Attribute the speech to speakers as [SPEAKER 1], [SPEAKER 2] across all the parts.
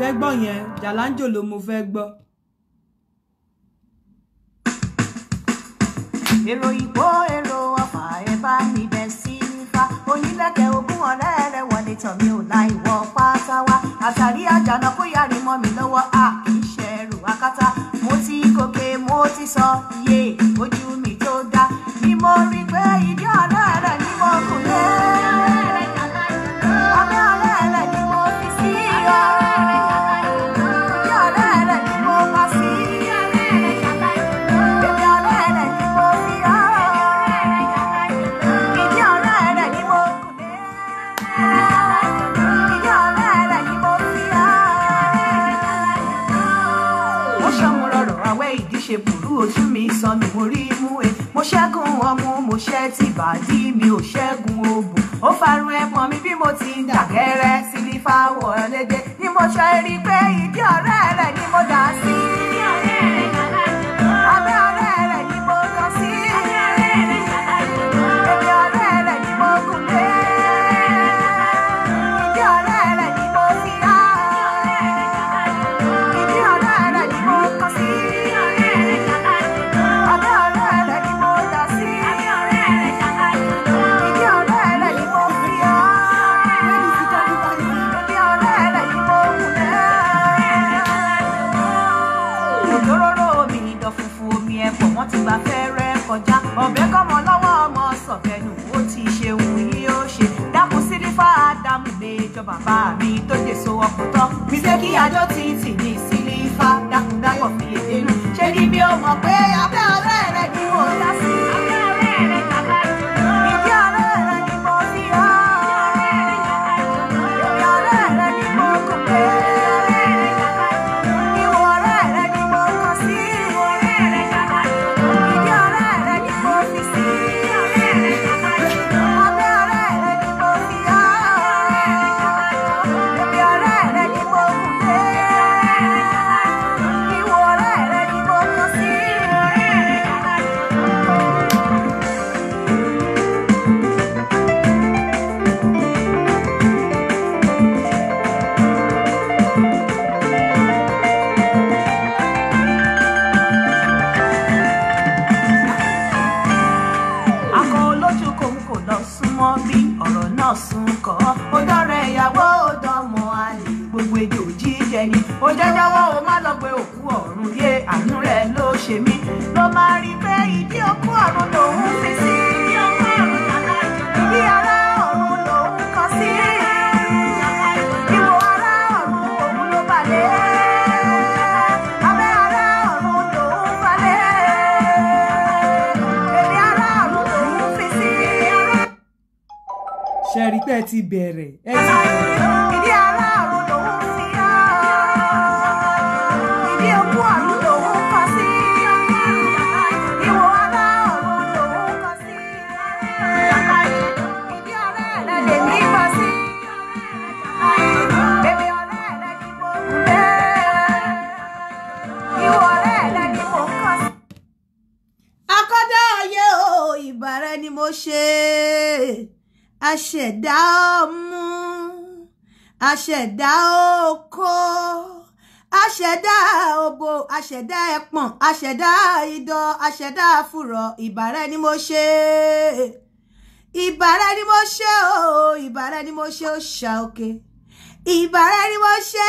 [SPEAKER 1] fẹ́ gbọ́ yẹn jàláńjò ló mo fẹ́ gbọ́.
[SPEAKER 2] èrò ìgbó èrò ọfà ẹ bá mi bẹ sí ifá onílẹ̀kẹ̀ ogún ọ̀rẹ́ rẹ̀ wọlé tàn mí ò láì wọ pátá wá àtàrí àjànà
[SPEAKER 1] linda. ti bẹ̀rẹ̀
[SPEAKER 2] aṣẹ̀dá oko aṣẹ̀dá obo aṣẹ̀dá ẹpọ̀n aṣẹ̀dá idọ̀ aṣẹ̀dá fùrọ̀ ìbára ẹni mo ṣe ìbára ẹni mo ṣe o ìbára ẹni mo ṣe ó ṣà òkè ìbára ẹni mo ṣe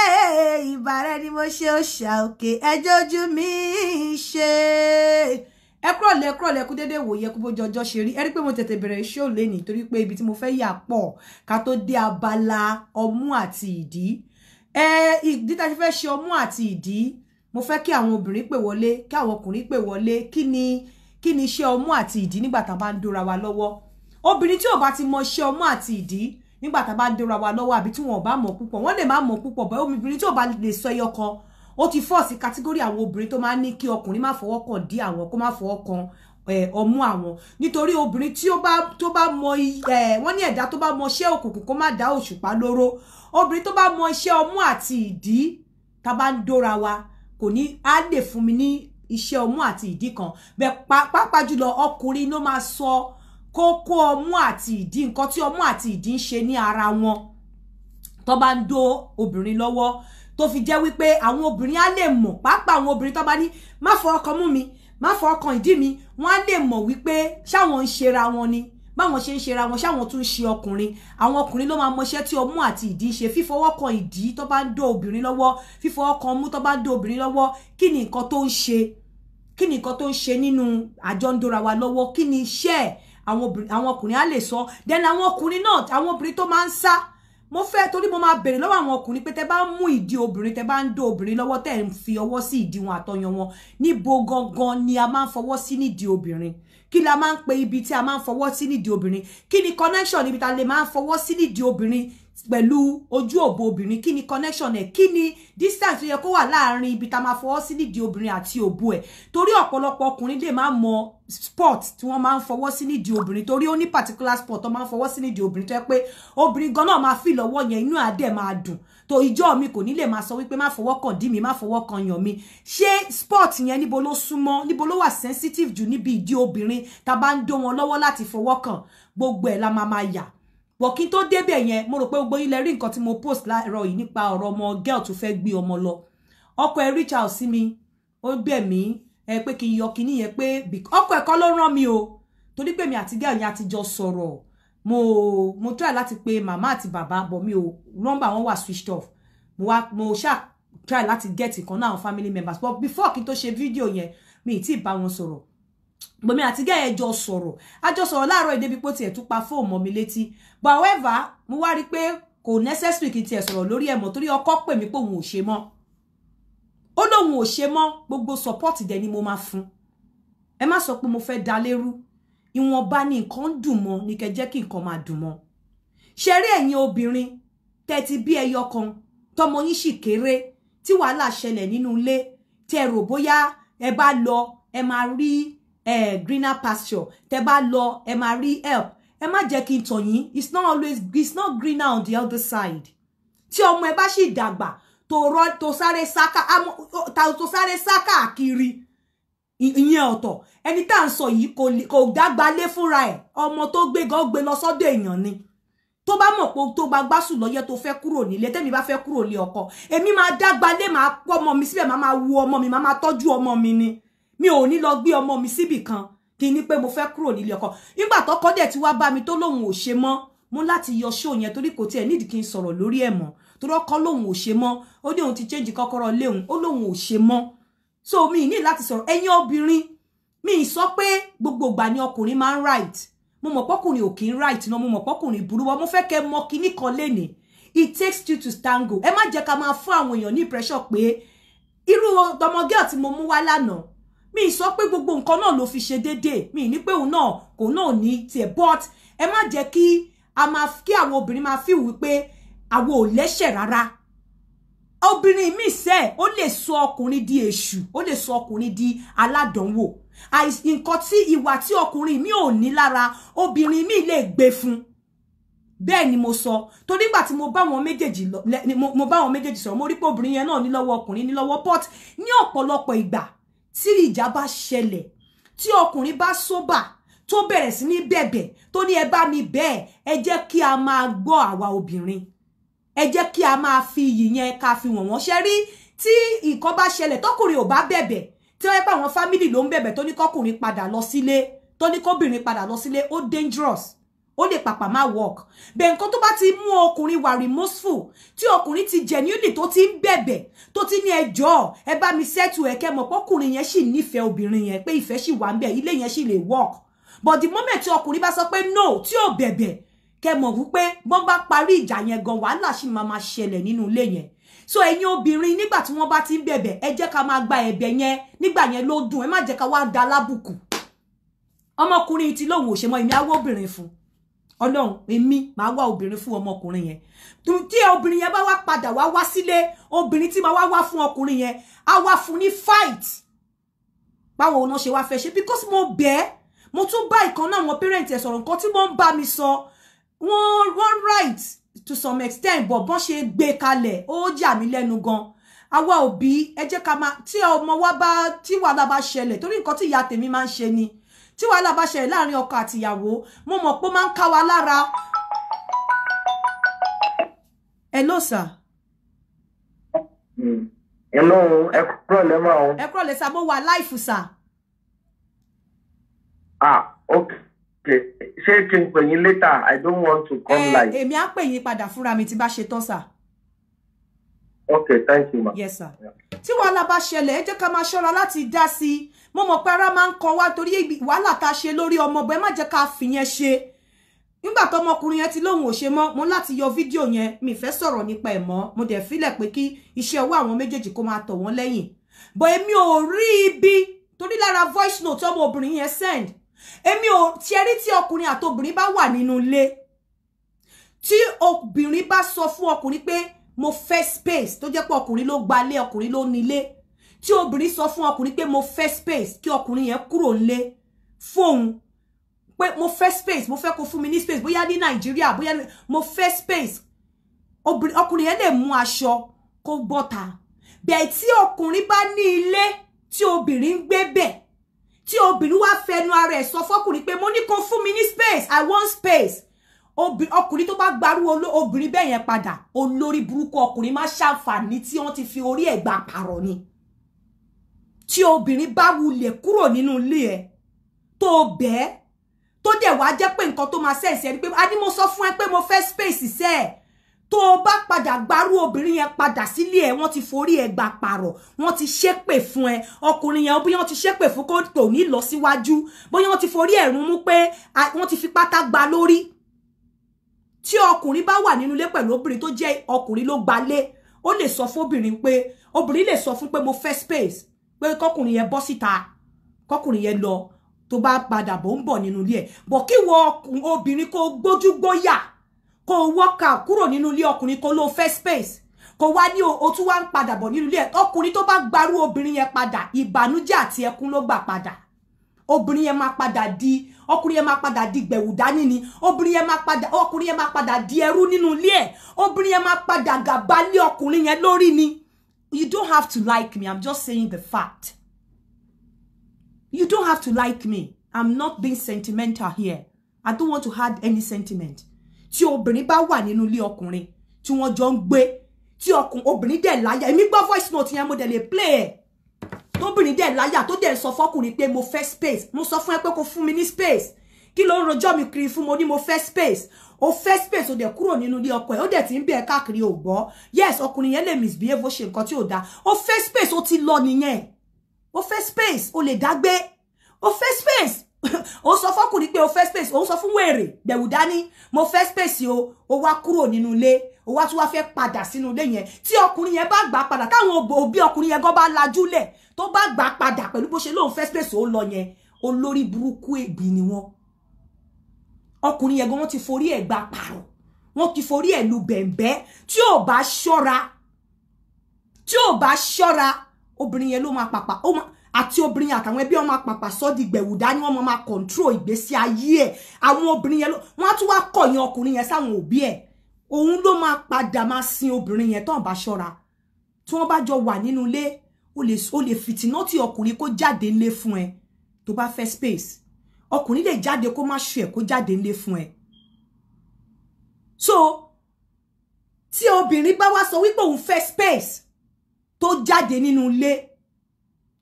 [SPEAKER 2] ìbára ẹni mo ṣe ó ṣà òkè ẹjọ́ ojú mi ṣe
[SPEAKER 1] ẹ kúrò lẹ kúrò lẹ kú dédé wòye kú bójú ọjọ́ ṣe rí ẹ rí pé mo tètè bẹ̀rẹ̀ show lẹ́nìí torí pé ibi tí mo fẹ́ yà pọ̀ ká tó dé abala ọmú àti ìdí ẹ ìdí tá a ṣe fẹ́ ṣe ọmú àti ìdí mo fẹ́ kí àwọn obìnrin pè wọlé kí àwọn ọkùnrin pè wọlé kí ni kí ni iṣẹ́ ọmú àti ìdí nígbà tá a bá ń dóra wa lọ́wọ́ obìnrin tí ò bá ti mọ iṣẹ́ ọmú àti ìdí nígbà tá a bá ń dóra wa lọ́wọ́ àbí tí wọn ò bá mọ̀ púpọ̀ wọ́n lè má mọ̀ púpọ̀ bẹ́ẹ̀ obìnrin tí ò bá lè sọ ẹyọ ó ti fọ́ sí kátígórì àwọn obìnrin tó máa ń ní kí ọkùnrin má fọwọ́ kàn dí àwọn kó má fọwọ́ kàn ọmú àwọn nítorí obìnrin tí ó bá tó bá mọ wọ́n ní ẹ̀dá tó bá mọ iṣẹ́ òkùnkùn kó má dá òṣùpá lóró obìnrin tó bá mọ iṣẹ́ ọmú àti ìdí tá bá ń dóra wa kò ní á lè mi ní iṣẹ́ ọmú àti ìdí kan bẹ́ẹ̀ pàápàá jùlọ ọkùnrin ló máa sọ kókó ọmú àti ìdí nǹkan tí ọmú àti ìdí ń ṣe ní ara wọn tó bá ń dó obìnrin tó fi jẹ́ wípé àwọn obìnrin á lè mọ̀ pàápàá àwọn obìnrin tó bá ní má fọ ọkàn mú mi má fọ ọkàn ìdí mi wọ́n á lè mọ̀ wípé ṣáwọn ń ṣera wọn ni báwọn ṣe ń ṣera wọn ṣáwọn tún ṣe ọkùnrin àwọn ọkùnrin ló máa mọṣẹ́ tí ọmú àti ìdí ṣe fífọwọ́ kan ìdí tó bá ń dó obìnrin lọ́wọ́ fífọwọ́ kan ọmú tó bá ń dó obìnrin lọ́wọ́ kí ni nǹkan to ń ṣe kí to nǹkan tó ń ṣe nínú àjọ ń dóra wa lọ́wọ́ kí ni iṣẹ́ àwọn ọkùnrin á lè sọ then àwọn ọkùnrin náà àwọn obìnrin tó máa ń mo fẹ́ torí mo máa bèrè lọ́wọ́ àwọn ọkùnrin pé tẹ bá mú ìdí obìnrin tẹ bá ń dó obìnrin lọ́wọ́ tẹ̀ ń fi ọwọ́ sí ìdí àtọyàn wọn níbo gangan ni a máa ń fọwọ́ sí nídìí obìnrin kí la máa ń pe ibi tí a máa ń fọwọ́ sí nídìí obìnrin kí ni connection níbi tá lè máa ń fọwọ́ sí nídìí obìnrin pẹ̀lú ojú òbò obìnrin kí ni connection ẹ̀ kí ni distance tó yẹ kó wà láàrin ibi tá máa fọwọ́ sí nídìí obìnrin àti òbò ẹ̀ torí ọ̀pọ̀lọpọ̀ ọkùnrin lè máa mọ sport tí wọ́n máa ń fọwọ́ sí nídìí obìnrin torí ó ní particular sport tó máa ń fọwọ́ sí nídìí obìnrin tó yẹ pé obìnrin gan náà máa fi lọ́wọ́ yẹn inú àdẹ̀ máa dùn tó ìjọ mi kò ní lè máa sọ wípé má fọwọ́ kàn dí mi má fọwọ́ kan yàn mi ṣé sport yẹn níbo ló súnmọ́ níbo ló wà sensitive jù níbi ìdí obìnrin tá bá ń dó wọn lọ́wọ́ láti fọwọ́ kàn gbogbo ẹ̀ la máa máa yà bọ̀ kí n tó débẹ̀ yẹn mo rò pé gbogbo yín rí nǹkan tí mo post láàárọ̀ yìí nípa ọ̀rọ̀ ọmọ girl tó fẹ́ gbé ọmọ lọ ọkọ ẹ̀ reach out sí mi ó bẹ̀ mí ẹ pé kí n yọ kíní yẹn pé ọkọ ẹ̀ ló rán mi o torí pé mi àti girl yẹn àti jọ sọ̀rọ̀ mo mo try láti pe màmá àti bàbá bọ̀ mi o nọ́mbà wọn wà switched off mo wá mo ṣáà try láti get ìkan náà àwọn family members but before kí n tó ṣe fídíò yẹn mi ì tí ì bá wọn sọ̀rọ̀ Bọ́mi àti gẹ́ ẹjọ́ sọ̀rọ̀ àjọ sọ̀rọ̀ láàárọ̀ ìdébi pé tiẹ̀ tún pa fóònù mọ́ mi létí but however mo wá rí i pé kò necessary kí n tiẹ̀ sọ̀rọ̀ lórí ẹ̀mọ́ torí ọkọ pè mí pé òun ò ṣe mọ́ ó lóun ò ṣe mọ́ gbogbo support dẹ̀ ni mo máa fún ẹ má sọ pé mo fẹ́ da lérú ìwọ̀nba ni nǹkan ń dùn mọ́ ni kẹ jẹ́ kí nǹkan máa dùn mọ́ ṣe rí ẹ̀yin obìnrin tẹ́ ti bí ẹyọ kan tọmọ yín sì kéré tí wàhálà ṣẹlẹ̀ nínú ilé tẹ́ rò bóyá ẹ bá lọ ẹ máa rí eh, greener pasture tẹ́ bá lọ ẹ máa rí help ẹ má jẹ́ kí n tàn it's not always it's not greener on the other side tí ọmọ ẹ bá sì dàgbà tó rọ sare saka sáká tó to. sáká kiri ìyẹn ọ̀tọ̀ ẹni tá à ń sọ yìí kò dágbà lé fúnra ẹ̀ ọmọ tó gbé gan gbé lọ sọ́dọ̀ èèyàn ni tó bá mọ̀ pé tó bá gbásùn lọ́yẹ́ tó fẹ́ kúrò nílé tẹ́mi bá fẹ́ kúrò lé ọkọ èmi máa dágbà lé máa pọ́ ọmọ mi síbẹ̀ máa máa wu ọmọ mi máa máa tọ́jú ọmọ mi ni mi ò ní lọ gbé ọmọ mi síbì kan kí ni pé mo fẹ́ kúrò nílé ọkọ nígbà tọkọ dẹ̀ ti wa ba mi tó lóun ò ṣe mọ́ mo láti yọ ṣó yẹn torí kò tiẹ̀ nídìí kí n sọ̀rọ̀ lórí mo mọ́ torí ọkọ lòun ò ṣe mọ́ ó ní òun ti change kọ́kọ́rọ́ lé òun ó lòun ò ṣe so mi ni lati soro ẹ̀yin obìnrin mi sọ pé gbogbo ìgbà ni ọkùnrin máa right mo mọ̀ pọ́kùnrin ò kí right no mo mọ̀ pọ́kùnrin burú wa mo fẹ́ ke mo kini kan lénìí it takes you to tango ẹ má jẹ́ ká máa fún àwọn èèyàn ní pressure pé irú ọmọge ọ̀tí mo mú wá lánàá mi sọ pé gbogbo nǹkan náà ló fi ṣe déédéé mi ní pé òun náà kò náà ní tiẹ̀ but ẹ má jẹ́ kí a máa kí àwọn obìnrin máa feel wípé àwọn ò lẹ́ṣẹ̀ rárá obìnrin mi sẹ ó lè sọ ọkùnrin di èṣù ó lè sọ ọkùnrin di aládánwò nǹkan tí ìwà tí ọkùnrin mi ò ní lára obìnrin mi lè gbé fún bẹ́ẹ̀ ni mo sọ torí nígbà tí mo bá wọn méjèèjì lọ mo bá wọn méjèèjì sọ̀rọ̀ mo rí pé obìnrin yẹn náà ní lọ́wọ́ ọkùnrin ní lọ́wọ́ pot ní ọ̀pọ̀lọpọ̀ ìgbà tí ìjà bá ṣẹlẹ̀ tí ọkùnrin bá sóbà tó bẹ̀rẹ̀ sí ní bẹ̀bẹ̀ tó ní ẹ mi bẹ́ẹ̀ ẹ jẹ́ kí a máa gbọ́ àwa obìnrin ẹ jẹ́ kí a máa fi iyì yẹn ká fi wọ̀n wọ́n ṣe rí tí nǹkan bá ṣẹlẹ̀ tọkùnrin ò bá bẹ̀bẹ̀ tí wọ́n bá àwọn fámìlì ló ń bẹ̀bẹ̀ tó ní kọkùnrin padà lọ sílé tó ní kóbìnrin padà lọ sílé ó dangerous ó lè papa ma work bẹ́ẹ̀ nǹkan tó bá ti mú ọkùnrin wà remorseful tí ọkùnrin ti genuinely tó ti ń bẹ̀bẹ̀ tó ti ní ẹjọ́ ẹ bá mi settle ẹ kẹ́ mọ̀ pọ́kùnrin yẹn sì nífẹ̀ẹ́ obìnrin yẹn pé ìfẹ́ sì wà ń bẹ ilé yẹn sì lè work but the moment tí ọkùnrin ba sọ pé no tí ò bẹ̀bẹ̀ kẹ́ mọ̀ wípé bọ́n bá parí ìjà yẹn gan wàhálà sì máa máa ṣẹlẹ̀ nínú ilé so ẹ̀yin obìnrin nígbà tí wọ́n bá ti ń bẹ̀bẹ̀ ẹ jẹ́ ká gba ẹ̀bẹ̀ yẹn nígbà yẹn lo dùn e ma jẹ́ ká wá da lábùkù ọmọkùnrin ti lóun ò ṣe mọ ìmí awóbìnrin fún ọlọ́run èmi màá wá obìnrin fún ọmọkùnrin yẹn tí obìnrin yẹn bá wá padà wá wá sílé obìnrin tí màá wá wá fún ọkùnrin yẹn á wá fún ní fight báwo ọ̀nà ṣe wá fẹ́ ṣe because mo bẹ́ẹ̀ mo tún bá ìkan náà àwọn parent ẹ̀ sọ̀rọ̀ nǹkan tí wọ́n ń bá mi sọ wọ́n wọ́n right to some extent but bọ́n ṣe gbé kalẹ̀ ó yà mí lẹ́nu gan àwa òbí ẹ jẹ́ ká máa tí ọmọ wa bá tí wàhálà bá ṣẹlẹ̀ torí nǹkan tí ìyá tèmi máa ń ṣe ni tí wàhálà bá ṣẹlẹ̀ láàrin ọkọ àtìyàwó mo mọ̀ pé ó máa ń ká wa lára. hello sir. Hmm.
[SPEAKER 3] hello ẹ kúrọ̀ lẹ́ máa ń.
[SPEAKER 1] ẹ kúrọ̀ lẹ́ sà mo wà láìfù sà.
[SPEAKER 3] ah ok ṣé kí n pè yín later i don't want to come eh, live.
[SPEAKER 1] èmi á pè yín padà fúnra mi tí bá ṣe tán sà.
[SPEAKER 4] ok thank you ma. yes
[SPEAKER 1] sir. Yeah. tí wàhálà bá ṣẹlẹ̀ ẹ jẹ́ ká máa ṣọ́ra láti dá sí i mo mọ̀ pé ara máa ń kan wá torí wàhálà tá a ṣe lórí ọmọ ọbẹ̀ má jẹ́ ká fìyẹn ṣe nígbà tó ọmọkùnrin yẹn ti lóhùn ò ṣe mọ́ mo láti yọ fídíò yẹn mi fẹ́ sọ̀rọ̀ nípa ẹ̀ mọ́ mo dẹ̀ filẹ̀ pé kí iṣẹ́ ọwọ́ àwọn méjèèjì kó máa tọ̀ wọ́n lẹ́yìn bọ̀ èmi ò rí ibi torí lára voice note ọmọ obìnrin yẹn send èmi ò tiẹ̀ rí tí ọkùnrin àtobìnrin bá wà nínú ilé tí obìnrin bá sọ fún ọkùnrin pé mo fẹ́ space tó jẹ́ pé ọkùnrin ló gbalé ọkùnrin ló nílé tí obìnrin sọ fún ọkùnrin pé mo fẹ́ space kí ọkùnrin yẹn kúrò nílé fóun pé mo fẹ́ space mo fẹ́ kó fún mi ní space bóyá ní Nigeria, bóyá mo fẹ́ space ọkùnrin yẹn lè mú aṣọ kó bọ́ta bẹ́ẹ̀ tí ọkùnrin bá ní ilé tí obìnrin ń gbé bẹ̀ tí obìnrin wá fẹnu ara ẹ̀ sọ fọkùnrin mo ní kó fún mi ní space i want space ọkùnrin tó bá gbarú obìnrin bẹ́ẹ̀ yẹn padà olórí burúkú ọkùnrin má ṣàǹfààní tí wọ́n ti fi orí ẹ̀ gbà ni tí obìnrin bá wulẹ̀ kúrò nínú ilé ẹ tó bẹ́ẹ̀ tó dẹ̀ wá jẹ́ pé nǹkan tó máa sẹ́ẹ̀sì ẹni pé adé mo sọ fún ẹ pé mo fẹ́ space sẹ́ ẹ̀ tó o bá padà gbárù obìnrin yẹn padà sílé ẹ wọ́n ti forí ẹ gbà pààrọ̀ wọ́n ti ṣépè fún ẹ ọkùnrin yẹn bóyá wọ́n ti ṣépè fún kó tò ní lọ síwájú bóyá wọ́n ti forí ẹ rún mú pé wọ́n ti fi pátá gba lórí tí ọkùnrin bá wà nínú ilé pẹ̀lú obìnrin tó jẹ́ ọkùnrin ló gbalé ó lè sọ fóbìnrin pé obìnrin lè sọ fún pé mo fẹ́ space pé kọkùnrin yẹn bọ́ síta kọkùnrin yẹn lọ tó bá padà bọ̀ ń bọ̀ nínú ilé ẹ̀ bọ̀ kí wọ obìnrin kó gbójúgbóyà kó wọ́ọ̀kà kúrò nínú ilé ọkùnrin kó ló fẹ́ space kó wá ní o tún wá ń padà bọ̀ nínú ilé ẹ̀ ọkùnrin tó bá gbarú obìnrin yẹn padà ìbànújẹ́ àti ẹkún ló gbà padà obìnrin yẹn máa padà di ọkùnrin yẹn máa padà di gbẹ̀wù dání ni obìnrin yẹn máa padà ọkùnrin yẹn máa padà di ẹrú nínú ilé ẹ̀ obìnrin yẹn máa padà gàba lé ọkùnrin yẹn lórí ni you don't have to like me. I'm just saying the fact. You don't have to like me. I'm not being sentimental here. I don't want to add any sentiment. Tí obìnrin bá wà nínú ilé ọkùnrin tí wọ́n jọ ń gbé tí ọkùn obìnrin dẹ̀ láyà èmi gbọ́ voice note yẹn mo dẹ̀ lè play ẹ̀ tóbìnrin dẹ̀ láyà tó dẹ̀ sọ fọkùnrin pé mo first space mo sọ fún ẹ pé kó fún mi ní space kí ló ń mi kiri fún mo ni mo first space o fẹ́ space o dẹ̀ kúrò nínú ilé ọkọ ẹ̀ ó dẹ̀ ti ń bẹ̀ káàkiri ò gbọ́ yes ọkùnrin yẹn lè misbehave ó ṣe nǹkan tí ò dáa o fẹ́ space o ti lọ nìyẹn o fẹ́ space o lè dágbé o fẹ́ space o sọ fọkùnrin pé o fẹ́ space o sọ fún wèrè gbẹ̀wù dání mo fẹ́ space o o wá kúrò nínú ilé o wá tún wá fẹ́ padà sínú ilé yẹn tí ọkùnrin yẹn bá gbà padà táwọn òbí ọkùnrin yẹn gan bá lajúlẹ̀ tó bá gbà padà pẹ̀lú bó ṣe lóun fẹ́ space o lọ yẹn olórí burúkú èbì ni wọ́n ọkùnrin yẹn gan wọ́n ti forí ẹ̀ gba pààrọ̀ wọ́n ti forí ẹ̀ lu bẹ̀m̀bẹ́ tí ò bá ṣọ́ra tí ò bá ṣọ́ra obìnrin yẹn ló máa pàpà ó máa àti obìnrin àtàwọn ẹbí ọmọ pàpà sọ́ọ́dì gbẹ̀wùdá ni wọ́n máa kọ̀ǹtró ìgbésí ayé ẹ̀ àwọn obìnrin yẹn wọ́n á tún wá kọ̀yìn ọkùnrin yẹn sáwọn òbí ẹ̀ òun ló máa padà máa sin obìnrin yẹn tán bá ṣọ́ra tí wọ́n bá jọ wà nínú ilé o lè fìtínà tí ọkùnrin kó jáde nílé fún ẹ tó bá fẹ́ space ọkùnrin lè jáde kó má ṣu ẹ kó jáde ńlé fún ẹ so tí obìnrin bá wá sọ wípé òun fẹ́ space tó jáde nínú ilé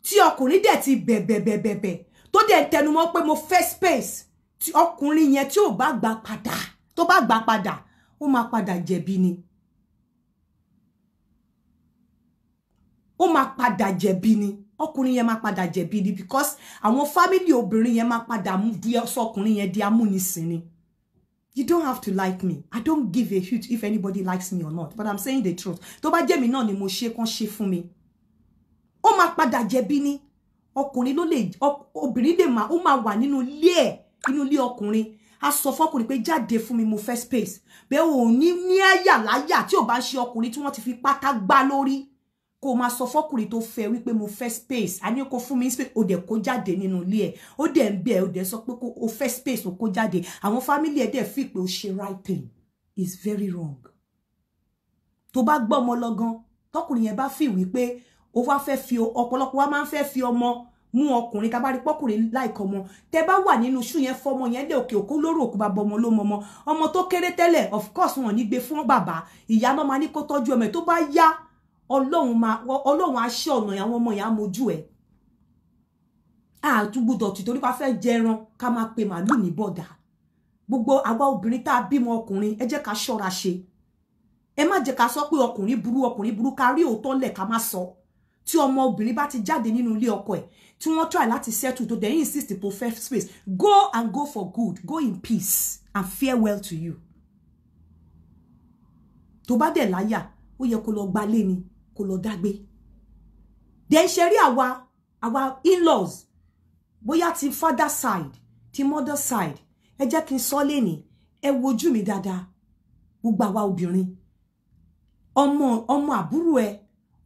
[SPEAKER 1] tí ọkùnrin dẹ̀ ti bẹ̀bẹ̀bẹ̀bẹ̀ tó dẹ̀ tẹnumọ́ pé mo fẹ́ space tí ọkùnrin yẹn tí ò bá gbà padà tó bá gbà padà ó máa padà jẹ̀bi ni ó máa padà jẹ̀bi ni ọkùnrin yẹn máa padà jẹ̀bi ni because àwọn fámìlì obìnrin yẹn máa padà sọkùnrin yẹn di amúnisìn ni you don't have to like me i don't give a hoot if anybody likes me or not but i'm saying the truth tó bá jẹ́ mi náà ni mo ṣe kán ṣe fún mi ó máa padà jẹ̀bi ni ọkùnrin ló lè obìnrin lè máa ó máa wà nínú ilé ẹ̀ nínú ilé ọkùnrin a sọ fọkùnrin pé jáde fún mi mo fẹ́ space bẹ́ẹ̀ ò ní ní ẹ̀yà láyà tí ò bá ṣe ọkùnrin tí wọ́n ti fi pátá gbá lórí kó máa sọ fọ́kùnrin tó fẹ́ wípé mo fẹ́ space a ní kó fún mi space ó dẹ̀ kó jáde nínú ilé ẹ̀ ó dẹ̀ ń bẹ̀ ó dẹ̀ sọ pé ó space ó kó jáde àwọn family ẹ̀ dẹ̀ fi pé ó ṣe right thing is very wrong To bá gbọ́ ọmọ lọ́gán tọkùnrin yẹn bá fi wípé ó wá fẹ́ fi ọ̀pọ̀lọpọ̀ wá máa ń fẹ́ fi ọmọ mú ọkùnrin tá bá rí pọ́kùnrin láìkọ ọmọ tẹ bá wà nínú ṣú yẹn fọmọ yẹn lé òkè òkú lóró òkú bàbá ọmọ ló mọmọ ọmọ tó kéré tẹ́lẹ̀ of course wọn ò ní gbé fún bàbá ìyá náà máa ní kó tọ́jú ọmọ ẹ̀ tó ọlọ́run máa ọlọ́run aṣẹ́ ọ̀nà àwọn ọmọ ìyá mojú ẹ̀ àtúgbùdọ̀ tì torí pa fẹ́ jẹran ká máa pe màálù ní bọ̀dà gbogbo àwa obìnrin tá a bímọ ọkùnrin ẹ jẹ́ ká ṣọ́ra ṣe ẹ má jẹ́ ká sọ pé ọkùnrin burú ọkùnrin burú ká rí òótọ́ lẹ̀ ká má sọ tí ọmọ obìnrin bá ti jáde nínú ilé ọkọ ẹ̀ tí wọ́n try láti settle tó dẹ̀ insist po fair space go and go for good go in peace and farewell to you tó bá dẹ̀ láyà ó yẹ kó lọ gbalé ni kó lọ dágbé then ṣe rí àwa àwa in-laws bóyá ti father side ti mother side ẹ jẹ́ kí n sọ lẹ́ni ẹ wojú mi dáadáa gbogbo àwa obìnrin ọmọ ọmọ àbúrò ẹ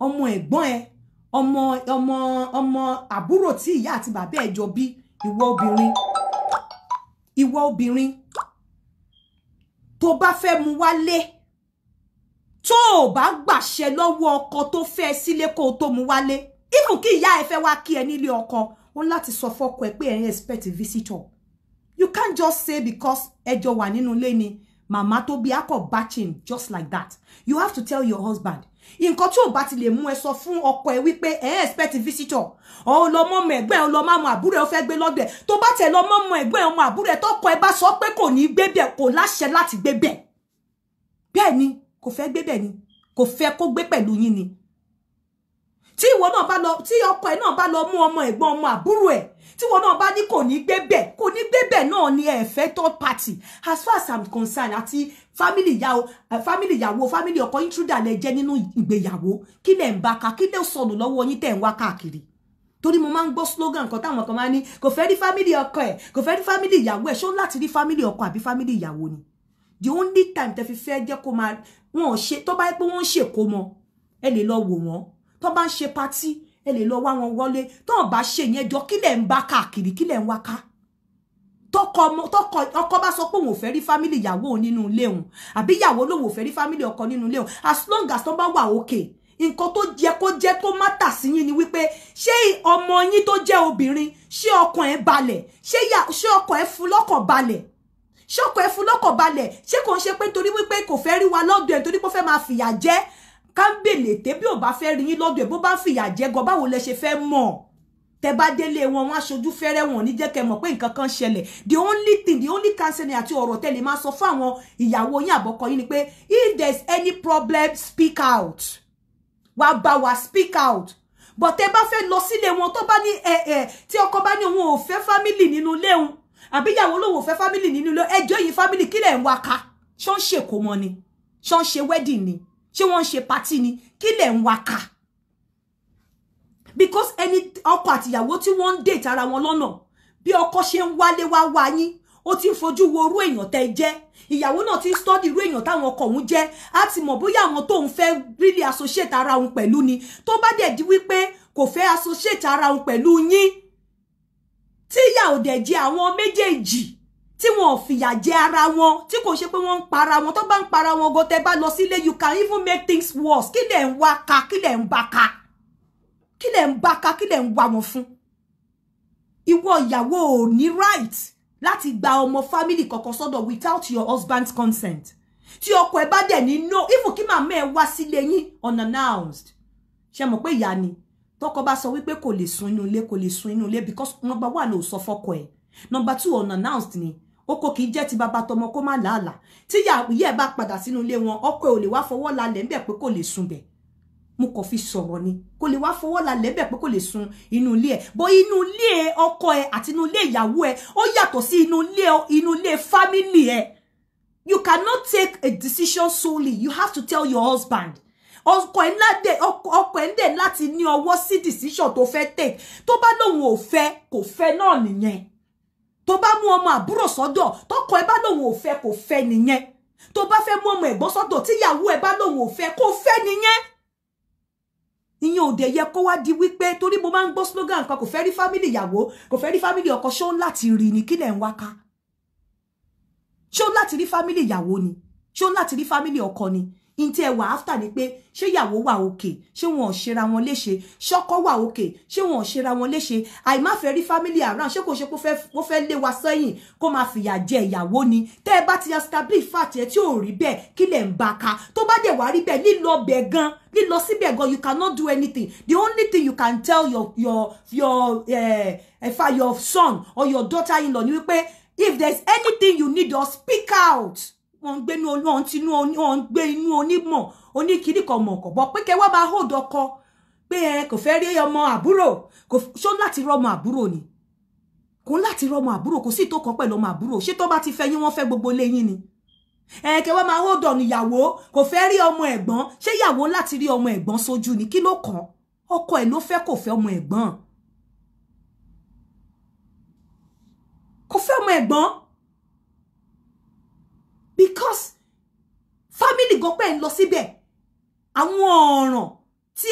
[SPEAKER 1] ọmọ ẹ̀gbọ́n ẹ ọmọ ọmọ ọmọ àbúrò tí ìyá àti bàbá ẹ jọ bí ìwọ obìnrin ìwọ obìnrin tó bá fẹ́ mu wálé tó o bá gbàṣẹ lọ́wọ́ ọkọ tó fẹ́ sílé kó o tó mu wálé even kí ìyá ẹ fẹ́ wá kí ẹ nílé ọkọ wọn láti sọ fọ́kọ ẹ pé ẹ̀yin expect visitor you can't just say because ẹjọ wà nínú ilé ni màmá tó bí akọ batching just like that you have to tell your husband nǹkan tí ò bá ti lè mú ẹ sọ fún ọkọ ẹ wípé ẹ ẹ expect visitor ọ lọ mọmọ ẹ̀gbọ́n ẹ lọ mọmọ àbúrò ẹ fẹ́ gbé lọ́dọ̀ ẹ tó bá tẹ lọ mọmọ ẹ̀gbọ́n ẹ ọmọ àbúrò ẹ tọkọ ẹ bá sọ pé kò ní gbé bẹ kò láṣẹ láti gbé bẹ bẹ́ẹ̀ ni kò fẹ́ gbé bẹ̀ ni kò fẹ́ kó gbé pẹ̀lú yín ni tí ìwọ náà bá lọ tí ọkọ ẹ náà bá lọ mú ọmọ ẹ̀gbọ́n ọmọ àbúrò ẹ tí ìwọ náà bá ní kò ní gbé bẹ̀ kò ní gbé bẹ̀ náà ni ẹ fẹ́ third party as far as i'm concerned àti family ìyàwó eh, family ìyàwó family ọkọ intruder lẹ jẹ́ nínú ìgbéyàwó kí lẹ ń bá ka kí lẹ sọnù lọ́wọ́ yín tẹ́ ń wá káàkiri torí mo máa ń gbọ́ slogan kan táwọn kan máa ní kò fẹ́ rí fámìlì ọkọ ẹ̀ kò fẹ́ rí family. ìyàwó ẹ̀ ṣó láti rí fámìlì ọkọ àbí family ìyàwó ni the only time tẹ́ fi fẹ́ jẹ́ kó máa wọn ò ṣe tó bá yẹ pé wọ́n ń ṣèkómọ ẹ lè lọ wò wọ́n tó bá ń ṣe patí ẹ lè lọ wá wọn wọlé tó bá ṣe yẹn jọ kílẹ̀ ń bá káàkiri kílẹ̀ ń wá ká tọkọ bá sọ pé òun ò fẹ́ rí fámìlì ìyàwó nínú ilé òun àbí ìyàwó lòun ò fẹ́ rí fámìlì ọkọ nínú ilé òun as long as tó bá wà òkè nǹkan tó jẹ kó jẹ tó má tà sí yín ni wípé ṣé ọmọ yín tó jẹ obìnrin ṣé ọkàn ẹ balẹ̀ ṣé ọkàn ẹ fún lọ́kàn balẹ̀ ṣọ́kọ ẹ fún lọ́kọ̀ balẹ̀ ṣé kò ń ṣe pé nítorí wípé kò fẹ́ rí wa lọ́dọ̀ ẹ̀ nítorí pé ó fẹ́ máa fìyà jẹ káńbèlè té bí ò bá fẹ́ rí yín lọ́dọ̀ ẹ̀ bó bá fìyà jẹ gan báwo lẹ ṣe fẹ́ mọ̀ tẹ bá délé wọn wọn aṣojú fẹ́rẹ́ wọn ní jẹ́ kẹ́ mọ̀ pé nǹkan kan ṣẹlẹ̀ the only thing the only counseling àti ọ̀rọ̀ tẹ́ lè máa sọ fún àwọn ìyàwó yín àbọ̀kọ yín ni pé if there's any problem speak out wá bá wa speak out but tẹ bá fẹ́ lọ sílé wọn tó bá ní ẹ ẹ tí ọkọ bá ní òun ò fẹ́ family nínú léun àbí ìyàwó lòwò fẹ́ fámìlì nínú ilé ẹjọ́ yìí fámìlì kílẹ̀ ń wá ká ṣọ́n ṣe kò mọ ni ṣọ́n ṣe wedding ni ṣé wọ́n ń ṣe party ni kílẹ̀ ń wá ká because ẹni ọkọ àtìyàwó tí wọ́n ń date ara wọn lọ́nà bí ọkọ ṣe ń wálé wá wá yín ó ti ń fojú wo orú èèyàn tẹ́ jẹ́ ìyàwó náà ti ń study irú èèyàn táwọn ọkọ òun jẹ́ á ti mọ̀ bóyá àwọn tóun fẹ́ really associate ara òun pẹ̀lú ni tó bá dẹ̀ di wípé kò fẹ́ associate ara òun pẹ̀lú yín tíyà ò dẹ̀ jẹ àwọn méjèèjì tí wọn ò fìyà jẹ ara wọn tí kò ṣe pé wọn ń para wọn tó bá ń para wọn gan bá lọ sílé you can even make things worse kí lẹ̀ ń wá ka kí lẹ̀ ń bá ka kí lẹ̀ ń bá ka kí lẹ̀ ń wá wọn fún ìwọ ìyàwó ò ní right láti gba ọmọ family kankan sọ́dọ̀ without your husband's consent tí ọkọ ẹ bá dẹ̀ ní no even kí màmá ẹ wá sílé yín unannounced ṣe mọ̀ pé ìyá ni tọkọ bá sọ wípé kò lè sun inú ilé kò lè sun inú ilé because number one ò sọ fọ́kọ ẹ̀ number two unannounced ni oko kì í ti baba tọmọ kó má làálàá tí ìyá ẹ̀ bá padà sínú ilé wọn ọkọ ẹ̀ ò lè wá fọwọ́ lálẹ́ ń bẹ̀ pé kò sun bẹ̀ mo kàn fi sọ̀rọ̀ ni kò lè wá fọwọ́ lálẹ́ bẹ̀ pé kò lè sun inú ilé ẹ̀ bó inú ilé ọkọ ẹ̀ àti inú ilé ìyàwó ẹ̀ ó yàtọ̀ sí inú ilé inú ilé fámìlì you cannot take a decision solely you have to tell your husband ọkọ ẹ̀ ládè ọkọ ẹ̀ ń dè láti ní ọwọ́ sí decision tó fẹ́ take tó bá lóun ò fẹ́ kò fẹ́ náà nìyẹn tó bá mú ọmọ àbúrò sọ́dọ̀ tọkọ ẹ̀ bá lóun ò fẹ́ kò fẹ́ nìyẹn tó bá fẹ́ mú ọmọ ẹ̀gbọ́n sọ́dọ̀ tíyàwó ẹ̀ bá lóun ò fẹ́ kò fẹ́ nìyẹn ìyẹn ò dẹ̀ yẹ kó wá di wípé torí mo máa ń gbọ́ slogan kan kò fẹ́ rí fámìlì ìyàwó kò fẹ́ rí fámìlì ọkọ ṣó láti rí ni kí lẹ̀ ń wáká ṣó láti rí fámìlì ìyàwó ni ṣó láti rí fámìlì ọkọ ni in tí ẹ wà áfítà ni pé ṣé ìyàwó wà òkè ṣé wọn ò ṣera wọn léṣe ṣọkọ wà òkè ṣé wọn ò ṣera wọn léṣe àìmáfẹ́ rí family around ṣé kò ṣe pé ó fẹ́ lé wa sẹ́yìn kó máa fìyà jẹ ìyàwó ni tẹ́ ẹ bá ti establish fact ẹ tí ò rí bẹ́ẹ̀ kí lẹ̀ ń bá ka tó bá dẹ̀ wá rí bẹ́ẹ̀ lílọ bẹ̀ gan lílọ síbẹ̀ gan you cannot do anything the only thing you can tell your your your uh, your son or your daughter-in-law ni wípé if there's anything you need or speak out wọ́n gbé inú wọ́n ti inú wọ́n gbé inú onímọ̀ oníkiri kan mọ̀ kọ̀ bọ́ pé kẹ wá máa hold ọkọ pé ẹ kò fẹ́ rí ọmọ àbúrò kò ṣó láti rọmọ àbúrò ni kò láti rọmọ àbúrò kò sí tó kàn pẹ̀lú ọmọ àbúrò ṣé tó bá ti fẹ́ yín wọ́n fẹ́ gbogbo lé yín ni ẹ kẹ wá máa hold on ìyàwó kò fẹ́ rí ọmọ ẹ̀gbọ́n ṣé ìyàwó láti rí ọmọ ẹ̀gbọ́n sójú ni kí ló kàn ọkọ ẹ̀ ló fẹ́ kò fẹ́ ọmọ ẹ̀gbọ́n kò fẹ́ ọmọ ẹ̀gbọ́n because family gan pẹ́ ń lọ síbẹ̀ àwọn ọ̀ràn tí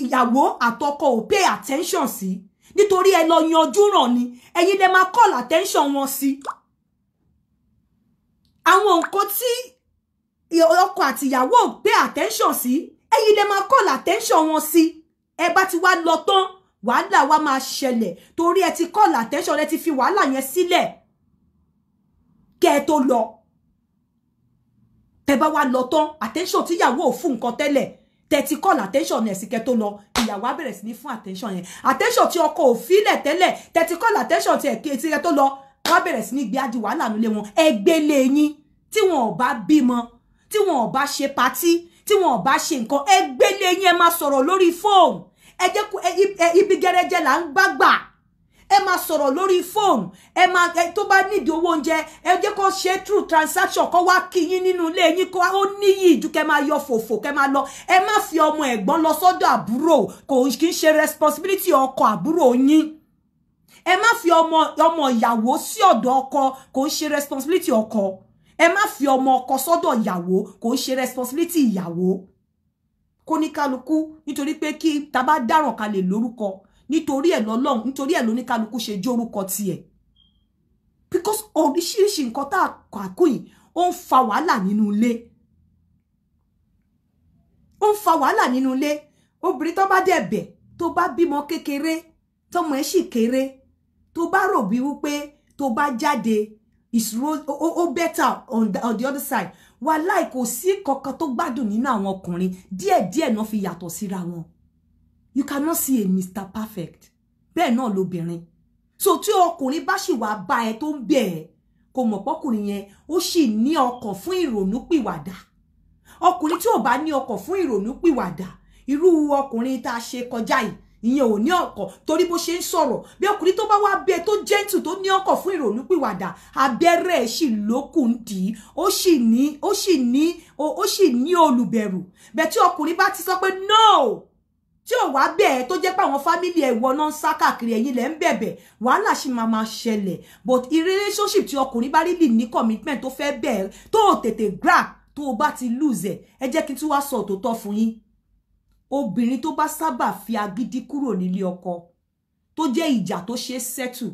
[SPEAKER 1] ìyàwó àtọkọ pay attention si. Nitori ẹ lọ yanjú ràn ni ẹ̀yin lè máa call attention wọn si. àwọn nǹkan tí oko àti ìyàwó ò pay attention si ẹ̀yin lè máa call attention wọn si. ẹ bá ti wá lọ tán wàhálà wa máa ṣẹlẹ̀ torí ẹ ti call attention ẹ ti fi wàhálà yẹn sílẹ̀ kẹ́ ẹ tó tẹ bá wá lọ tán attention tíyàwó ò fún nǹkan tẹ́lẹ̀ tẹ ti call attention ẹ̀ sì kẹ́ tó lọ ìyàwó á bẹ̀rẹ̀ sí ní attention yẹn attention tí ọkọ ò fílẹ̀ tẹ́lẹ̀ tẹ ti call attention tí ẹ̀ ti kẹ́ tó lọ wá bẹ̀rẹ̀ sí ní gbé adi wàhálà nílé wọn ẹgbẹ́ lé yín tí wọn ò bá bímọ tí wọn ò bá ṣe patí tí wọn ò bá ṣe nǹkan ẹgbẹ́ lé yín ẹ máa sọ̀rọ̀ lórí fóònù ẹ ibi gẹ́rẹ́jẹ́ là ń bá ẹ soro lori phone. fóònù ẹ máa tó bá nídìí owó oúnjẹ ẹ jẹ́ kó ṣe through transaction kó wá kí yín nínú ilé yín kó ó níyì ju kẹ́ máa yọ fòfò kẹ́ máa lọ ẹ má fi ọmọ ẹ̀gbọ́n lọ sọ́dọ̀ àbúrò kò kì í responsibility ọkọ àbúrò yín ẹ má fi ọmọ ọmọ ìyàwó sí ọ̀dọ̀ ọkọ kò ń responsibility ọkọ ẹ má fi ọmọ ọkọ sọ́dọ̀ ìyàwó kò ń ṣe responsibility ìyàwó kóníkálukú nítorí pé kí tá bá dáràn ká lè lórúkọ nítorí ẹ̀ lọ́lọ́run nítorí ẹ̀ lóníkálukú ṣe jórúkọ tiẹ̀ because oríṣiríṣi nǹkan tá a kọ àkó yìí ó ń fa wàhálà nínú ilé ó ń fa wàhálà nínú ilé obìnrin tó bá dẹ̀ bẹ̀ tó bá bímọ kékeré tọmọ ẹ̀ sì kéré tó bá rò bí wípé tó bá jáde ó better on the, on the other side wàhálà kò sí kankan tó gbádùn nínú àwọn ọkùnrin díẹ̀díẹ̀ náà fi yàtọ̀ síra wọn you cannot see a Mr. Perfect bẹ́ẹ̀ náà lobìnrin so tí ọkùnrin bá sì wàá bá ẹ tó ń bẹ̀ ẹ́ kò mọ̀ pọ́kùnrin yẹn ó sì ní ọkàn fún ìrònú pìwàdà ọkùnrin tí ò bá ní ọkàn fún ìrònú pìwàdà irú ọkùnrin tá a ṣe kọjá yìí ìyẹn ò ní ọkàn torí bó ṣe ń sọ̀rọ̀ bí ọkùnrin tó bá wá bẹ tó jẹ́ǹtù tó ní ọkàn fún ìrònú pìwàdà abẹ́rẹ́ ẹ̀ sì lókùn dì í ó sì ní ó sì ní ó sì ti sọ pé no tí ò wá bẹ́ẹ̀ tó jẹ́ pé àwọn fámìlì ẹ̀wọ náà ń sá káàkiri ẹ̀yìn lẹ̀ ń bẹ̀bẹ̀ wàhálà sì máa máa ṣẹlẹ̀ but relationship tí ọkùnrin bá rí lì ní commitment tó fẹ́ bẹ́ẹ̀ tó ò tètè grab tó o bá ti lose ẹ̀ ẹ jẹ́ kí n tún wá sọ òtòtọ́ fún yín obìnrin tó bá sábà fi agídí kúrò nílé ọkọ tó jẹ́ ìjà tó ṣe settle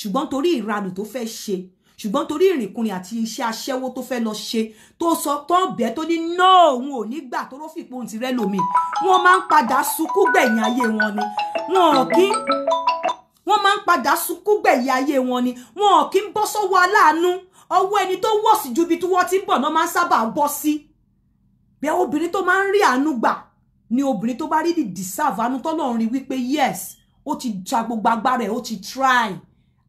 [SPEAKER 1] ṣùgbọ́n torí ìranù tó fẹ́ ṣe ṣùgbọ́n torí ìrìnkùnrin àti iṣẹ́ aṣẹ́wó tó fẹ́ lọ ṣe tó sọ tó bẹ́ẹ̀ tó ní no òun ò ní gbà tó ló fìpó ohun ti rẹ́ lómi wọ́n máa ń padà sunkún gbẹ̀yìn ayé wọn ni wọn kì í wọ́n máa ń padà sunkún gbẹ̀yìn ayé wọn ni wọn kì í bọ́ sọ́wọ́ aláàánú ọwọ́ ẹni tó wọ̀ sí ju ibi tí wọ́n ti ń bọ̀ náà máa ń sábà bọ́ sí bẹ́ẹ̀ obìnrin tó máa ń rí àánú gbà ni obìnrin tó bá rí di deserve àánú tọ́lọ́run rí wípé yes ó ti ja gbogbo agbára ẹ̀ ó ti try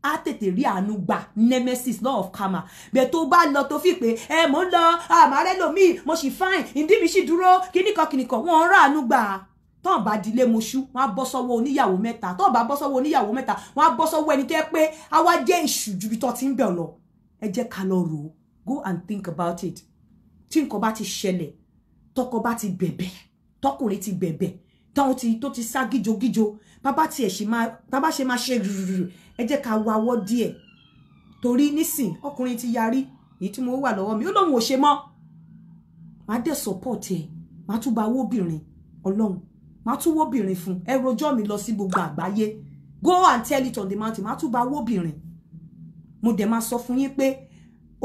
[SPEAKER 1] á tètè rí àánú gbà nemesis law of karma bẹ́ẹ̀ tó bá lọ tó fi pé ẹ mò ń lọ àmàrẹ́ lomi mo sì fine ìdí mi sì dúró kíníkan kíníkan wọ́n rà àánú gbà á tọ́n bá dilé moṣú wọ́n á bọ́ sọ́wọ́ oníyàwó mẹ́ta tọ́n bá bọ́ sọ́wọ́ oníyàwó mẹ́ta wọ́n á bọ́ sọ́wọ́ ẹni tó yẹ pé á wá jẹ́ ìṣù ju ibi tó ti ń bẹ̀ lọ ẹ jẹ́ ká lọ rò ó go and think about it tí nǹkan bá ti ṣẹlẹ̀ tọkọ bá ti bẹ̀bẹ̀ tọkùnrin ti bẹ̀bẹ̀ táwọn ti tó ti sá gíjogíjo bàbá tiẹ̀ ṣe máa bàbá ṣe máa ṣe rùrù ẹ jẹ́ ká wá ọwọ́ díẹ̀ torí nísìn ọkùnrin ti yarí èyí tí mo wà lọ́wọ́ mi ó lóun ò ṣe mọ́ màá dẹ̀ support ẹ̀ màá tún bá wóbìnrin ọlọ́run màá tún wóbìnrin fún ẹ rojọ́ mi lọ sí gbogbo àgbáyé go and tell it on the mountain màá tún bá wóbìnrin mo dẹ̀ máa sọ fún yín pé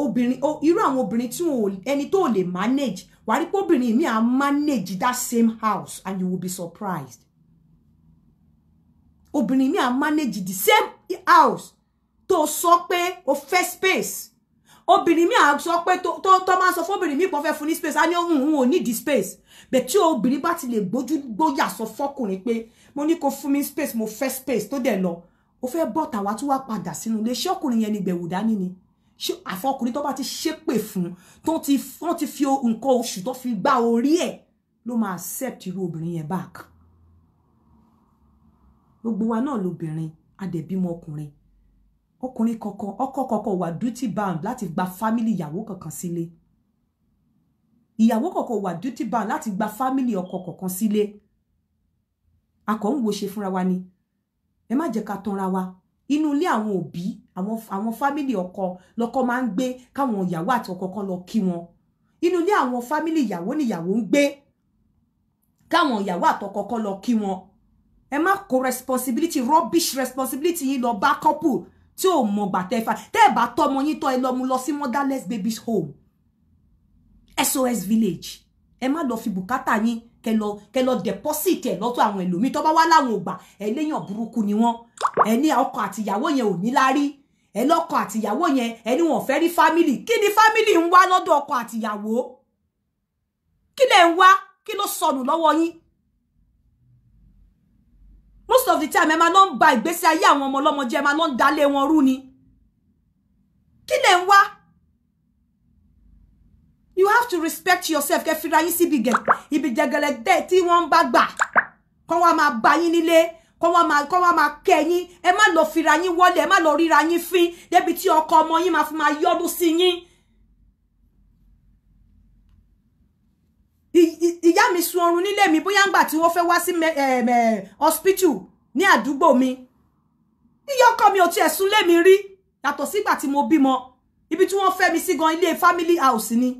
[SPEAKER 1] obìnrin irú àwọn obìnrin tí ẹni tó lè manage wàá rí pé obìnrin mi à manage that same house and you will be surprised obìnrin mi a manage the same house tó sọ pé o fẹ́ space obìnrin mi à sọ pé tó tó máa sọ fóbìnrin mi pọ̀ fẹ́ fún ní space a ní òun òun ò ní di space bẹ̀ tí obìnrin bá ti lè gbójú gbóyà sọ fọkùnrin pé mo ní kó fún mi space mo fẹ́ space tó dẹ̀ lọ o fẹ́ bọ́ tàwa tó wá padà sínú ilé ṣé ọkùnrin yẹn ni gbẹ̀wò dání ni ṣé àfọkùnrin tó bá ti ṣépè fún tó ti fi nǹkan oṣù tó fi gbá orí ẹ̀ ló máa accept irú obìnrin yẹn back gbogbo wa náà lobìnrin adẹ̀bímọ ọkùnrin ọkùnrin kankan ọkọ kankan wà duty bound láti gba family ìyàwó kankan sílé ìyàwó kankan wà duty bound láti gba family ọkọ kankan sílé akọ̀ ń wo ṣe fúnra wa ni ẹ má jẹ́ ká tanra wa inú ilé àwọn òbí àwọn fámìlì ọkọ lọkọ máa ń gbé káwọn ìyàwó àti ọkọ kan lọ kí wọn inú ilé àwọn fámìlì ìyàwó níyàwó ń gbé káwọn ìyàwó àtọkọ kan lọ kí wọn ẹ má kó responsibility rubbish responsibility yìí lọ bá couple tí ò mọ gbàtẹ́fà tẹ́ ẹ to tọmọ yín tọ́ ẹ lọ mú lọ sí motherless babies home SOS village ẹ má lọ fi bùkátà yín kẹ lọ kẹ lọ deposit ẹ lọ́tọ̀ àwọn ẹlòmíì tó bá wá láwọn ògbà ẹ léyàn burúkú ni wọ́n ẹ ní ọkọ àtìyàwó yẹn ò ní lárí ẹ lọ́kọ àtìyàwó yẹn ẹ ní wọn fẹ́ rí family kí family ń wá lọ́dọ̀ ọkọ àtìyàwó kí lẹ ń wá kí ló sọnù lọ́wọ́ most of the time ẹ máa lọ ń ba ìgbésí ayé àwọn ọmọ ọlọ́mọ jẹ́ ẹ máa lọ ń dalé wọn ni kí lẹ̀ you have to respect yourself kẹ́ fira yín síbi gẹ̀ ibi jẹgẹlẹ dẹ̀ tí wọ́n ba. bá gbà kọ́ wá ba yín nílé kọ́ wá ma kọ́ wá máa kẹ́ yín ẹ má lọ fira yín wọlé ẹ má lọ ríra yín fín débi tí ọkọ ọmọ yín máa fi máa yọ́dún sí yín ìyá mi sun oorun nílé mi bóyá ńgbà tí wọ́n fẹ́ wá sí eh, hospital ní àdúgbò mi ìyá ọkọ mi ò tiẹ̀ sùn lé mi rí yàtọ̀ sígbà tí mo bímọ ibi tí wọ́n fẹ́ mi sí gan ilé family house ni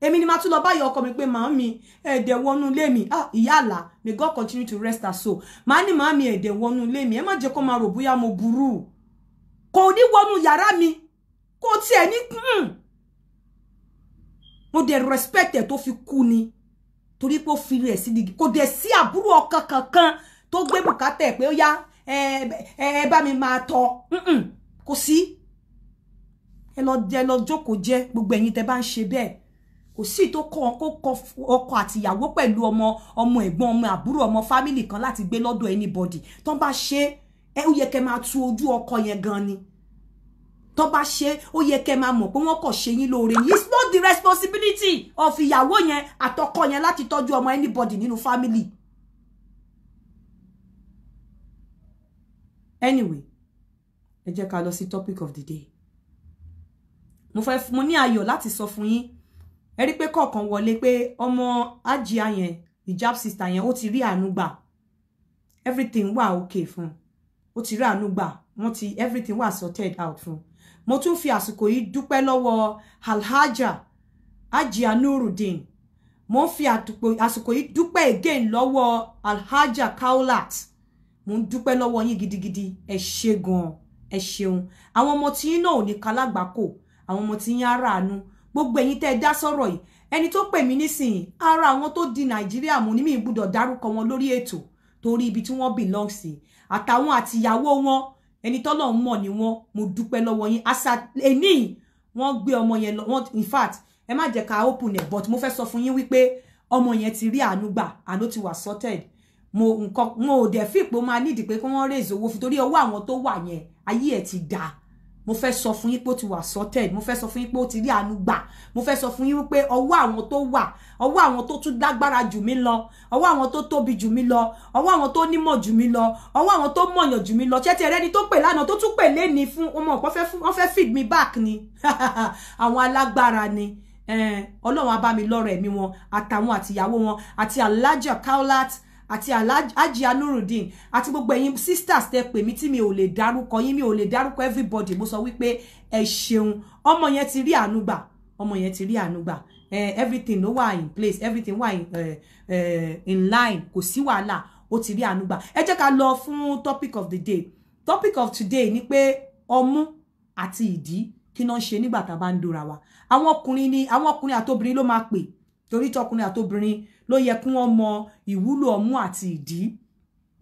[SPEAKER 1] èmi ni ma tún lọ bá ìyá ọkọ mi pé màá mi ẹ̀ẹ́dẹ̀ wọnú ilé mi ah ìyá àlà may God continue to rest her soul màá ní màá mi ẹ̀ẹ́dẹ̀ wọnú ilé mi ẹ má jẹ́ kó máa rò bóyá mo burú kò ní wọnú yàrá mi kò tiẹ̀ ní hmm. mo dẹ̀ respect ẹ̀ tó fi kú ni torí pé ó fi rẹ̀ sí digi kò dẹ̀ sí àbúrò ọkàn kankan tó gbé bùkátà ẹ̀ pé ó yá ẹ bá mi máa tọ kò sí ẹ lọ jẹ lọ jókòó jẹ gbogbo ẹ̀yin tẹ́ bá ń ṣe bẹ́ẹ̀ kò sí tó kọ kó kọ ọkọ àtìyàwó pẹ̀lú ọmọ ọmọ ẹ̀gbọ́n ọmọ àbúrò ọmọ fámìlì kan láti gbé lọ́dọ̀ anybody tó ń bá ṣe é ó yẹ kẹ́ máa tu ojú ọkọ yẹn gan ni tó bá ṣe ó yẹ kẹ́ máa mọ̀ pé wọ́n kò ṣe yín lóore ni it's not the responsibility of ìyàwó yẹn àtọkọ yẹn láti tọ́jú ọmọ anybody nínú family. anyway ẹ jẹ́ ká lọ sí topic of the day mo fẹ́ mo ní ayọ̀ láti sọ fún yín ẹ rí pé kọ̀ọ̀kan wọlé pé ọmọ ajia yẹn hijab sister yẹn ó ti rí àánú gbà everything wà okay fún ó ti rí àánú gbà wọ́n ti everything wà sorted out fún un mo tún fi àsìkò yìí dúpẹ́ lọ́wọ́ alhaja ajia nurudeen mo ń fi àsìkò yìí dúpẹ́ again lọ́wọ́ alhaja kaulat mo ń dúpẹ́ lọ́wọ́ yín gidigidi ẹ ṣe gan ẹ ṣeun àwọn ọmọ tí yín náà ò ní kalágbákò àwọn ọmọ tí yín aráàánú gbogbo ẹ̀yin tẹ́ ẹ dá sọ̀rọ̀ yìí ẹni tó pè mí nísìnyí ara àwọn tó di nàìjíríà mú ní mi gbúdọ̀ dárúkọ wọn lórí ètò torí ibi tí wọ́n belong sí àtàwọn àtìyàwó wọn ẹni tọ́lọ̀ mo ni wọ́n mo dúpẹ́ lọ́wọ́ yín àṣà ẹni wọ́n gbé ọmọ yẹn lọ in fact ẹ má jẹ́ ká open ẹ̀ but mo fẹ́ sọ fún yín wípé ọmọ yẹn ti rí àánú gbà ti wà sorted mo nǹkan mo ò dẹ̀ fi pé ó máa nídìí pé kí wọ́n raise owó fún torí owó àwọn tó wà yẹn ayé ẹ̀ ti dáa mo fẹ́ sọ fún yín pé ó ti wà sorted mo fẹ́ sọ fún yín pé ó ti rí àánú gbà mo fẹ́ sọ fún yín pé ọwọ́ àwọn tó wà ọwọ́ àwọn tó tún lágbára jù mí lọ ọwọ́ àwọn tó tóbi jù mí lọ ọwọ́ àwọn tó nímọ̀ jù mí lọ ọwọ́ àwọn tó mọ̀yàn jù mí lọ ṣẹ́tì ẹ̀rẹ́ni tó pè lánàá tó tún pè léni fún ọmọ ọ̀pọ̀ wọ́n fẹ́ feed me back ni àwọn alágbára ni ọlọ́run abámi lọ́rọ̀ ẹ̀mí wọn àtàwọn àtìyàwó wọn àti alájà Kaulat àti Hajia Nurudeen àti gbogbo ẹ̀yin sisters tẹ pè mí tí mi ò lè dárúkọ yín mi ò lè dárúkọ everybody mo sọ wípé ẹ ṣeun ọmọ yẹn ti rí àánú gbà ọmọ yẹn ti rí àánú everything ló wà in place everything wà in, line kò sí wàhálà ó ti rí àánú ẹ jẹ́ ká lọ fún topic of the day topic of today ni pé ọmú àti ìdí kí náà ṣe nígbà tá a bá ń dora wa àwọn ọkùnrin ni àwọn ọkùnrin àtobìnrin ló máa pè torí tọkùnrin àtobìnrin ló yẹ kí wọ́n mọ ìwúlò ọmú àti ìdí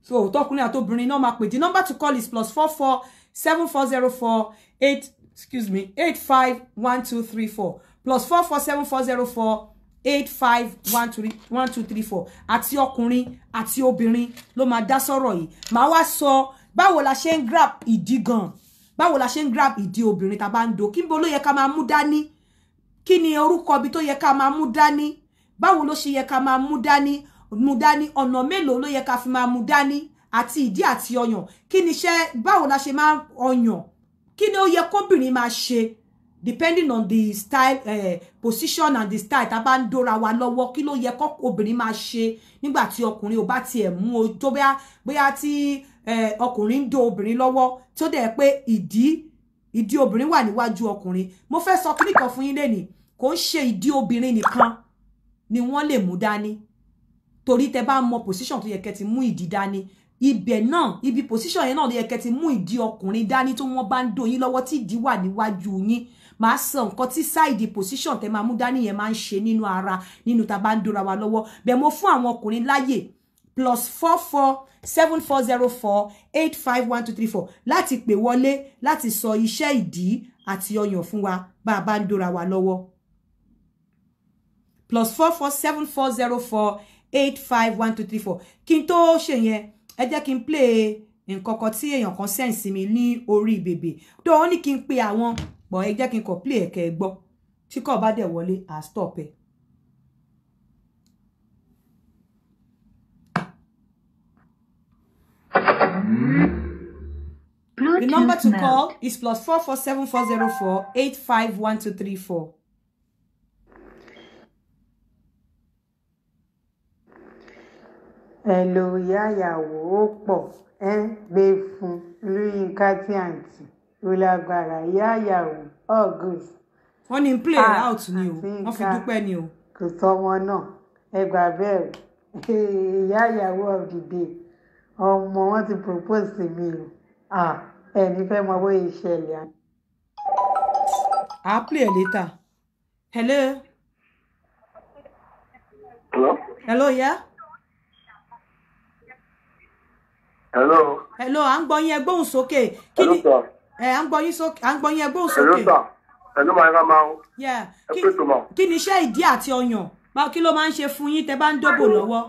[SPEAKER 1] so tọkùnrin àtobìnrin náà máa pè the number to call is plus four four seven four zero four eight excuse me eight five one two three four plus four four seven four zero four eight five one two one two three four àti ọkùnrin àti obìnrin ló máa dá sọ̀rọ̀ yìí màá wá sọ báwo la ṣe ń grab ìdí gan báwo la ṣe ń grab ìdí obìnrin tá a bá ń do kí n bo ló yẹ ká máa mú dání kí ni orúkọ ibi tó yẹ ká máa mú dání báwo ló ṣe yẹ ká máa mú dání mú dání ọ̀nà mélòó ló yẹ ká fi máa mú dání àti ìdí àti ọyàn kí ni iṣẹ́ báwo la ṣe máa ọyàn kí ni ó yẹ kóbìnrin máa ṣe depending on the style eh, position and the style tá a bá ń dóra wa lọ́wọ́ kí ló yẹ kó obìnrin máa ṣe nígbà tí ọkùnrin ò bá tiẹ̀ mú o tó bóyá bóyá tí eh, ọkùnrin ń dó obìnrin lọ́wọ́ tó dẹ̀ pé ìdí ìdí obìnrin wà níwájú ọkùnrin mo fẹ́ sọ kíní kan fún yín lénìí kò ń ṣe ìdí obìnrin nìkan ni wọ́n lè mú dání torí tẹ bá mọ position tó yẹ kẹ́ ti mú ìdí dání ibẹ̀ náà ibi position yẹn náà ló yẹ kẹ́ ti mú ìdí ọkùnrin dání tó wọ́n bá ń dó yín lọ́wọ́ tí ìdí wà níwájú yín máa sọ nǹkan tí side position tẹ máa mú dání yẹn máa ń ṣe nínú ara nínú tá bá ń dóra wa lọ́wọ́ bẹ́ẹ̀ mo fún àwọn ọkùnrin láyè plus four four seven four zero four eight five one two three four láti pè wọlé láti sọ iṣẹ́ ìdí àti ọyàn fún wa bá a bá ń dóra wa lọ́wọ́ plus four four seven four zero four eight five one two three four kí n tó ṣe yẹn ẹ jẹ́ kí n play nǹkan kan tí èèyàn kan send sí mi ní orí bèbè tó ó ní kí n pe àwọn pọ̀ ẹ jẹ́ kí n kọ̀ play ẹ̀kẹ́ gbọ́ tí kò bá dẹ̀ wọlé à stop ẹ̀.
[SPEAKER 3] Bluetooth
[SPEAKER 1] the number to milk. call is plus four four seven four zero four eight five one two three four. Hello yáyàwó ó pọ̀ ẹ́ gbé fún Olúyinká tí àǹtí ó lágbára yáyàwó August. Wọ́n ní play it ah, out ni o, wọ́n fi dúpẹ́ ni o. Kò sọ wọn náà, ẹ gbà bẹ́ẹ̀ o, ìyá ìyàwó of the day ọmọ wọn ti propose sí mi o ẹni fẹ́ mọ bóyá ìṣẹ̀lẹ̀ à. I'll play later. Hello. Hello. Hello, yeah. Hello. Hello, à ń gbọ́ yín
[SPEAKER 4] ẹ gbóhùn sókè.
[SPEAKER 1] Kí ni ẹ à ń gbọ́ yín sókè à ń gbọ́ yín ẹ sókè. Hello sir,
[SPEAKER 4] ẹnu máa ń ra máa ń. Ẹ pé tòmọ̀.
[SPEAKER 1] Kí ni iṣẹ́ ìdí àti ọyàn? Báwo kí ló máa ń ṣe fún yín tẹ́ bá ń dóbò lọ́wọ́?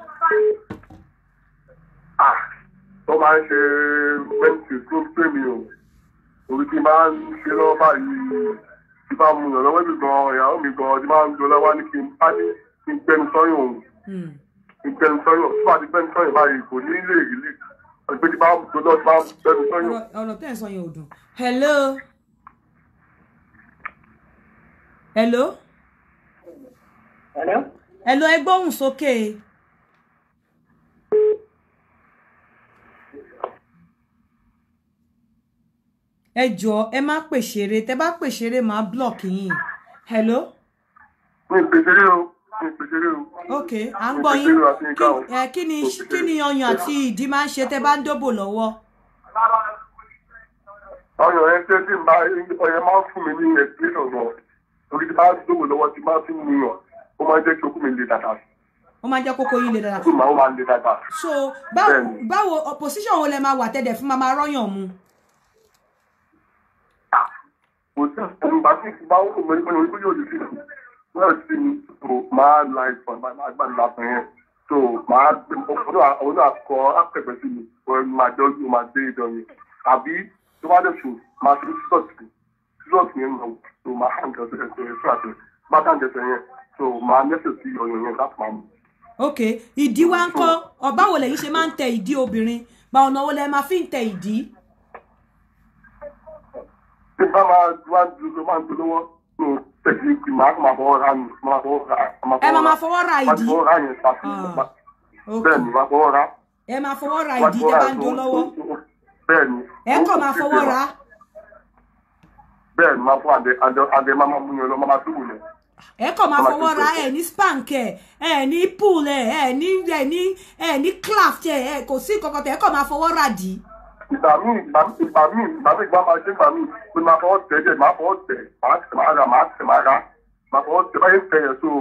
[SPEAKER 4] tó máa ń ṣe pẹ́ǹtì tó ń pè mí o orí tí máa ń ṣe lọ́wọ́ báyìí tí bá mu ìrànlọ́wọ́ mi gan ìyàwó mi gan tí máa ń lo lọ́wọ́ ní kí n bá ní kí n gbẹnu sọ́yìn òun hmm. kí n gbẹnu sọ́yìn òun tí bá ti gbẹnu sọ́yìn báyìí kò ní lè rí lè àgbẹ̀ tí bá ń lo tí bá ń gbẹnu sọ́yìn
[SPEAKER 1] ọ̀rọ̀ tẹ́ ẹ̀ sọ yẹn ò dùn. hello. hello. hello. hello ẹ gbóhùn sókè. ẹ jọ ẹ má pèsèré tẹ bá pèsèré block yín hello.
[SPEAKER 4] mi ò o mi ò o. ok à ń gbọ́ yín
[SPEAKER 1] kí ni kí ọyàn àti ìdí máa ń ṣe tẹ bá ń dóbò lọ́wọ́.
[SPEAKER 4] ọyàn yẹn máa ọyàn máa fún mi ní torí tí dóbò lọ́wọ́ tí máa yàn ó máa jẹ́ kí okú mi le
[SPEAKER 1] O ma dada. so báwo opposition wo máa wà tẹ́lẹ̀ fún mu.
[SPEAKER 4] hotel ọ̀hún bá tún ti bá wù mí pé orí yóò di fífi náà sí mi so máa la ìfọ̀n máa gbà ní lásán yẹn so máa òun náà kọ akẹ́kọ̀ọ́ sí mi òun máa jọ yóò máa dé ìdán yẹn àbí tó bá dẹ̀ so máa fi sísọ̀tì sísọ̀tì yẹn lọ so máa hàn jẹ́sẹ̀ yẹn fún àtẹ bá tàn jẹ́sẹ̀ yẹn so máa mẹ́sẹ̀ sí ọyàn yẹn láti máa mú. ok
[SPEAKER 1] ìdí wa ń kọ́ ọ̀báwo lẹ́yìn ṣe máa ń tẹ ìdí obìnrin bá ọ̀nà wo lẹ máa fi ń tẹ ìdí
[SPEAKER 4] tí bá máa wá ju ló máa ń tó lọ́wọ́ tó tẹ̀sí kì máa kó máa fọwọ́ ra ni máa fọwọ́ ra. ẹ máa fọwọ́ ra ìdí máa fọwọ́ ra yẹn ṣàfi ah, bẹ́ẹ̀ ni máa fọwọ́ ra. ẹ
[SPEAKER 1] máa fọwọ́ ra ìdí tẹ́ bá ń tó lọ́wọ́.
[SPEAKER 4] bẹ́ẹ̀ ni. ẹ kọ́ máa fọwọ́ ra. bẹ́ẹ̀ ni máa fọ àdé àdé àdé máa mú yẹn lọ máa tó wù lẹ̀
[SPEAKER 1] ẹ kọ máa fọwọ́ ra ẹ ní spank ẹ ẹ ní pool ẹ ẹ ní ẹ ní ẹ ní claft ẹ kò sí kankan ẹ kọ máa fọwọ́ ra dì
[SPEAKER 4] ìgbà míì ìgbà míì ìgbà míì ìgbà míì ìgbà máa ṣe ìgbà míì pé máa fọwọ́ tẹ̀ jẹ́ máa fọwọ́ tẹ̀ máa tẹ̀ máa ra máa tẹ̀ máa ra máa fọwọ́ tẹ̀ báyìí tẹ̀ yẹ so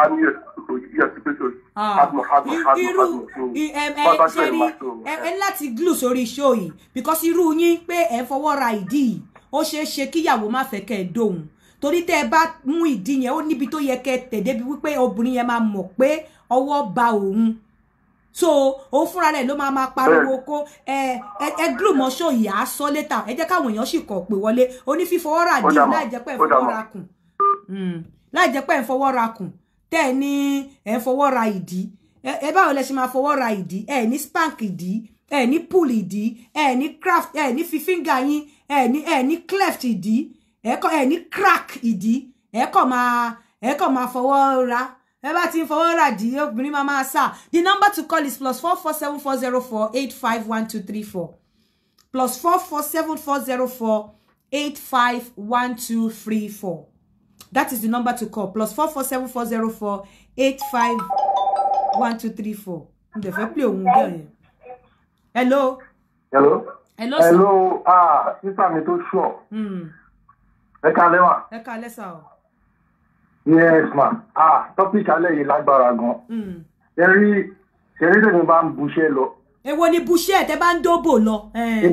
[SPEAKER 4] a ní ètò yìí àti pé so ah, adùn adùn adùn adùn so bàbá tẹ̀ máa so.
[SPEAKER 1] ẹ láti glu sórí iṣẹ́ yìí because irú yín pé ẹ fọwọ́ ra ìdí yìí ó ṣeé ṣe kíyàwó má fẹ́ kẹ́ ẹ dóhùn torí tẹ́ ẹ bá mú ìdí yẹn ó níbi tó yẹ kẹ́ tẹ̀ débi wípé obìnrin yẹn máa mọ̀ pé ọwọ́ ba òun so òun fúnra rẹ̀ ló máa máa pariwo kó ẹ ẹ gírù mọ́ ṣó ìyá sọ létà ẹ jẹ́ káwọn èèyàn sì kọ pé wọlé ó ní fífọwọ́ rà dín láì jẹ́ pé ẹ̀ fọwọ́ ra kùn hmm. láì jẹ́ pé ẹ̀ fọwọ́ ra kùn tẹ́ ẹ ní ẹ fọwọ́ ra ìdí ẹ báwo lẹ ṣe máa fọwọ́ ra ìdí ẹ ní spank ìdí ẹ ní pull ìdí ẹ ní craft ẹ ní fi finger yín ẹ ní ẹ ní cleft ìdí ẹ ní crack ìdí ẹ kọ̀ máa ẹ kọ̀ máa fọwọ́ ra ẹ bá ti ń fọwọ́ rà dí obìnrin the number to call is plus four four seven four zero four eight five one two three four plus four four seven four zero four eight five one two three four that is the number to call plus four four seven four zero four eight five one two three four hello.
[SPEAKER 4] hello. hello sir. hello ah sísá mi tó ṣọ.
[SPEAKER 3] Hmm. ẹ kalẹ́ wa.
[SPEAKER 1] ẹ kalẹ́ sá o
[SPEAKER 3] yes ma ah topic alẹ́ yìí lágbára gan.
[SPEAKER 1] ẹ hmm.
[SPEAKER 3] rí ṣẹ̀rí tèmi bá ń buṣẹ́ lọ.
[SPEAKER 1] èwo ni buṣẹ́ tẹ́ bá ń dóbò lọ. Eh.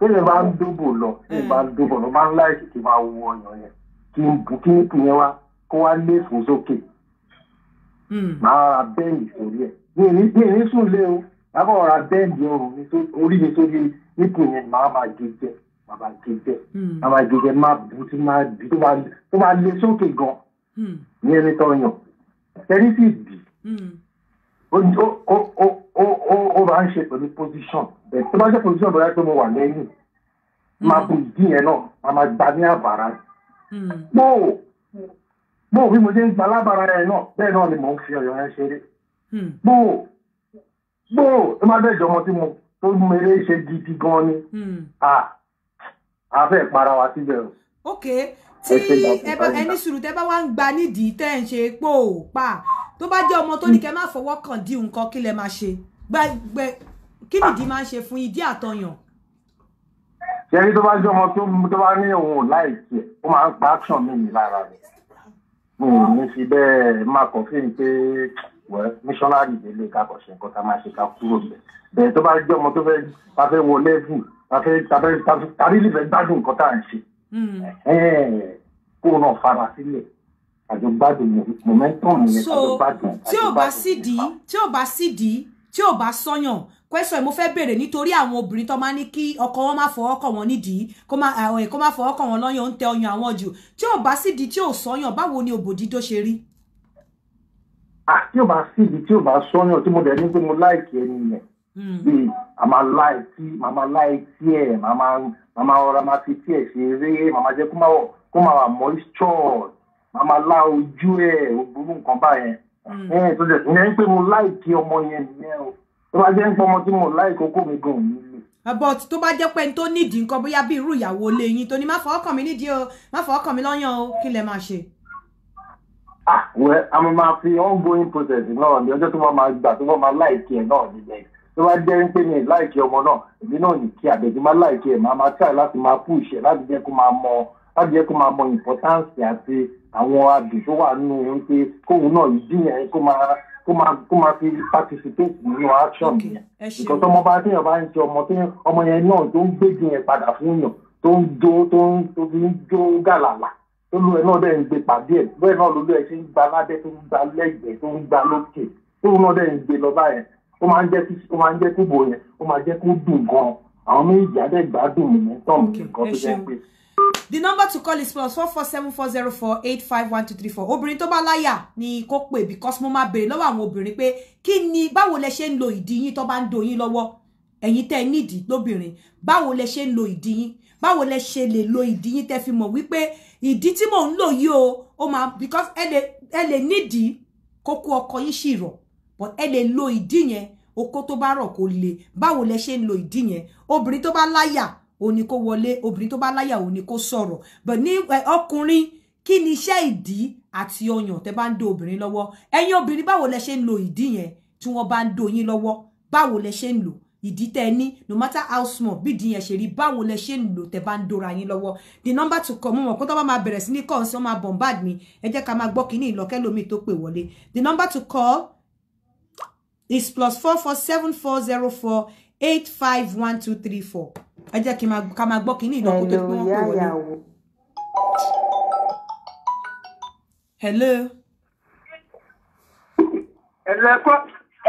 [SPEAKER 3] tèmi bá ń dóbò lọ tèmi hmm. bá ń dóbò lọ bá ń láìsí kí n máa wọ ọyàn yẹn kí n bù kí n kù yẹn wá kó wá lé fún sókè. Hmm. màá ra bẹ́ẹ̀lì sórí ẹ̀ mi ní mi ní sùn lé o lábọ̀ ra bẹ́ẹ̀lì ọrùn orí mi sórí nípò yẹn màá máa gé jẹ màá máa gé jẹ màá máa gé jẹ máa bù tí máa bì tó máa lé sókè gan Hmm. ní ẹni tó yàn ẹni sì bì ó máa ń ṣe pẹ̀lú position tó bá jẹ́ position bóyá pé mo wà lẹ́yìn máa kò hmm. ìdí yẹn náà máa máa gba ní àbàrà pọ̀ hmm. bó bí mo ṣe ń gba lábàrà ẹ náà bẹ́ẹ̀ náà ni mò ń fi ọ̀yọ́ yẹn ṣeré bó bó ẹ má bẹ́ẹ̀ jọ ọmọ tí mo tó mèrè ṣe gidi gan ni àfẹ́ para wa síbẹ̀ o.
[SPEAKER 1] ok tí ẹni sùúrù tẹ bá wá ń gba nídìí tẹ́ ń ṣe pò pa tó bá jẹ́ ọmọ tó ní kẹ́ má fọwọ́ kàn dí nǹkan kí lẹ máa ṣe gbẹgbẹ kí nìdí máa ń ṣe fún ìdí àtọyàn.
[SPEAKER 3] ṣẹ́rí tó bá jẹ́ ọmọ tó bá ní òun láì tiẹ̀ ó máa ń pa action mi yìí lára rẹ̀ mo ní fi bẹ́ẹ̀ máa kàn fún mi pé wẹ́ missionary délé kakọ̀ ṣe nǹkan tá a máa ṣe ká kúrò bẹ̀ bẹ́ẹ̀ tó bá jẹ́ ọmọ tó fẹ́ wọlé fún ta fẹ́ fẹ́ gbádùn nǹkan tá à ń ṣe Mm. Eh, kó náà fara sílẹ̀ àjọgbádùn momentum yẹn àjọgbádùn. tí ò bá
[SPEAKER 1] sídìí tí ò bá sídìí tí ò bá sọyàn question mo fẹ́ bèrè nítorí àwọn obìnrin tó máa ní kí ọkọ wọn má fọwọ́ kàn wọ́n nídìí kó má eh, eh, kó má fọwọ́ kàn wọ́n lọ́yàn ń tẹ ọyàn àwọn jù tí ò bá sídìí tí ò sọyàn báwo ni òbòdì tó ṣe rí.
[SPEAKER 3] àti ah, ò bá sídìí tí ò bá sọyàn tí mo dẹ̀ ní pé mo láìkì ẹni yẹn bíi hmm. hmm. màmá láì tí màmá láì tí ẹ̀ màmá màmá ọ̀rọ̀ máa fi tí ẹ̀ ṣe eré màmá jẹ́ kó máa wà moisture màmá lá ojú ẹ̀ gbogbo nǹkan báyẹn hmm. ẹ̀ tó dẹ̀ ìyẹn ń pè mo láìkí ọmọ yẹn nìyẹn o tó bá jẹ́ ń pọ́ ọmọ tí mo láìkó kó mi gan mi
[SPEAKER 1] ah, but tó bá jẹ́ pé n tó nídìí nǹkan bóyá bí irú ìyàwó lé yín tó ní má fọwọ́ kàn mí nídìí o má fọwọ́ kàn mí lọ́yàn o kí lẹ máa ṣe.
[SPEAKER 3] ah well a máa fi ongoing process náà ní ọjọ́ tó bá máa gbà tó bá máa láìkí ẹ̀ náà nílẹ̀ tó bá jẹ́ pé mi láìkí ọmọ náà èmi náà ní kí àbẹ̀dì má láìkí ẹ̀ máa máa tẹ̀ láti máa fún ìṣẹ̀ láti jẹ́ kó máa mọ láti jẹ́ kó máa mọ importance àti àwọn àbì tó wà nù ún pé kóun náà yìí díyẹn kó máa kó máa kó máa fi participate nínú action yẹn nǹkan tó ọmọ bá téèyàn bá ń ṣe ọmọ tó ọmọ yẹn náà tó ń gbégi yẹn padà fún yàn tó ń jó tó ń tó fi ń jó gàlàlà tó lù ẹ náà dẹ̀ ń gbé pàdé ẹ̀ bẹ́ẹ̀ náà lolú ẹ̀ ṣe ń gba lábẹ́ tó ń gba lẹ́gbẹ̀ẹ́ tó ń gba lókè tó náà dẹ̀ ń gbé lọ báyẹn ó máa ń jẹ́ kí ó máa ń jẹ́ kí bò yẹn ó máa jẹ́ kó dùn gan àwọn méjì àdẹ́gbàdùn momentum nǹkan tó jẹ́ pé.
[SPEAKER 1] the number to call is plus four four seven four zero four eight five one two three four obìnrin tó bá láyà ni kó pè because mo máa béèrè lọ́wọ́ àwọn obìnrin pé kí ni báwo lẹ ṣe ń lo ìdí yín tó bá ń do yín lọ́wọ́ ẹ̀yin tẹ́ ẹ nídìí lóbìnrin báwo lẹ ṣe ń lo ìdí yín báwo lẹ ṣe lè lo ìdí yín tẹ́ fi mọ̀ wípé ìdí tí mò ń lò yìí o ó máa because ẹ lè nídìí kókó ọkọ yín ṣì rọ̀ but ẹ lè lo ìdí yẹn okó tó bá rọ̀ kó le báwo lẹ ṣe ń lo ìdí yẹn obìnrin tó bá láyà òun ni kó wọlé obìnrin tó bá láyà òun ni kó sọ̀rọ̀ but ní ọkùnrin kí ni iṣẹ́ ìdí àti ọyàn tẹ́ bá ń do obìnrin lọ́wọ́ ẹ̀yin obìnrin báwo lẹ ṣe ń lo ìdí yẹn tí wọ́n bá ń do yín lọ́wọ́ báwo lẹ ṣe ń lò ìdí no matter how small bí ìdí yẹn ṣe rí báwo lẹ ṣe ń lò tẹ́ bá ń dora yín the number to call mo mọ̀ pé tó bá máa bẹ̀rẹ̀ sí ní kọ́ọ̀sì wọ́n bombard mi ẹ jẹ́ ká máa gbọ́ kínní ìlọ́kẹ́lómi tó pè wọlé the number to call is plus four four seven four zero four eight five one two three four ẹ jẹ́ kí ká máa gbọ́ kínní ìdánwò tó fi wọ́n pè wọlé. hello.
[SPEAKER 3] hello ẹ̀kọ́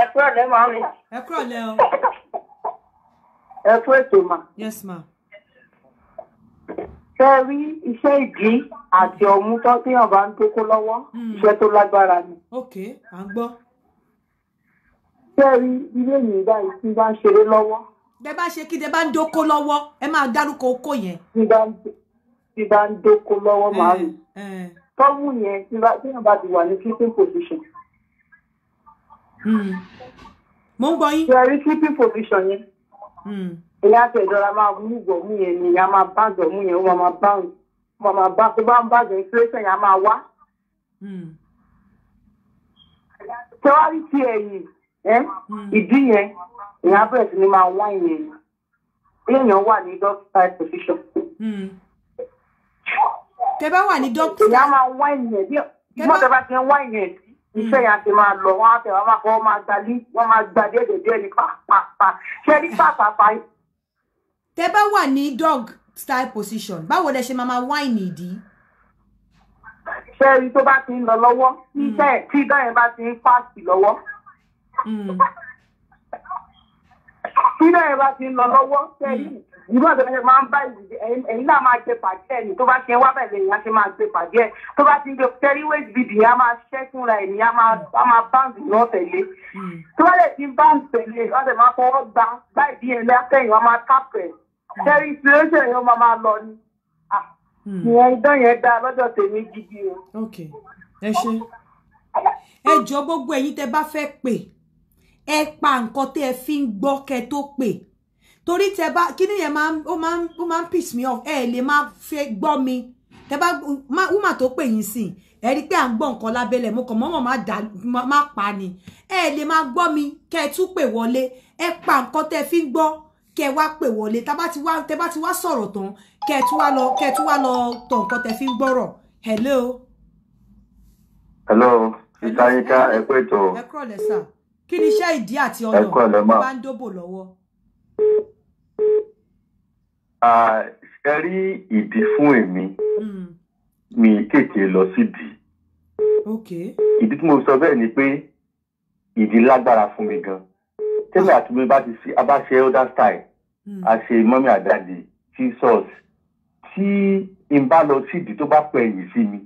[SPEAKER 3] ẹ̀kọ́ ọ̀lẹ́ máa mi. ẹ̀kọ́ ọ̀lẹ́ o. ẹ̀kọ́ ètò mà. yes ma. ṣé ẹ rí iṣẹ́ ìdí àti ọ̀mú tó téèyàn bá ń dókó lọ́wọ́ hmm. iṣẹ́ tó lágbára ni. ok à ń gbọ́ kẹ́rí ilé mi báyìí tí bá ń ṣeré
[SPEAKER 1] lọ́wọ́. bẹ́ẹ̀ bá ṣe kí dẹ́ bá ń dóko lọ́wọ́ ẹ máa dárúkọ oko yẹn.
[SPEAKER 3] tí bá ń dóko lọ́wọ́ máa rí tọ́wù yẹn tí wọ́n bá ti wà ní sleeping position. Hmm. mo ń gbọ́ yín. kẹ́rí sleeping position yẹn. ìyá hmm. tẹ̀dọ́ra máa mú ìgbọ̀mú yẹn ni ìyá máa bá ìgbọ̀mú yẹn ó máa bá ó máa bá tó bá ń bá ìgbọ̀mú yẹn á máa wá. tẹ́wárí hmm. ti ẹ̀yìn. Hmm. ìdí yẹn èèyàn abẹ́rẹ́ sí ni máa wá ìyẹn bí èèyàn wà ní doctor position. Hmm. tẹ bá wà ní doctor. èèyàn máa wá ìyẹn bí mo tẹ bá ti wá ìyẹn iṣẹ́ yẹn ti máa lọ wọ́n á tẹ̀ wọ́n máa fọwọ́ máa gbalí wọ́n máa gba déédéé díẹ̀ ní pàpàpà
[SPEAKER 1] ṣé ní pàpàpà. tẹ wà ní dog style position báwo lẹ ṣe máa
[SPEAKER 3] máa wá ìní ìdí ṣe rí tó bá ti ń lọ lọ́wọ́ hmm. tí iṣẹ́ bá ti ń fàṣì lọ́wọ́ tí bẹ́ẹ̀ bá ti ń lọ lọ́wọ́ tẹ́lí ìlú àgbẹ̀rẹ̀ máa ń bá ẹ̀yìn náà máa gbé pàdé ẹ̀yìn tó bá ṣe wá bẹ̀rẹ̀ lẹ́yìn á ṣe máa gbé pàdé ẹ̀ tó bá ti ń gbé tẹ́lí wéjì bìbì á máa ṣẹ́kùn ra ẹ̀yìn á mm. máa báǹkì náà tẹ̀lé mm. tó bá lè ti báǹkì tẹ̀lé wọ́n sì máa fọwọ́ gba báyìí bí ẹ̀lẹ́ àtẹ̀yìn wọn máa kápẹ̀ tẹ́lí ìṣẹ́yìn yẹn máa máa lọ ni mm. ìyẹn idán yẹn dá lọ́dọ̀ tèmi gidi o. ẹ ṣe
[SPEAKER 1] ẹ jọ gbogbo ẹ pa nǹkan tẹ́ ẹ fi ń gbọ́ kẹ tó pè torí tẹ bá kíní yẹn máa ó máa ó máa ń piss me off ẹ lè máa fẹ́ gbọ́ mi tẹ bá wúmà tó pè yín sí ẹ rí pé à ń gbọ́ nǹkan lábẹ́lẹ̀ mo kàn mọ́mọ́ má dà má pa ni ẹ lè máa gbọ́ mi kẹ ẹ tún pè wọlé ẹ pa nǹkan tẹ́ ẹ fi ń gbọ́ kẹ wá pè wọlé tẹ bá ti wá tẹ bá ti wá sọ̀rọ̀ tán kẹ ẹ tún wá lọ kẹ ẹ tún wá lọ tọ nǹkan tẹ́ fi ń gbọ́rọ̀ hello.
[SPEAKER 4] hello ìtayínká ẹ pé tó. ẹ
[SPEAKER 1] kúrọ̀lẹ́ sà kí ni iṣẹ́ ìdí àti ọ̀nà tó bá ń dóbò lọ́wọ́.
[SPEAKER 4] ṣe rí ìdí fún
[SPEAKER 3] èmi hmm. mi tètè lọ sídìí ìdí tí mo sọ bẹ́ẹ̀ ni pé ìdí lágbára fún mi gan tẹ́lẹ̀ àtúnbí bá ti bá ṣe elder style hmm. a ṣe mọ́mí àdáde jesus tí n bá lọ sídìí tó bá pẹ̀yìn sí mi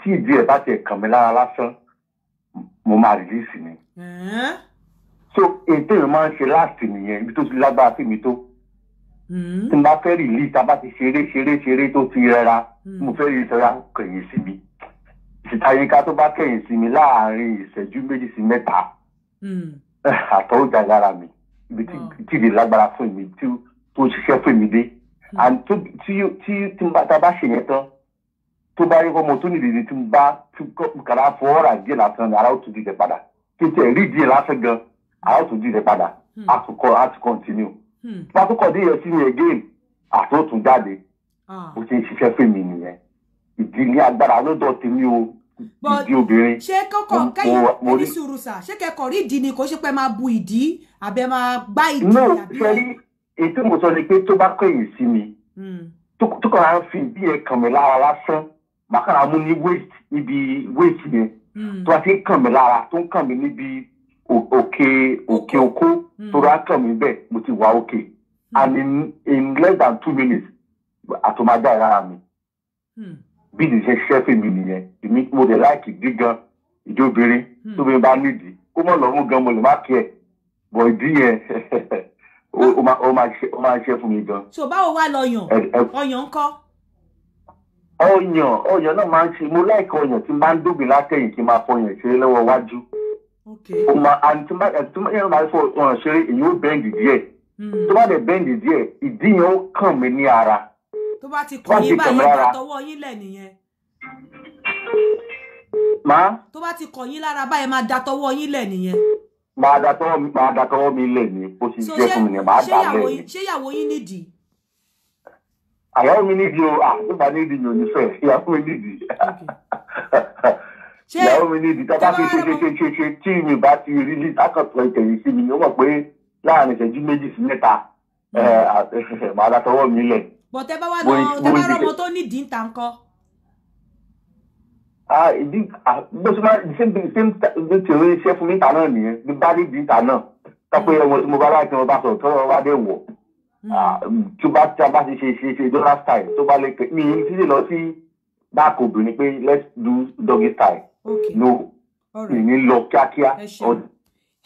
[SPEAKER 3] tí ìdí ẹ̀ bá tẹ̀ kàn mí lára lásán mo máa rìlíìsì ni. so ètò yẹn máa ń ṣe láti nìyẹn ibi tó ti lágbára sí mi tó. Hmm. tí n bá fẹ́ rìlíìsì tá a bá ti ṣeré ṣeré ṣeré tó ti rẹra hmm. mo fẹ́ rìlíìsì ọ̀yà kẹ̀yìn sí mi. ìsìtayínká tó bá kẹ̀yìn sí mi láàárín ìṣẹ́jú méjì sí mẹ́ta àtọ̀ ó jà lára mi ibi tí ìdè lágbára fún mi tí ṣiṣẹ́ fún mi dé. Hmm. and tí tí tí tí tá a bá ṣe yẹn tán tó bá yẹ kó mo tó ní ìdíje tí mo bá kàrà fọ ọ̀rà díẹ̀ lásán ara ó tún dìde padà kété rí díẹ̀ lásán gan ara ó tún dìde padà àtúkọ àti kọ́ntínú pàtókọ̀ dé yẹn sí mi again àtúntún jáde ah. ó ṣe ń ṣiṣẹ́ fún mi nìyẹn ìdí ní agbára lọ́dọ̀ tèmi o ìdí obìnrin ṣé kọ́kọ́ kẹ́yìn ẹni sùúrù
[SPEAKER 1] sà ṣé kẹ́kọ̀ọ́ rí ìdí ni kò ṣe pé máa bu ìdí àbẹ máa gbá ìdí àbí. ṣe rí
[SPEAKER 3] èyí tí mo sọ ni pé tó bá kẹ́yìn sí mi hmm. tó kàn fi bí ẹ kàn mí lára lásán bákàrà mú ní waist níbi waist yẹn hmm. tó a ti ń kàn mí lára tó ń kàn mí níbi òkè òkè okó hmm. tó rà kàn mí bẹ́ẹ̀ mo ti wà òkè hmm. and in in less than two minutes àtòmájà ìlara mi bí ìdí ṣe ṣẹ́ fèmí nìyẹn èmi mo dẹ̀ láìkì dí gan ìdí obìnrin tóbi bá nídìí kó mọ̀ lọ́rùn gan mo lè má kí ẹ̀ bọ̀ ìdí yẹn ó máa ṣe fún mi gan.
[SPEAKER 1] so báwo wá lọ yàn ọyàn ń kọ́
[SPEAKER 3] ọyàn ọyàn náà máa ń ṣe mo láìka ọyàn tí n bá ń dógbìn látẹ̀yìn kí n máa fọyàn ṣeré lọ́wọ́ iwájú o máa àti tí n bá yẹn máa fọ ọyàn ṣeré èyí ó bẹ́ǹdì díẹ̀ hmm. tó bá dẹ̀ bẹ́ǹdì díẹ̀ ìdí yẹn ó kàn mí ní ara
[SPEAKER 1] tó bá ti kàn yín báyìí bá tọwọ́ yín lẹ̀ nìyẹn. máa tó bá ti kàn yín lára
[SPEAKER 3] báyìí máa da tọwọ́ yín lẹ̀ nìyẹn. máa da tọwọ́ mi lẹ̀ ní bó ti jẹ́ fún
[SPEAKER 1] mi ní
[SPEAKER 3] àyàwó mi nídìí o àtúbà ah, nídìí yòó ní fẹ́ ìyàwó mi nídìí ìyàwó mi nídìí tó bá fi ṣe ṣe ṣe ṣe tí mi bá ti rí ní akọ̀tọ̀ ìtẹ̀yìn sí mi ni ó mọ̀ pé láàrin ìṣẹ́jú méjì sí mẹ́ta mm. eh, màá la tọwọ́ mi lẹ̀. bọ̀tẹ́ bá wà lọ tẹ́ bá rọmọ tó nídìí ń ta nǹkan. ìdí bó ṣe máa ṣe ṣe tèrè iṣẹ́ fún mi náà nìyẹn bí bá nídìí ta náà tọ́pẹ́ mm. mo bá láti mo bá sọ̀rọ̀ Ah, hmm. tó bá tí a bá ṣe ṣe ṣe ṣe dollar style tó bá lè pè mí sí lọ sí báàkì obìnrin pé let's do doggy style
[SPEAKER 1] no ìní lọ
[SPEAKER 3] kíákíá.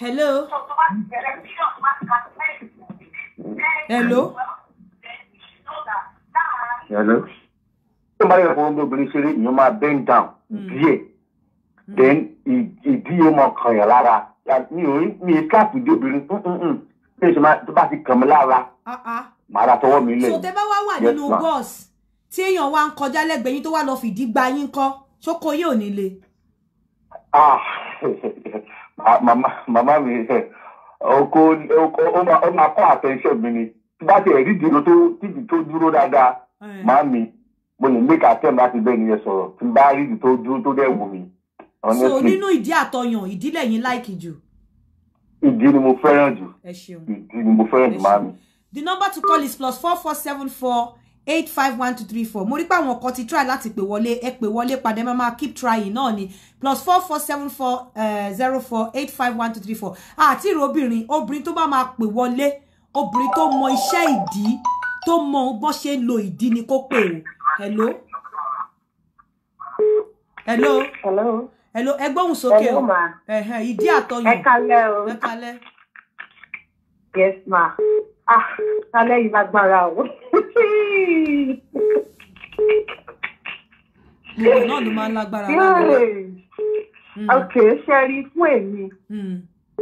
[SPEAKER 3] hello. hello. hello. tó bá yẹ fún obìnrin ṣeré ìyẹn máa bend down hmm. díẹ̀ hmm. then ìdí yóò máa kàn yàn lára mi ò ní mi ì káàpù dé obìnrin bí èsì tó bá ti kàn mí lára
[SPEAKER 1] ah, ah. màá ra tọwọ́ mi lẹ̀. sọtẹ́ bá wá wà nínú bọ́ọ̀s tí èèyàn wá ń kọjá lẹ́gbẹ̀ẹ́ yín tó wá lọ fìdí gba yín kọ́ ṣókò yóò nílé.
[SPEAKER 3] màmá mi oko ó máa kọ́ àtẹ̀ṣẹ́ mi ni tí bá ti ẹ̀rí ìdúró tó tìdí tó dúró dáadáa eh. màá mi mo lè méka tẹ́m láti bẹ́ẹ̀ nìyẹn sọ̀rọ̀ tí bá rí ìdí tó dúró tó dẹ̀ wù mí. so nínú ìdí
[SPEAKER 1] àtọyàn ìdílé yín láìkì jù
[SPEAKER 4] ìdí ni mo fẹ́ràn jù ìdí ni mo fẹ́ràn jù máa mi.
[SPEAKER 1] the number to call is plus four four seven four eight five one two three four mo rí pé àwọn kan ti try láti pè wọlé ẹ pè wọlé padà ẹ máa keep trying náà ni plus four four seven four eh, zero four eight five one two three four àti ìrò obìnrin obìnrin tó bá máa pè wọlé obìnrin tó mọ iṣẹ́ ìdí tó mọ bó ṣe ń lo ìdí ni kó pè o hello. hello. hello hello ẹ gbóhùn sókè o ìdí àtọyàn ẹ
[SPEAKER 2] kalẹ́ o ẹ kalẹ́.
[SPEAKER 3] yes ma ah alẹ́ yìí lágbára o. gbogbo náà ló máa ń lágbára lágbára. Hmm. ok ṣe rí fún èmi hmm.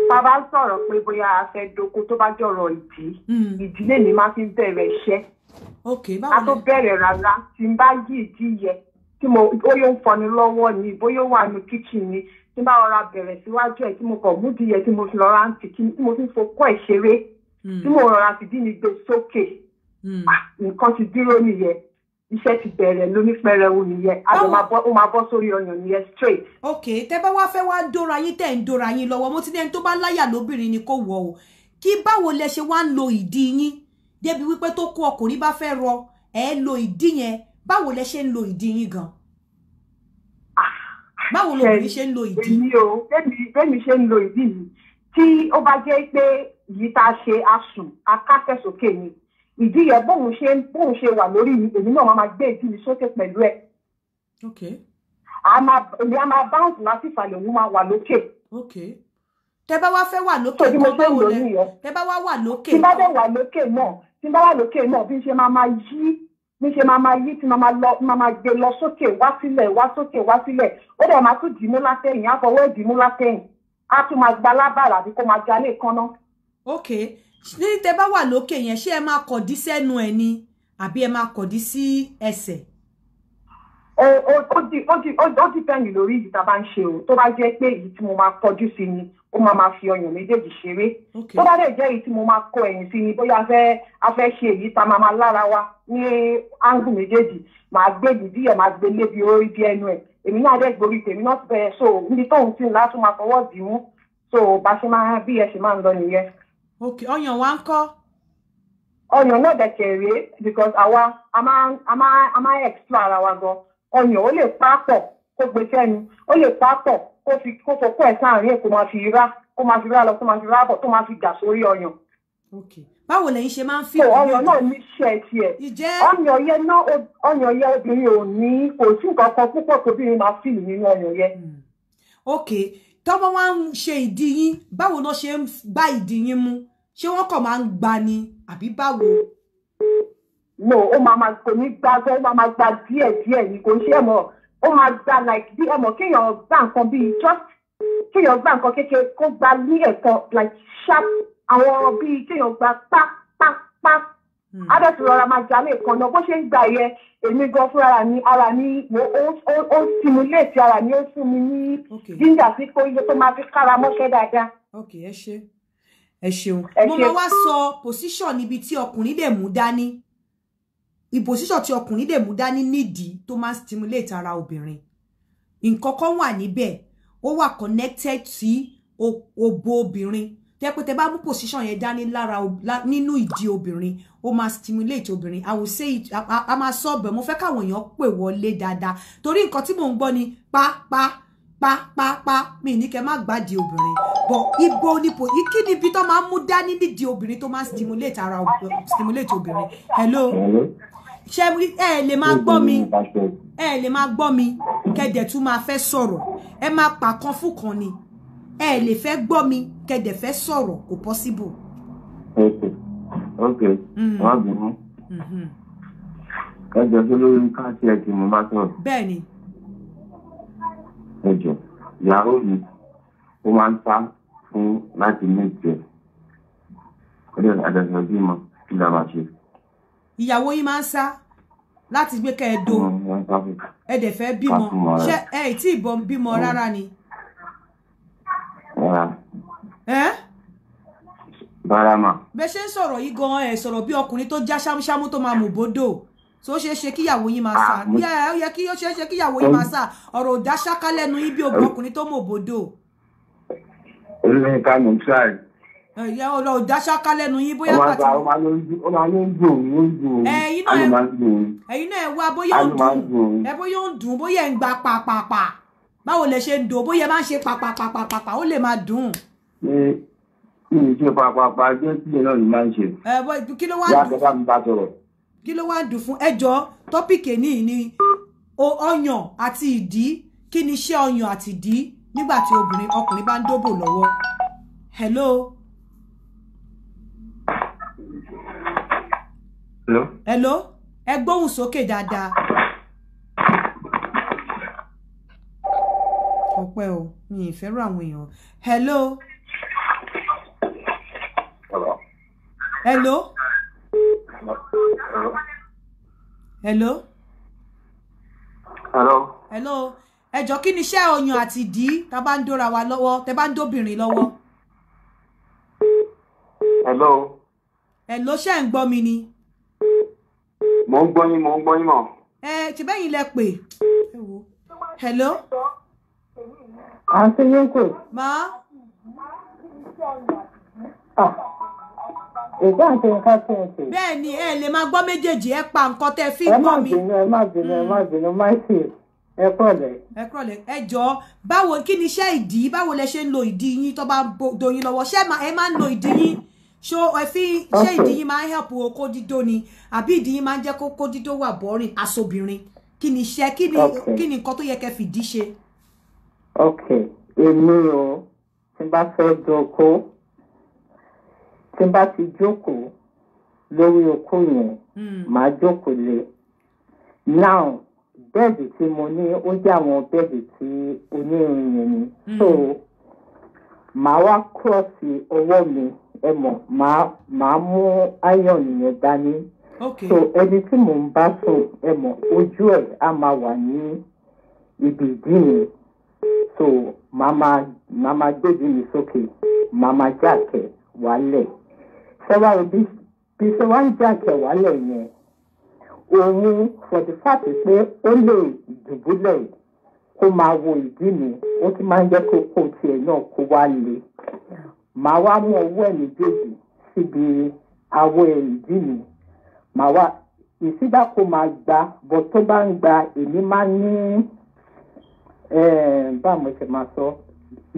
[SPEAKER 3] tá a bá sọ̀rọ̀ pé bóyá a fẹ́ doko tó bá jọ̀rọ̀ ìdí hmm. ìdílé mi máa fi bẹ̀rẹ̀ iṣẹ́ a tó bẹ̀rẹ̀ rárá tí n bá yí ìdí yẹ tí mo bóyá ń fọni lọ́wọ́ ni bóyá wà ní kíchìn ni tí bá rọra bẹ̀rẹ̀ síwájú ẹ̀ tí mo kọ̀ mú díẹ̀ tí mo fi lọ́ra ń tì kí tí mo fi fokọ́ ẹ̀ ṣeré hmm. tí mo rọra fìdí mi gbé sókè hmm. ah, nǹkan ti dúró nìyẹn iṣẹ́ ti bẹ̀rẹ̀ lónípẹ̀rẹ̀wò nìyẹn a lọ máa bọ́ sórí ọyàn nìyẹn straight. ok tẹ bá wá fẹ́ wá
[SPEAKER 1] dóra yín tẹ̀ ń dóra yín lọ́wọ́ mo ti ní tó bá láyà lóbìnrin ni kò wọ̀ o kí báwo lẹ ṣe wá ń lo ìdí yín débi wípé tó kó ọkùnrin bá fẹ́ rọ ẹ̀ lo ìdí yẹn báwo lẹ ṣe ń lo ìdí yín gan ah, báwo lobìnrin ṣe ń lo ìdí. èmi o
[SPEAKER 3] bẹ́ẹ̀ni ṣe ń lo ìdí yìí tí ó bá jẹ́ pé yìí tá a ṣe asùn akásẹ̀ sókè ni ìdí yẹn bóun ṣe bóun ṣe wà lórí mi èmi náà máa gbé ìdí mi sókè pẹ̀lú ẹ̀. èmi á máa bounce láti ìsàlẹ̀ òun máa wà lókè. tẹ́ bá wá fẹ́ wà lókè kan báwo lẹ tẹ́ bá wá wà lókè. tí bá wà lókè náà tí bá wà lókè náà bí n ṣe máa máa yí níṣẹ́ máa máa yí tí máa máa gbé lọ sókè wá sílẹ̀ wá sókè wá sílẹ̀ ó dẹ̀ máa tún dìímú látẹ̀yìn àfọwọ́ ìdìímú látẹ̀yìn á tún máa gba lábàrà àbí kó máa jalè kánná. ok ní tẹ
[SPEAKER 1] bá wà lókè yẹn ṣé ẹ máa kọ̀dí sẹ́nu ẹ ni àbí ẹ máa kọ̀dí sí ẹsẹ̀.
[SPEAKER 3] ó dìpẹ́ǹdì lórí èyí tá a bá ń ṣe o tó bá jẹ́ pé èyí tí mo máa kọjú sí ni ó máa máa fi ọyàn méjèèjì ṣeré tó bá dẹ̀ jẹ́ èyí tí mo máa kọ ẹ̀yìn sí ni bóyá a fẹ́ ṣe èyí ta máa máa lára wa ní áńgù méjèèjì màá gbé dìdí ẹ̀ màá gbé lébi orí bí ẹnu ẹ̀ èmi náà dẹ̀ gborí tèmi náà ti bẹ̀rẹ̀ so níbi tóun ti tún látún máa fọwọ́ dì mú so bá ṣe máa bí ẹ ṣe máa ń lọ nìyẹn. ok ọyàn wa ń kọ́. ọyàn náà dẹ̀ kéré because àwa a máa a máa explore ara wa gan ọyàn ó lè pàápọ̀ kó gbé kó fi kó sọ pé ẹ̀ sáàrin ẹ̀ kó máa fi rá kó máa fi rá lọ kó máa fi rá bọ̀ tó máa fi gà sórí ọyàn. báwo lẹ̀yin ṣe máa ń fi ọyàn ọyàn náà ní ṣe tiẹ̀ ọyàn yẹn náà ọyàn yẹn obìnrin ò ní kò sí nǹkan kan púpọ̀ tóbìnrin máa fi nínú ọyàn yẹn. Hmm. ok
[SPEAKER 1] tọ́mọ wa ń ṣe ìdí yín báwo ló ṣe ń gbá ìdí yín mú ṣé wọ́n kàn máa ń gba
[SPEAKER 3] ni àbí báwo. no ó máa máa kò ní gbàgbọ́ ó máa máa gba díẹ̀ díẹ̀ ni kò ń ṣe mọ́ ó máa gba like bí ọmọ kéèyàn gbá nǹkan bíi just kéèyàn gbá nǹkan kékeré kó gba ní ẹ̀kan like sharp àwọn bíi kéèyàn gba pápápá hmm. adẹ́tù rọra máa jalè kan náà bó ṣe ń gbà yẹ èmi gan fúnra mi ara mi ó simulate ara mi ó fún mi ní ginger sí kó iye tó máa fi kára mọ́ṣẹ́ dáadáa. ok ẹ ṣe ẹ ṣeun mo máa wá sọ
[SPEAKER 1] position níbi tí ọkùnrin dẹ̀ mú dání ìpòsíṣọ̀ tí ọkùnrin dẹ̀ mú dání nídìí tó máa ń stimulate ara obìnrin nǹkan kan wà níbẹ̀ ó wà connected sí òbò obìnrin tẹ́ pé tẹ́ bá mú position yẹn dání lára nínú ìdí obìnrin ó máa stimulate obìnrin i will say it a máa sọ ọbẹ̀ mo fẹ́ káwọn èèyàn pè wọlé dáadáa torí nǹkan tí mò ń gbọ́ ni pápá mi ní kẹ́ má gbádìí obìnrin bọ̀ ibo nípo kí ni ibi tó máa ń mú dání nídìí obìnrin tó máa stimulate ara stimulate obìnrin hello ṣe ẹ lè máa gbọ́ mi ẹ lè máa gbọ́ mi kẹ̀dẹ̀ tún máa fẹ́ sọ̀rọ̀ ẹ máa pàkan fún kan ni ẹ lè fẹ́ gbọ́ mi kẹ̀dẹ̀ fẹ́ sọ̀rọ̀ kò possible.
[SPEAKER 3] okay okay hmm. wá bínú hmm. ẹ jọ sí lórí káàtì ẹ tí mo máa sọ̀rọ̀. bẹ́ẹ̀ni. ẹ jọ ìyàwó mi ó máa ń sá fún láti ní ìjẹ ó dẹ̀ àdàsọ̀ bímọ kí la máa ṣe
[SPEAKER 1] ìyàwó yín máa ń sá láti gbé kẹ́ ẹ do ẹ dẹ̀ fẹ́ bímọ ṣé ẹ tí ì bímọ rárá ni. barama. bẹ́ ṣe ń sọ̀rọ̀ yìí gan-an ẹ̀ sọ̀rọ̀ bí ọkùnrin tó já ṣámúṣámú tó máa mú bódò tó ṣeé ṣe kíyàwó yín máa sá ah, ó yẹ kí ó ṣeé ṣe kíyàwó yín máa sá ọ̀rọ̀ ò dá ṣáká lẹ́nu yín bí ọkùnrin tó mọ̀ bódò.
[SPEAKER 3] olùyìnká mo ń tíráì
[SPEAKER 1] ẹ̀yà ọ̀rọ̀ òdáṣáká lẹ́nu yín bóyá pàtó.
[SPEAKER 3] ó máa ló ń dùn ó máa ló ń dùn ó ń dùn
[SPEAKER 1] ẹ̀yin náà ẹ wá bóyá ó ń dùn ẹ bóyá ó ń dùn bóyá ẹ ń gba pàpàpà báwo lẹ ṣe ń dùn bóyá máa ń ṣe pàpàpàpàpà ó lè máa dùn.
[SPEAKER 3] ṣé kí ni ṣe pàpàpà jẹ́ kí ni náà máa ń ṣe.
[SPEAKER 1] ẹ bọ kí ló wá dùn
[SPEAKER 3] fún
[SPEAKER 1] kí ló wá dùn fún ẹjọ tọ́pìkì ènìyàn ni ọyàn àti ìdí kí ni iṣẹ́ ọyàn àti ìdí nígbà tí obìnrin ọkùnrin bá ń dóbò lọ́wọ́ hello. hello ẹ gbóhùn sókè dáadáa. ọpẹ́ o mi ì fẹ́ràn àwọn èèyàn hello. hello. hello. hello. hello ẹjọ́ kí ni iṣẹ́ ọyàn àti ìdí tá a bá ń dóra wa lọ́wọ́ tẹ bá ń dóbìnrin lọ́wọ́. hello. hello ṣé ń gbọ́ mi ni
[SPEAKER 3] mò ń gbọ́ yín mò ń gbọ́ yín mọ̀.
[SPEAKER 1] ẹ ṣe bẹ́yìn lẹ pè. hello.
[SPEAKER 3] àǹtí yín pè. ma, èdè àti nǹkan tí ń pè.
[SPEAKER 1] bẹ́ẹ̀ ni ẹ lè máa gbọ́ méjèèjì ẹ pa nǹkan tẹ fi gbọ́ mi. ẹ má bínú
[SPEAKER 3] ẹ má bínú ẹ má mm. bínú ẹ kúrọ̀lẹ́.
[SPEAKER 1] ẹ kúrọ̀lẹ́ ẹ jọ̀ọ́ báwo kí ni iṣẹ́ ìdí báwo lẹ ṣe ń lo ìdí yín tó bá doyin lọ́wọ́ ṣé ẹ máa ń lo ìdí yín ṣó ẹ fi ṣé ìdí yín máa ń help o kó dídó ni àbí ìdí yín máa ń jẹ́ kó kó dídó wà bọ́rìn asobìnrin kí ni iṣẹ́ kí ni kí ni nǹkan tó yẹ kẹ́ fìdí
[SPEAKER 3] ṣe. ok èmi o tí n bá fẹ́ dọ̀kọ́ tí n bá ti jókòó lórí okó yẹn hmm. màá jókòó lé now bẹ́ẹ̀dì tí mo ní ó jẹ́ àwọn bẹ́ẹ̀dì tí onírun yẹn ni hmm. so màá wá kúrọ̀sì ọwọ́ mi. Mm. ẹ mọ̀ màá mú iron yẹn dání so ẹni tí mò ń bá sùn ẹ mọ̀ ojú máa wà ní ibi ìdí mi so màá máa gbèdí mi sókè màá máa jáàkẹ́ wálẹ̀ sẹ́wá òbí bí ṣe ń jáàkẹ́ wálẹ̀ yẹn òun for pe pé ó lè dùbúlẹ̀ kó máa wo ìdí mi ó ti máa ń jẹ́ kó kó tiẹ̀ náà kó wá le màá wá mú ọwọ́ ẹ̀ méjèèjì síbi awọ ìdí mi màá wá ìsígbà kò máa gbà bọ́ tó bá ń gbà èmi máa ní eh, báwo ṣe máa sọ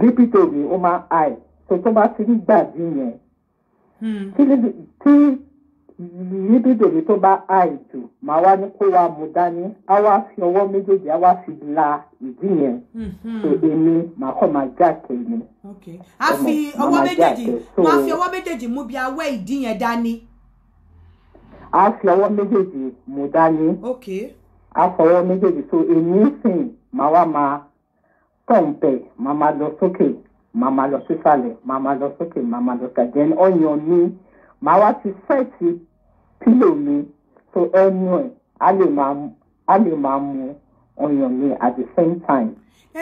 [SPEAKER 3] lípítò mi ó máa àì tó tó bá ti ń gbà bí yẹn hmm yíbí bèbí tó bá àìjù màá wá ní kó wa mú dání á wá fi ọwọ́ méjèèjì á wá fi la ìdí yẹn mm-hmm. so èmi màá kọ́ máa já kẹ́mi. a fi ọwọ́ méjèèjì wọ́n á fi ọwọ́
[SPEAKER 1] méjèèjì mú bí awẹ́ ìdí yẹn dání.
[SPEAKER 3] a fi ọwọ́ méjèèjì mú dání a fọwọ́ méjèèjì so èmi sìn màá wá máa pọ̀npẹ̀ màá máa lọ sókè màá máa lọ sísàlẹ̀ màá máa lọ sókè màá máa lọ sàdẹ́ni ọ̀yàn mi màá wá ti fẹ́ẹ̀tì pílò mi so ẹnu ẹ̀ á lè máa á lè máa mu ọyàn mi at the same time.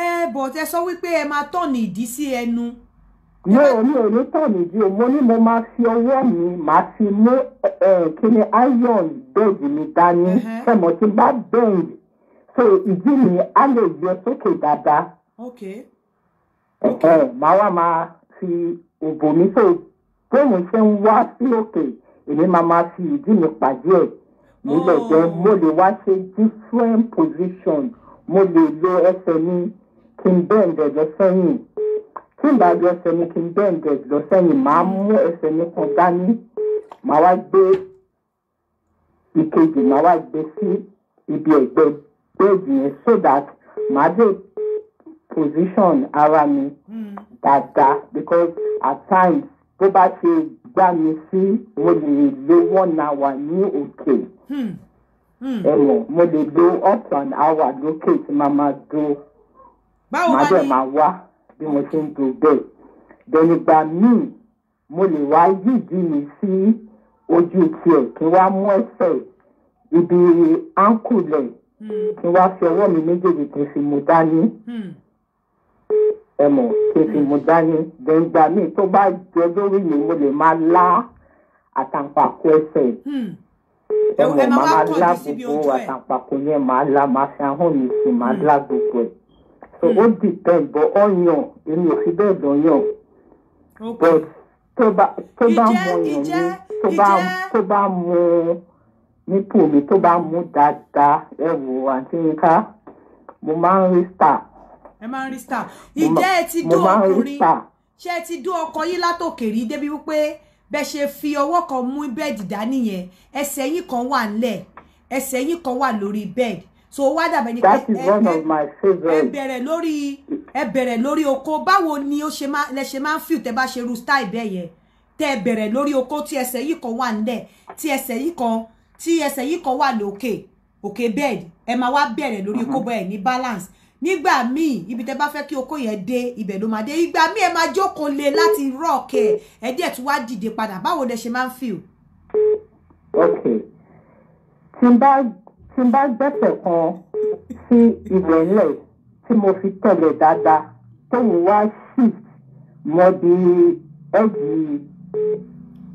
[SPEAKER 1] ẹ bọ̀ tẹ sọ wípé ẹ máa tọ̀nì ìdí sí ẹnu.
[SPEAKER 3] mi ò mi ò ní tọ̀nì ìdí o mo ní mo máa fi ọwọ́ mi màá fi mú kíni iron bed mi dání uh-huh. ṣẹ̀mọ̀ tí bá bend so ìdí mi á lè yọ sókè dáadáa. okay ẹ̀hẹ́ màá wá máa fi òbò mi tó bóun ṣe ń wá sí òkè. Okay èmi máa ma fi ìdí mi pàdé ẹ̀ nílẹ̀ jẹ́ mo lè wá ṣe different position mo lè lo ẹsẹ̀ mi kí n bẹ́ǹdẹ̀ lọ sẹ́yìn tí n bá lo ẹsẹ̀ mi kí n bẹ́ǹdẹ̀ lọ sẹ́yìn màá mú ẹsẹ̀ mi kan dání màá wá gbé ìkejì màá wá gbé sí ibi ẹ̀gbẹ́ bẹ́ẹ̀dì yẹn so that màá dé position ara mi hmm. dáadáa because at times bó bá ṣe gbá mi sí mo lè lo one hour ní òkè hmm.
[SPEAKER 5] Hmm. ẹ̀wọ̀n mo lè lo
[SPEAKER 3] up an hour lókè tí màá máa do màá dẹ̀ máa wá bí mo ṣe ń do bẹ́ẹ̀ dẹ̀nìgbà míì mo lè wá yídìí mi sí ojú tiẹ̀ kí wá mú ẹsẹ̀ ibi áńkù lẹ̀ hmm. kí wá fi ọwọ́ mi méjèèjì kí fi mú dání ẹ mọ̀ kí n fi mu dání gbẹ̀ngbà míì tó bá jẹ lórí mi mo lè máa lá àtàǹpàkò ẹsẹ̀ hmm. ẹ mọ̀ máa lá gbogbo àtàǹpàkò yẹn máa lá máa fi ahọ́n mi sí máa hmm. lá gbogbo ẹ̀ so hmm. ó dìpẹ́ǹd bọ́ ọ̀yàn èmi ò fi bẹ́ẹ̀ lọ́yàn but tó bá mọ ọ̀yàn mi tó bá mọ nípò mi tó bá mú dáadáa ẹ wò àǹtí yín ká mo máa ń rí star
[SPEAKER 1] ẹ máa ń rí star ìjẹ́ ẹ ti dó ọkùnrin ṣé ẹ ti dó ọkọ yín látòkèrí débi wípé bẹ́ ṣe fi ọwọ́ kan mú bẹ́ẹ̀dì dání yẹn ẹsẹ̀ yín kan wà ńlẹ̀ ẹsẹ̀ yín kan wà lórí bẹ́ẹ̀dì so wá dàbẹ̀ ni pé ẹ bẹ̀rẹ̀ lórí oko báwo ni lẹ ṣe máa ń fìw tẹ́ bá ṣe irú style bẹ́ẹ̀ yẹn tẹ́ bẹ̀rẹ̀ lórí oko tí ẹsẹ̀ yìí kan wà ńlẹ̀ tí ẹsẹ̀ yìí kan tí ẹsẹ̀ yìí kan wà lókè òkè bẹ́ẹ̀dì ẹ máa wá bẹ̀rẹ̀ lórí kóbọ̀ mm-hmm. ẹ̀ ní balance nígbà míì ibi tẹ bá fẹ́ kí okó yẹn dé ibẹ̀ ló máa dé ìgbà míì ẹ máa jókòó lé láti rock ẹ ẹ díẹ̀ tún wá dìde padà báwo lẹ ṣe máa ń feel.
[SPEAKER 3] ok tí n bá tí n bá gbẹ̀sẹ̀ kan sí ilẹ̀ ńlẹ̀ tí mo fi tẹ̀lẹ̀ dáadáa tóun wá shift mọ́ di ẹ́ẹ̀dì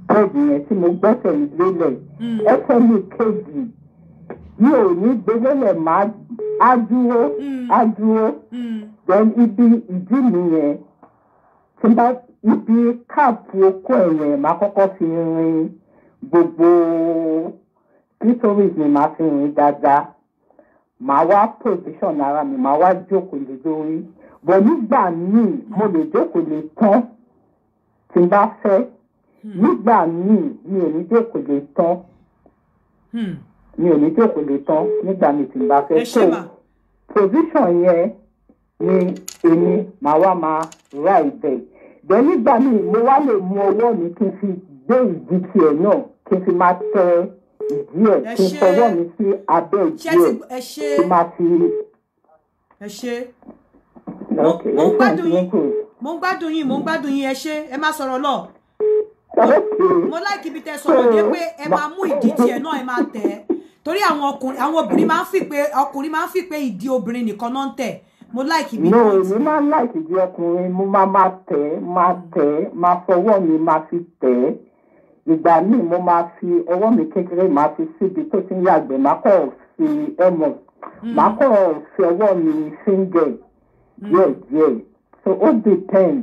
[SPEAKER 3] bẹ́ẹ̀dì yẹn tí mo gbẹ́sẹ̀ lélẹ̀ hmm. ẹsẹ̀ mi kejì mi ò ní gbélélẹ̀ máa á dúró á hmm. dúró hmm. then ibi ìdí mi yẹn tí n bá ibi káàpù okó ẹ̀rọ ẹ̀ máa kọ́kọ́ fi rin gbogbo clitoris mi máa fi rin dáadáa màá wá position ara mi màá wá jókòó lé lórí bọ̀ nígbà míì mo lè jókòó lé tán tí n bá fẹ́ hmm. nígbà míì mi ò ní jókòó lé tán mi ò ní jókòó lè tán nígbà mi tí n bá fẹ́ tó position yẹn ni èmi màá wá máa ra ìbẹ̀ ìbẹ̀ nígbà mi mo wá lè mú ọwọ́ mi kí n fi gbé ìdí tiẹ̀ náà kí n fi máa tẹ ìdí ẹ̀ kí n fọwọ́ mi sí abẹ́ ìdí ẹ̀ kí n máa fi. ẹ ṣe mo ń gbádùn yín
[SPEAKER 1] mo ń gbádùn yín mo ń gbádùn yín ẹ ṣe ẹ má sọ̀rọ̀ lọ mo láìkí ibi tẹ sọ̀rọ̀ dé pé ẹ máa mú ìdí tiẹ̀ náà ẹ máa tẹ̀ ẹ́ torí àwọn ọkùnrin àwọn obìnrin máa ń fi pé ọkùnrin máa ń fi pé ìdí obìnrin nìkan náà ń tẹ̀ mo láìkì bí. no èmi
[SPEAKER 3] máa ń láìkì bí ọkùnrin mo máa máa tẹ̀ máa tẹ̀ máa fọwọ́ mi máa fi tẹ̀ ìgbà míì mo máa fi ọwọ́ mi kékeré máa fi síbi tó ti ń yàgbẹ́ máa kọ́ fi ẹmọ hmm. máa kọ́ fi ọwọ́ mi fíńgẹ̀ hmm. díẹ̀díẹ̀ so ó depend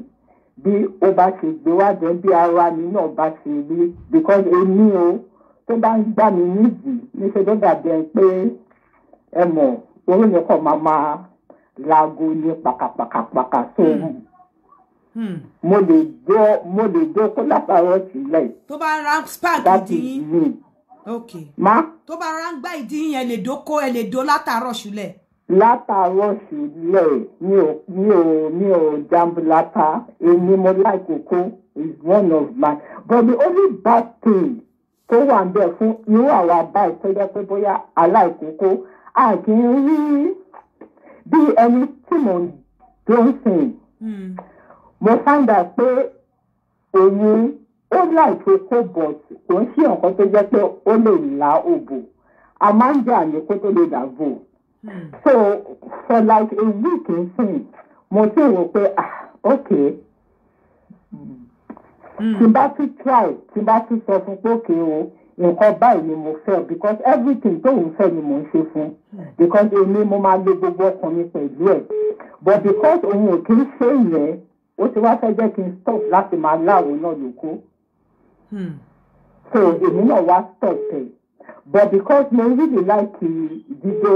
[SPEAKER 3] bí o bá ṣe gbé wájú bí ara mi náà bá ṣe rí because èmi o tó bá ń gbà mí nídìí níṣẹ́ ló dàbí ẹ pé ẹ mọ̀ orí yẹn kàn máa máa laago ní pàkàpàkàpàkà sóòrù hmm. hmm. mo lè jó mo lè jó kó látàárọ̀ sílẹ̀.
[SPEAKER 1] tó bá ra spark
[SPEAKER 3] dín
[SPEAKER 1] okay ma tó bá ra gbá ìdí yẹn lè dóko ẹ lè dó látàárọ̀ sílẹ̀.
[SPEAKER 3] látàárọ̀ sílẹ̀ mi ò mi ò mi ò jambulata èmi mo láì kókó is one of my but the only bad thing tó wà ń bẹ̀ fún irú àwa báyìí tó jẹ́ pé bóyá aláìkókó a kì í rí bí ẹni tí mò ń dóńsìn hmm. mo find out pé òun ó láìpé kó bọ̀ kò ń ṣe nǹkan tó jẹ́ pé ó lè la òbò a máa ń jẹ́ àmì kó tó lè dàgbò hmm. so for like a week nsìn mo ti rò pé ah okay. Mm. tí ti try tí n bá ti sọ fún pé òkè o nǹkan báyìí ni mo fẹ́ because everything tóun fẹ́ ni mo ń ṣe fún mm. because èmi mo máa lo gbogbo ọkàn mi pẹ̀lú ẹ̀ but because òun ò kí ń ṣe ìyẹn ó ti wá fẹ́ jẹ́ kí n stop láti máa láwo náà lóko hmm. so èmi náà wá stop ẹ̀ but because mo really like dídó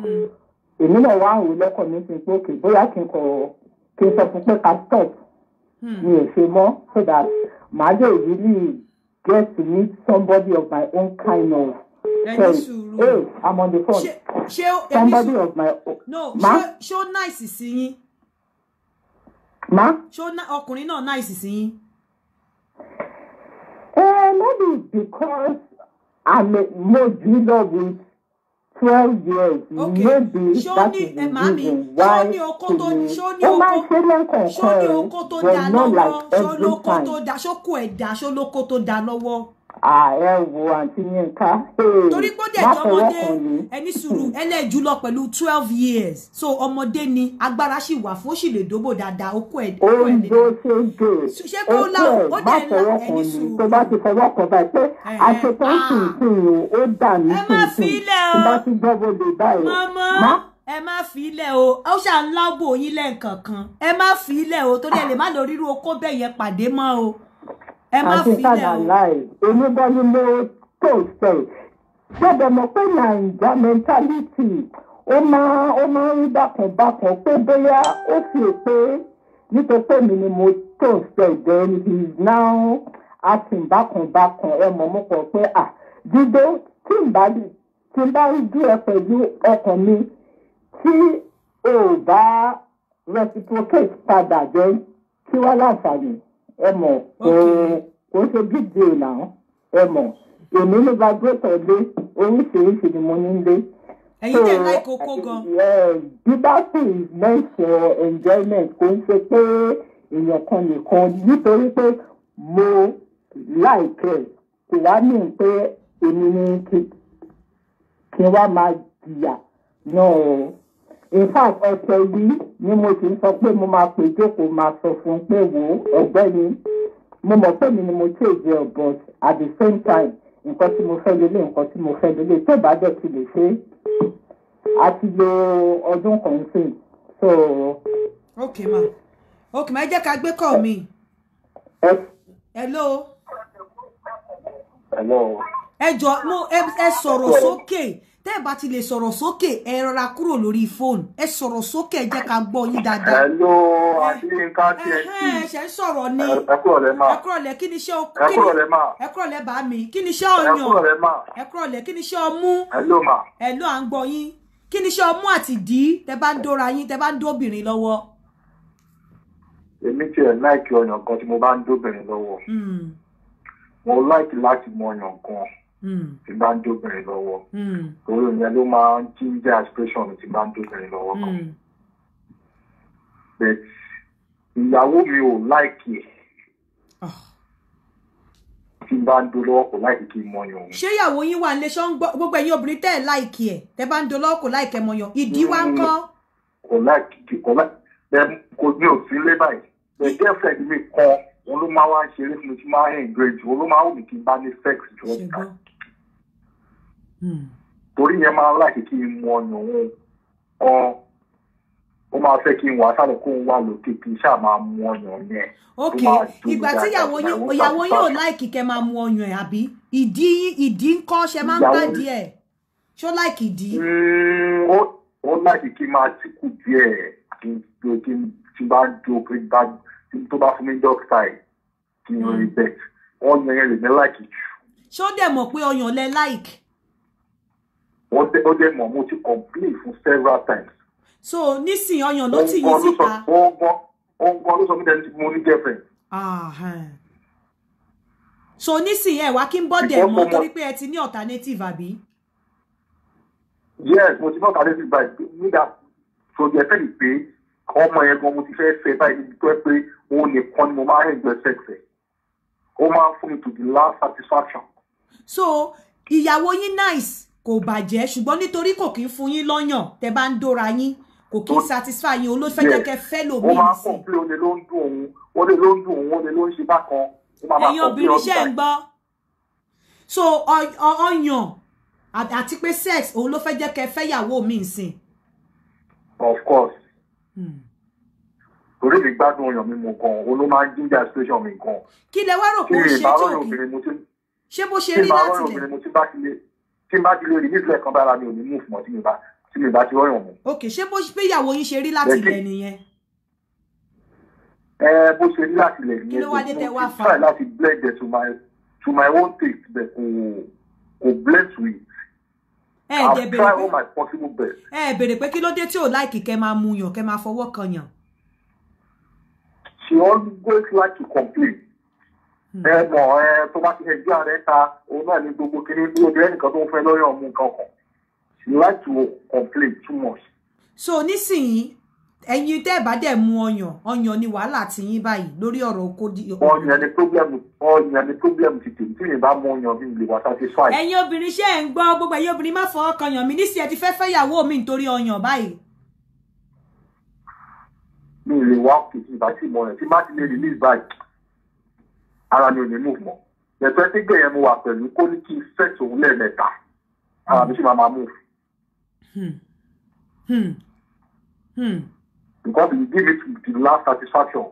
[SPEAKER 3] hmm. èmi náà wá òun lọ́kàn mi ti pé òkè bóyá kí n kọ̀ kí n sọ fún pé ká stop Hmm. mi ò ṣe mọ́ so that màá lè really get to meet somebody of my own kind of
[SPEAKER 1] ẹni
[SPEAKER 3] hey i'm on the phone ṣé somebody of my own no
[SPEAKER 1] ṣé ó nice sí yín ma ṣé ọkùnrin náà nice sí yín.
[SPEAKER 3] ẹ eh, maybe because i'm a mo do with twelve years okay. maybe Show that is the eh, reason why he ó máa ṣe lẹ́kọ̀ọ̀kan but not like every
[SPEAKER 1] time
[SPEAKER 3] ẹ wo àǹtí Yínká torí pé ó dẹ̀ jọ ọmọdé
[SPEAKER 1] ẹni sùúrù ẹlẹ́jú lọ pẹ̀lú twelve years so ọmọdé ni agbára sì wà fún ó sì lè dóbò dáadáa okó ẹ̀ ó ń
[SPEAKER 3] jó ṣe gè ṣe pé ó láwọn ó dẹ̀ ńlá ẹni sùúrù tó bá ti fọwọ́ kan báyìí pé àṣetán sì ń sìn o ó dà mí sí sí tó bá ti gbọ́ bó lè báyìí
[SPEAKER 1] ẹ má fi ilẹ̀ o ó ṣà ń lábò yín lẹ́ǹkankan ẹ má fi ilẹ̀ o torí ẹ lè má lọ ríru okó bẹ́ẹ̀ yẹn pàdé mọ́ o ẹ má fi lẹ
[SPEAKER 3] o. oníbọ́lú ló tó fẹ̀ gbọ́dọ̀ mọ̀ pé nàìjà mẹ́ńtálítì ó máa ó máa ń bákan bákan pé bóyá ó fi pé nítorí pé mi ni mo tó fẹ̀ then he is now acting bákan bákan ẹ mọ̀ mọ́ pọ̀ pé à dídó tí n bá tí n bá ń dú ẹ pẹ̀lú ọkàn mi tí o ò bá reciprocate padà jẹ́ kí wá láǹfààní ẹ mọ̀ kò kò ṣe big deal náà ẹ mọ̀ èmi ní vibrator lé oríṣiríṣi ni mo ní lé.
[SPEAKER 5] ẹ̀yin tẹ̀ láì kókó gan.
[SPEAKER 3] bíbáṣì is meant for enjoyment kò ń ṣe pé èèyàn kan nìkan nítorí pé mo láìpẹ́ kò wá ní pé èmi ni kí n wá máa jìyà náà nǹkan ọ̀sẹ̀ yìí ni mo ti ń sọ pé mo máa pè jókòó máa sọ fún un pé wò ó ọ̀gbẹ́ni mo mọ̀ pé mi ni mo tí ì jẹ ọ̀bọ̀ at the same time nǹkan tí mo fẹ́ lélẹ̀ nǹkan tí mo fẹ́ lélẹ̀ tó bá dẹ̀ ti lè ṣe a ti lo ọdún kan sí so. ok ma
[SPEAKER 1] ok ma ẹ jẹ́ ká gbé kọ́ mi. hello. hello. ẹ jọ mo ẹ sọ̀rọ̀ sókè. Okay tẹ́ ẹ̀ bá ti lè sọ̀rọ̀ sókè ẹ rọra kúrò lórí fóònù ẹ sọ̀rọ̀ sókè ẹ jẹ́ ká gbọ́ yín dáadáa.
[SPEAKER 3] hello adéyínká tí ẹ
[SPEAKER 4] kí
[SPEAKER 1] ẹ ṣe ń sọ̀rọ̀ ni ẹ kúrọ̀lẹ́ máa ẹ kúrọ̀lẹ́ kí ni iṣẹ́ ọkọ ẹ bá mi kí ni iṣẹ́ ọyàn ẹ kúrọ̀lẹ́ máa ẹ kí ni iṣẹ́ ọmú hello ma hello à ń gbọ́ yín kí ni iṣẹ́ ọmú àti dì í tẹ́ bá ń dóra yín tẹ́ bá ń dóbìnrin lọ́wọ́.
[SPEAKER 3] èmi tiẹ̀ láìkí ọyàn gan tí mo bá ń dóbìnrin lọ́wọ́ hmm. mo láìkí láti mọ ọyàn gan Hmm. tí bá ń dóbìnrin lọ́wọ́ hmm. torí ìyẹn ló máa ń jíjà aspiration tí bá ń dóbìnrin lọ́wọ́ kan hmm. but ìyàwó mi ò láìkì ẹ̀ ah. tí bá ń dolówó kò láìkì kí n mọyàn òun.
[SPEAKER 1] ṣé ìyàwó yín wà nílé ṣọ́ ń gbọ́ gbogbo ẹ̀yin obìnrin tẹ́ ẹ̀ láìkì ẹ̀ tẹ́ bá ń dolówó kò láìkì ẹ̀ mọyàn ìdí
[SPEAKER 4] wa ń kọ́. kò láìkì kò láìkì kò ní òsín lé báyìí bẹ́ẹ̀ girlfriend mi kan òun ló ń ṣeré fún mi tí máa ń engage òun ló máa wù mí kí n bá ní sex jù Hmm. torí yẹn máa ń láti kí n mọ ọyàn òun kan ó máa fẹ́ kí n wà sálọ kó n wà lókè kí n ṣáà máa mu ọyàn yẹn. ok ìgbà tí ìyàwó yín ìyàwó yín ò
[SPEAKER 1] láìkì kẹ́ máa mu ọyàn ẹ̀ àbí ìdí ìdí ń kọ́ ṣe máa ń gbà díẹ̀ ṣó láìkì
[SPEAKER 4] ìdí. Hmm, ó
[SPEAKER 3] láìkì kí n máa tìkù díẹ̀ kí n kí n tí bá jó pé bá tó bá fún mi dókítà ẹ̀ kí n hmm. rí bẹ́ẹ̀ ọyàn yẹn lè ní láìkì ṣó dẹ̀
[SPEAKER 1] mọ̀ pé ọyàn lẹ láìkì
[SPEAKER 4] wọ́n tẹ́ ó dẹ́ mọ̀ mo ti complain fún several times.
[SPEAKER 1] so nísìnyí ọyàn ló ti yí síta.
[SPEAKER 4] òun kan ló sọ mí dẹni tí mo ní girlfriend.
[SPEAKER 1] so nísìnyí ẹ wá kí n bọ́dẹ̀ mọ́ torí pé ẹ ti ní alternative àbí.
[SPEAKER 4] yes mo ti ní alternative by
[SPEAKER 3] nígbà tó yẹ fẹ́ pé ọmọ yẹn gan mo ti fẹ́ fẹ́ báyìí níbi tó ẹ pé òun nìkan ni mo máa rìn jọ sex ẹ̀ ó máa fún mi to the last satisfaction.
[SPEAKER 1] so ìyàwó yín nice kò bàjẹ́ ṣùgbọ́n nítorí kò kí ń fún yín lọ́yàn tẹ bá ń dóra yín kò kí ń satisfy yín olófẹ́ jẹ́ kẹ fẹ́ lò mí. ó máa ń
[SPEAKER 3] kàn pé olè ló ń dùn òun olè ló ń dùn òun olè ló ń ṣe bákan. ẹ̀yin obìnrin iṣẹ́ ń gbọ́
[SPEAKER 1] so ọyàn àti pé sex òun ló fẹ́ jẹ́ kẹ fẹ́yàwó mi nsìn.
[SPEAKER 4] of course. Hmm torí mi gbádùn ọyàn mi mọ gan o
[SPEAKER 3] ló máa ń jíjà situation mi gan.
[SPEAKER 1] kí lè wá rò pé ó ṣe tí
[SPEAKER 3] òkè ṣé bó ṣe rí láti lè tí n bá ti lè rí nífẹ̀ẹ́ kan bára mi ò ní mú fún ọ tí mi bá tí mi bá ti rọrùn mu.
[SPEAKER 1] ok ṣé bó ṣe pé ìyàwó yín ṣe rí láti ilẹ̀ nìyẹn.
[SPEAKER 3] ẹ bó ṣe rí láti ilẹ̀ nìyẹn mo ti try láti blend it to my to my own taste bẹ̀ kò kò blend to it. ẹ ẹ dẹ bèrè pé
[SPEAKER 1] ẹ ẹ bèrè pé kí ló dé tí ò láìkì kẹ máa mu yàn kẹ máa fọwọ́ kan yàn.
[SPEAKER 3] she always like to complain Hmm. ẹ mọ ẹ tó bá ti ẹgbẹ́ ààrẹ ta òun náà ní gbogbo kiri bí obìnrin nìkan tó ń fẹ́ lọ́yọ̀ ọ̀mú nǹkan kan you like to complain too much.
[SPEAKER 1] so nísìnyí ẹ̀yin tẹ́ ẹ̀ bá dẹ̀ mu ọyàn ọyàn ni wàhálà ti yín báyìí lórí ọ̀rọ̀ oko di.
[SPEAKER 4] ọyàn ni pọ́blẹ́mù ọyàn ni pọ́blẹ́mù ti tèmi tí mi bá mú ọyàn mi lè wá satisfy.
[SPEAKER 1] ẹ̀yin obìnrin ṣe ń gbọ́ gbogbo ẹ̀yin obìnrin má fọwọ́ kan yàn mí nísìnyí ẹ ti fẹ́ fẹ́yàwó mi nítorí ọyàn
[SPEAKER 4] báyìí mi lè wá òkè tí ìbá sì mọ ọyàn tí má ti lè
[SPEAKER 3] release báyìí ara mi ò ní move mọ́ ẹ̀fẹ́ tí gbẹ̀yẹn mo wà pẹ̀lú kó ní kí n fẹ́ tòun lẹ́ẹ̀mẹ́ta ara mi sì máa máa move.
[SPEAKER 5] Hmm.
[SPEAKER 4] Hmm. Hmm. because you give me the last satisfaction.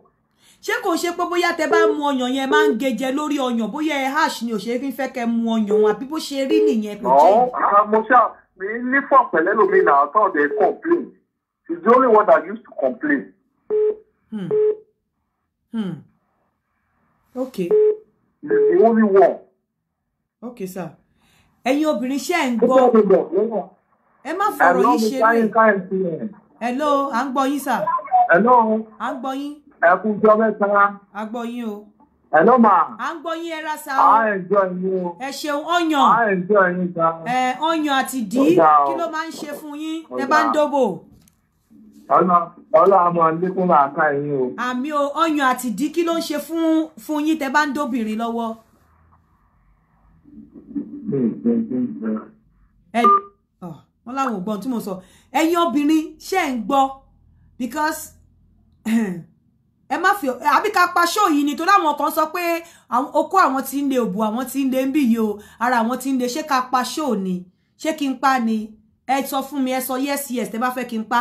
[SPEAKER 4] ṣé
[SPEAKER 1] kò ṣe pé bóyá tẹ bá mu ọyàn yẹn máa ń gejẹ lórí ọyàn bóyá ẹ hash ni òṣèré fi ń fẹ́ mu ọyàn
[SPEAKER 3] wọn àbí bó ṣe rí nìyẹn kò jẹ́. ọ̀ mo ṣáà mi ní fún ọ̀pẹ̀lẹ́ lómi náà tó dey complain she's the only one that used to complain. Hmm. Hmm okay. the only one. okay
[SPEAKER 1] sir ẹ̀yin obìnrin ṣe ń gbọ́ ẹ má fọ̀rọ̀ yín
[SPEAKER 3] ṣeré
[SPEAKER 1] hello à ń gbọ́ yín sir. hello à ń gbọ́ yín.
[SPEAKER 3] ẹ jọ mẹ́ta. à gbọ́ yín o. hello ma.
[SPEAKER 1] à ń gbọ́ yín ẹra sa o. à ń jọ ẹ ṣeun
[SPEAKER 3] ọyàn. à ń jọ sa.
[SPEAKER 1] ẹ ọyàn àti dí kí ló máa ń ṣe fún yín tẹ́ bá ń dóbò
[SPEAKER 3] ọlọ́run máa lékún máa ká yín o.
[SPEAKER 1] àmì o ọyàn àti ìdí kí ló ń ṣe fún fún yín tẹ bá ń dóbìnrin lọ́wọ́. wọ́n láwọn ò gbọ́n tí mo sọ ẹ̀yin obìnrin ṣe ń gbọ́ because ẹ má fi àbí ká pa ṣó yìí ni torí àwọn kan sọ pé okó àwọn tí ń lé òbò àwọn tí ń lé ń bì yìí o ara àwọn tí ń lé ṣé ká pa ṣó ni ṣé kí n pa ni ẹ sọ fún mi ẹ sọ yes yes tẹ bá fẹ́ kí n pa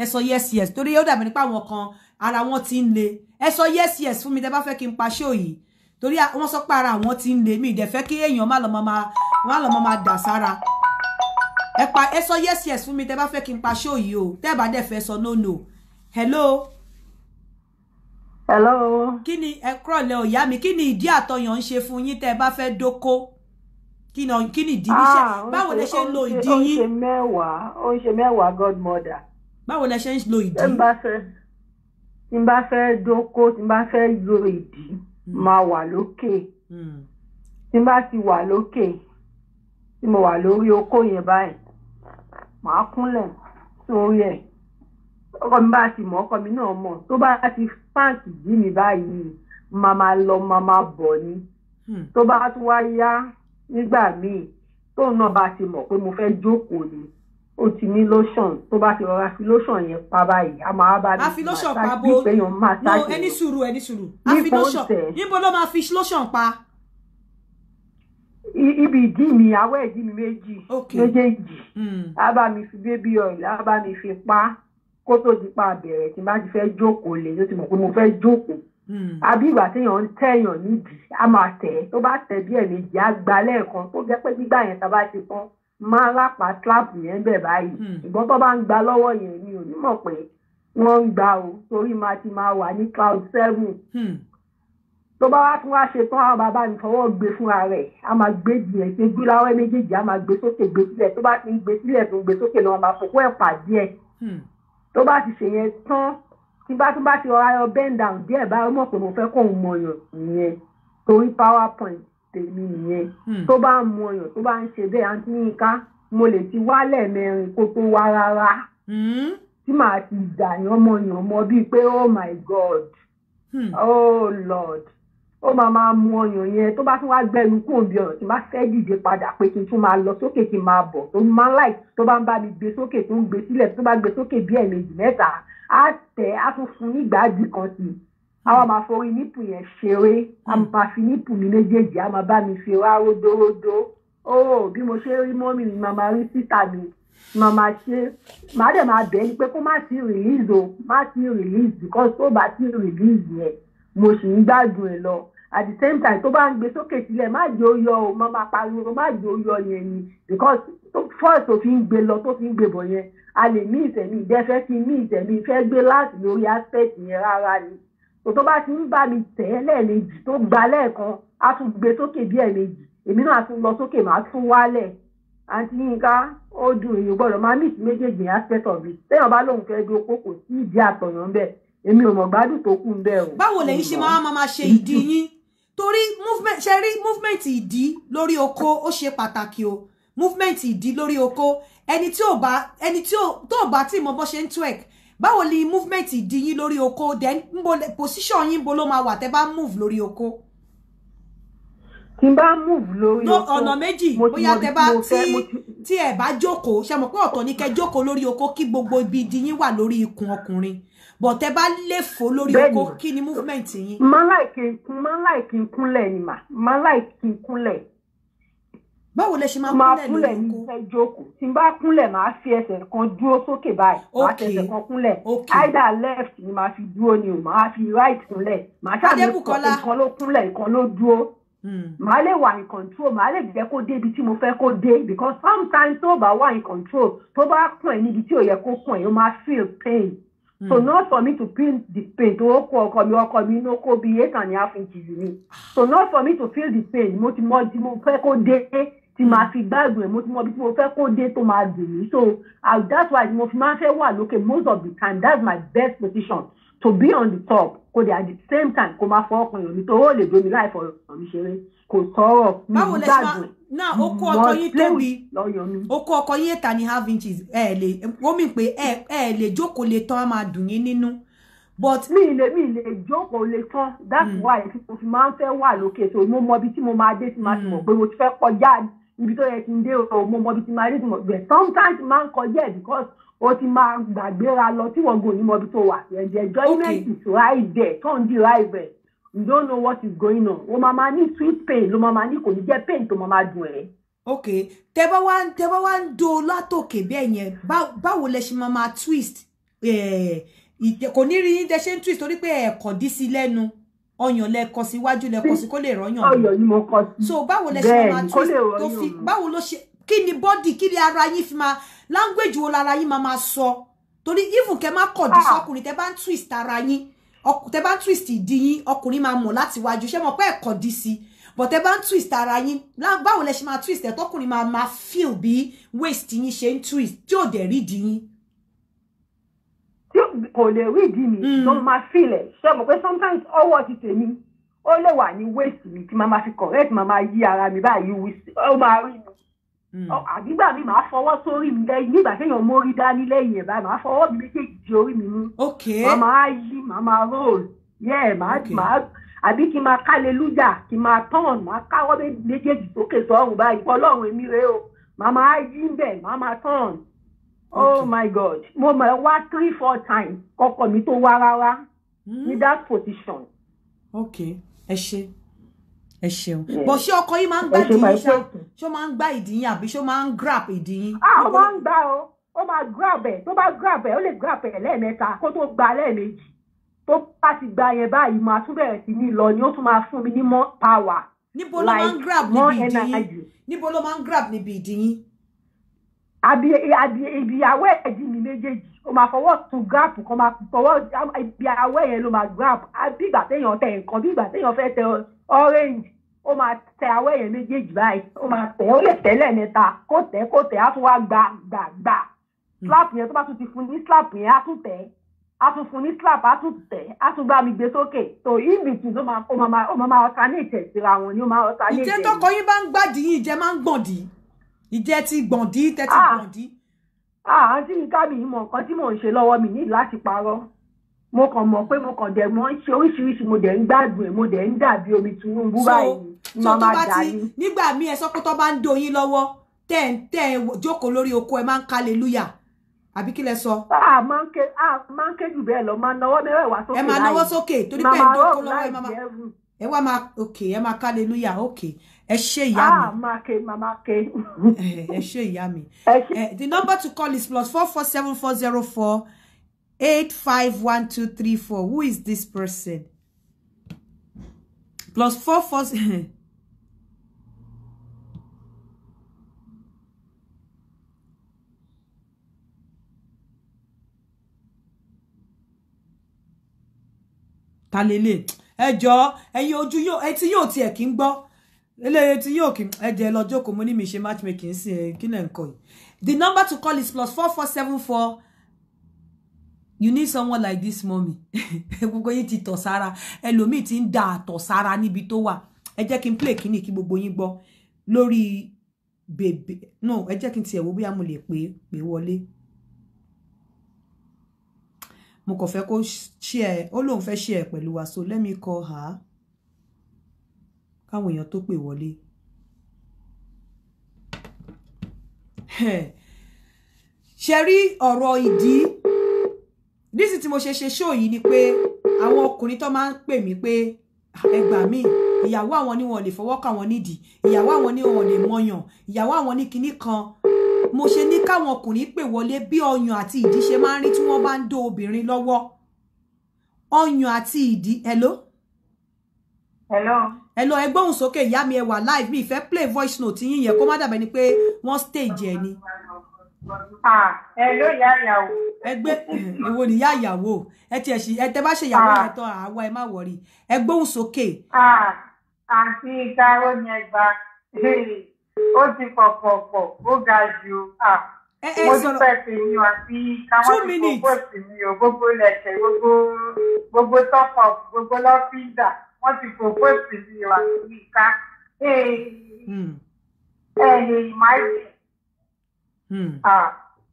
[SPEAKER 1] ẹ sọ yes yes torí ó dàbí nípa àwọn kan ara wọn ti ń le ẹ sọ yes yes fún mi tẹ́ bá fẹ́ kí n pa ṣó yìí torí wọ́n sọ pé ara àwọn ti ń le mi ìdẹ̀ fẹ́ kí èèyàn má lọ máa má lọ máa dà sára ẹ pa ẹ sọ yes yes fún mi tẹ́ bá fẹ́ kí n pa ṣó yìí o tẹ́ bá dẹ̀ fẹ́ sọ no no hello. hello. Kini, ni ẹ kúrọ̀ lẹ́ ọ̀yá mi kí ni ìdí àtọyàn ń ṣe fún yín tẹ́ bá fẹ́ dóko kí ni ìdí níṣẹ́ ah, báwo lè ṣe lo ìdí yín.
[SPEAKER 3] ó ń ṣe mẹ́wàá ó ń godmother báwo lẹ ṣe ń lo ìdí. tí n bá fẹ́ tí n bá fẹ́ dóko tí n bá fẹ́ lo ìdí máa hmm. wà lókè hmm. tí n bá ti wà lókè tí mo wà lórí oko yẹn báyìí màá kúnlẹ̀ sórí ẹ̀ ọkọ mi bá ti mọ̀ ọkọ mi náà mọ̀ tó bá ti fáǹkì jí mi báyìí máa máa lọ máa máa bọ̀ ni hmm. tó bá tún wá yá nígbà míì tóun náà bá ti mọ̀ pé mo fẹ́ jókòó ni o ti ní lotion tó bá ti rọra fi lotion yẹn pa báyìí a máa bá mi fi lotion pa bo no ẹni
[SPEAKER 1] sùúrù ẹni sùúrù a fi lotion níbo ló máa fi lotion pa.
[SPEAKER 3] ibi ìdí mi awọ ìdí mi méjì méjèèjì hmm. a bá mi fi baby oil a bá mi fi pa kó tó di pa bẹ̀rẹ̀ tí n bá ti fẹ́ jókòó lè ló ti mọ̀ pé mo fẹ́ jókòó hmm. àbí ìgbà téèyàn ń tẹ̀yàn nídìí a máa tẹ̀ tó bá tẹ̀ bí ẹ̀mejì á gba lẹ́ẹ̀kan tó jẹ́ pé gbígbà yẹn tá bá ti tán máa lápá trap yẹn bẹ̀ báyìí hmm. ṣùgbọ́n tó bá ń gba lọ́wọ́ yẹn mi ò pé wọ́n ń gba o torí máa ti máa wà ní cloud seven hmm. tó bá wá tún wá ṣe tán àwọn bàbá mi fọwọ́ gbé fúnra rẹ̀ a máa gbé jìyẹn ṣe gbé láwẹ́ méjèèjì a máa gbé sókè gbé sílẹ̀ tó bá ti ń gbé sílẹ̀ tó ń gbé sókè lọ́wọ́ máa fòkó ẹ̀ pàdé ẹ̀ hmm. tó bá ti ṣèyẹn tán tí bá tún bá ti rọra yọ bend down díẹ̀ báyọ̀ mọ̀ pé mo fẹ́ kóun mọ̀yàn nìyẹn torí power tèmi nìyẹn hmm. tó bá ń mu ọyàn tó bá ń ṣe bẹ́ẹ̀ àǹtí Yínká mo lè ti wá lẹ́ẹ̀mẹrin kó tó wá rárá hmm. tí màá ti dà yànmọ́ yànmọ́ bíi pé oh my god hmm. oh lord ó máa máa mu ọyàn yẹn tó bá tún wá gbẹnu kú òbí ọ̀rọ̀ tí n bá fẹ́ dìde padà pé kí n tún máa lọ sókè kí n máa bọ̀ tó máa láì tó bá ń bá mi gbé sókè tó ń gbé sílẹ̀ tó bá gbé sókè bí ẹ̀ẹ̀mejì mẹ́ta á tẹ̀ á tún fún nígbàdí kan sí i àwọn hmm. máa forí nípù yẹn ṣeré a hmm. máa fi nípù mi méjèèjì a máa bá mi fi wá ródóródó ó oh, bí mo ṣe rí mọ́mì mi màmá rí síta mi màmá ṣe màá dẹ̀ máa bẹ̀ẹ́ ni pé kó má ti release o má ti release because tó bá ti release yẹn mo sì ń gbádùn ẹ̀ lọ at the same time tó bá ń gbé sókè sílẹ̀ má jẹ́ ó yọ o màmá pariwo má jẹ́ ó yọ yẹn ni because first tó fi ń gbé lọ tó fi ń gbé bọ̀ yẹn a lè mí ìtẹ̀mí ìdẹ́fẹ́ kí n ìtẹ̀mí ìfẹ́ gbé láti lórí aspect yẹn rárá ni tó bá ti ń bá mi tẹ̀ ẹ́ lẹ́ẹ̀mejì tó gba lẹ́ẹ̀kan á tún gbé sókè bí ẹ̀ẹ̀mejì èmi náà tún lọ sókè màá tún wálẹ̀ àǹtí Yínká ó dùn èèyàn gbọ́dọ̀ máa mix méjèèjì aspect of it téèyàn bá lóun fẹ́ di opó kò sí ìdí àtọ̀yàn bẹ́ẹ̀ èmi ò mọ̀ gbádùn tó kù ń bẹ́ẹ̀ o. báwo lẹ̀yin ṣe máa máa ṣe ìdí
[SPEAKER 1] yín torí movement ṣe rí movement ìdí lórí oko ó ṣe pàtàkì o movement ìdí lórí oko ẹni tí ò bá ẹni tí ò tó bá tí mo bọ́ ṣe ń twerk báwo ni movement ìdí yín lórí oko then nbo position yin bo ló máa wà tẹ́ bá move lórí oko. tí n bá move lórí oko ọ̀nà méjì bóyá tẹ́ bá ti tí ẹ bá jókòó ṣe mọ̀ pé ọ̀tọ̀ ni kẹ́ jókòó lórí oko kí gbogbo ibi ìdí yín wà lórí ikùn ọkùnrin bọ̀ tẹ́ bá léfò lórí oko kí ni ma yín.
[SPEAKER 3] máa láì kí n kúnlẹ̀ ni mà máa láì kí n báwo lẹ ṣe máa kúnlẹ̀ lórí oko máa kúnlẹ̀ ní jókòó tí n bá kúnlẹ̀ máa fi ẹsẹ̀ kan dúró sókè báyìí máa fẹsẹ̀ kan kúnlẹ̀ either left ni máa fi dúró ni o máa fi right kúnlẹ̀ máa ṣàmì ìkan ló kúnlẹ̀ ìkan ló dúró hmm. màá lè wà in control màá lè jẹ́ kó dé ibi tí mo fẹ́ kó dé because sometimes tó bá wà in control tó bá kùn ẹ̀ níbi tí ò yẹ kó kùn ẹ̀ ó máa feel pain hmm. so not for me to feel the pain tó kó ọkọ mi ọkọ mi inú kó bí eight and a half inches ni ah. so not for me to feel the pain mo ti mọ di mo fẹ́ kó dé tí màá fi gbàgbé mo ti mọ ibi tí mo fẹ́ kó dé tó máa dùn mí so that's why mo fi máa fẹ́ wà lókè most of the time that's my best position to be on the top kò dé at the same time kò máa fọ ọkàn yàn mi tó ó lè gbé mi láì fọ ọkàn mi ṣeré kò sọ̀rọ̀ mi gbàgbé náà okó ọkọ yín tóbi
[SPEAKER 1] okó ọkọ yín èta ni half inches ẹ ẹ lè wọ́n mi pé ẹ ẹ lè jókòó lè tán á máa dùn yín nínú but mi le mi le jókòó le tán
[SPEAKER 3] that's mm. why mo fi máa ń fẹ́ wà lókè so mo mọ ibi tí mo máa dé tí màá ti mọ̀ hmm. pé mo ti fẹ́ kọjá ibi tó yẹ kí dé o mo ibi tí máa rí ìtumọ̀ bẹ̀ sometimes máa ń kọjá ẹ̀ because o ti máa gbàgbéra lọ tí wọ́n gò ní mọ ibi tó wà ẹ̀jẹ̀ enjoyment is right there turn the right way. you don't know what is going on o máa máa ní sweet pain ló máa máa ní kò ní jẹ́ pain tó máa máa dùn ẹ́.
[SPEAKER 1] ok tẹ bá wá tẹ bá wá ń do látòkè bẹ́ẹ̀ yẹn báwo lẹ ṣe máa máa twist eh, kò ní rí yín tẹ ṣe ń twist torí pé ẹ̀kọ́ dí sí lẹ́nu ọyàn lẹ́ẹ̀kọ́ sí iwájú sí kó lè rọ́yàn. so báwo lẹ ṣe máa twist tó fi báwo ló ṣe kí ni bọ́dì kí ni ara yín fi máa language wo lára yín máa máa sọ torí even kẹ má kọ̀ dí ah. sọkùnrin tẹ bá ń twist ara yín tẹ bá ń twist ìdí yín ọkùnrin máa mọ̀ láti wájú ṣé mo pẹ́ ẹ̀kọ́ dí sí i but ẹ bá ń twist ara yín báwo lẹ ṣe máa twist ẹ tọkùnrin máa máa feel bí waist yín ṣe ń twist tí ò dẹ̀ rí di yín
[SPEAKER 3] kò lè rí ìdí mi ló hmm. máa filẹ̀ ṣé mo pé sometimes ọwọ́ ti tèmi ó lè wà ní waist mi tí màá fi correct màá máa yí ara mi báyìí ó máa rí mi hmm. àgbígbà mi màá fọwọ́ sórí mi lẹ́yìn nígbà téèyàn mórí dání lẹ́yìn ẹ̀ báyìí màá fọwọ́ mi méjèèjì di orí mi mú. ok màá yí màá máa roll yẹ màá màá àbí kí n máa kálelújà kí n máa tán màá káwọ́ méjèèjì sókè sọ́run báyìí fọlọ́run èmi rèé o màá máa yí bẹ̀ màá máa tán oh my god mo mọ̀ ẹ́ wá three four times kọ́kọ́ mi tó wá rárá hmm? ní that position.
[SPEAKER 1] ok ẹ ṣe ẹ ṣeun bọ ṣé ọkọ yìí máa ń gbá ìdíyín ṣá ṣó máa ń gbá ìdíyín àbí ṣó máa ń grab ìdíyín. a ah, ó máa ń gbá o ó máa grab ẹ tó bá grab ẹ ó lè grab ẹ lẹ́ẹ̀mẹ́ta kó tó gba lẹ́ẹ̀mejì tó bá ti gba yẹn báyìí máa tún bẹ̀rẹ̀ sí ní lọ ni ó tún máa fún mi ní more power. níbo ló máa ń grab níbi ìdíyín níbo ló máa ń grab níbi ìdíyín àbí àbí ibi àwẹ̀ ẹ̀dí mi méjèèjì ó
[SPEAKER 3] máa fọwọ́ tún gáàpù kan máa fọwọ́ ibi àwẹ̀ yẹn ló máa gáàpù bí ìgbà téèyàn tẹ nǹkan bí ìgbà téèyàn fẹ́ tẹ orange o máa tẹ àwẹ̀ yẹn méjèèjì báyìí ó máa tẹ ó lè tẹ lẹ́ẹ̀mẹ́ta kó tẹ kó tẹ á tún wá gbà gbà gbà hmm. slap yẹn tó bá tún ti fún ní slap yẹn á tún tẹ á tún fún ní slap á tún tẹ á tún gbá mi gbé sókè tó ìbìtì ó máa ó máa ó máa ọ̀tá ní ìtẹ̀síra wọn ni ó máa ọ̀tá ní ìtẹ̀síra. ìjẹ́ tọkọ
[SPEAKER 1] yín bá ń gbádìí ìjẹ́ máa ń gbọ̀ndìí ìjẹ́ ti gbọ̀ndí tẹ́tí ah. gbọ̀ndí. àǹtí ah, mi ká mi mọ̀ nǹkan tí mò
[SPEAKER 3] ń ṣe lọ́wọ́ mi ní láti parọ́ mo kàn mọ̀ pé mo kàn dẹ̀ mọ́ ń ṣe oríṣiríṣi mo dẹ̀ ń gbádùn ẹ̀ mo dẹ̀ ń dàbí omi Tinubu báyìí màmá dání.
[SPEAKER 1] nígbà míì ẹ sọ pé tó bá ń do yín lọ́wọ́ tẹ́ ẹ̀ tẹ́ ẹ̀ jókòó lórí oko ẹ máa ń hallelujah àbí kí lẹ sọ. a ah, máa ń ké a máa ń ké jù bẹ́ẹ̀ lọ máa nawọ́ mẹ́wẹ̀ẹ́wá
[SPEAKER 3] sókè láì ẹ máa nawọ́ sókè torí pé ẹ̀ ń dókòó lọ́wọ́ ẹ máa
[SPEAKER 1] ẹ wá máa ok ẹ máa hallelujah ok ẹ ṣé ìyá mi. ah
[SPEAKER 3] máa ke máa
[SPEAKER 1] ke. ẹ ṣé ìyá mi. the number to call is plus four four seven four zero four eight five one two three four who is this person plus four four. ta lele ẹ jọ̀ọ́ ẹ̀yin ojú yóò ẹ tí yóò tiẹ̀ kí ń gbọ́ eléyìí tí yóò kí ẹ̀jẹ̀ lọ jókòó mo ní mi ṣe matchmaking sí ẹ kí náà ń yìí the number to call is plus four four seven four you need someone like this mommy gbogbo yín ti tọ̀ sára ẹlòmíì ti ń da àtọ̀ sára níbi tó wà ẹ jẹ́ kí n play kíní kí gbogbo yín gbọ́ lórí bèbè no ẹ jẹ́ kí n tiẹ̀ wo bóyá mo lè pè é pè wọlé mo kàn fẹ́ kó ṣe ẹ ó lóun fẹ́ ṣe ẹ pẹ̀lú wa so let me call her káwọn èèyàn tó pè wọlé ṣe rí ọ̀rọ̀ ìdí nísì tí mo ṣe ṣe ṣó yìí ni pé àwọn ọkùnrin tó máa ń pè mí pé ẹgbà míì ìyàwó àwọn ni wọn lè fọwọ́ kà wọn nídìí ìyàwó àwọn ni wọn lè mọyàn ìyàwó àwọn ni kinní kan mo ṣe ní káwọn ọkùnrin pè wọlé bí ọyàn àti ìdí ṣe máa ń rí tí wọ́n bá ń dó obìnrin lọ́wọ́ ọyàn àti ìdí hello hello hello ẹ gbóhùn sókè ìyá mi ẹ wà live mi ìfẹ́ play voice note yín yẹn kó má dàbẹ̀ ni pé wọ́n stage ẹ ni. ah hello ìyá ìyàwó. ẹ gbé èwo ni ìyá ìyàwó ẹ tiẹ̀ ṣe ẹ tẹ bá ṣe ìyàwó ẹ tọ́ àwa ẹ má wọrí ẹ gbóhùn sókè.
[SPEAKER 3] ah àti ìta ó ní ẹgbà ó ti pọ̀pọ̀pọ̀ ó ga jù mo dúpẹ́ sí mi o àti káwọn ti gbogbo sí mi o gbogbo lẹ̀kẹ̀ gbogbo gbogbo tọ́pọ̀ gbogbo lọ́fíìdà wọ́n ti propose to me wa Yinka ẹ̀yìn ìmáìlì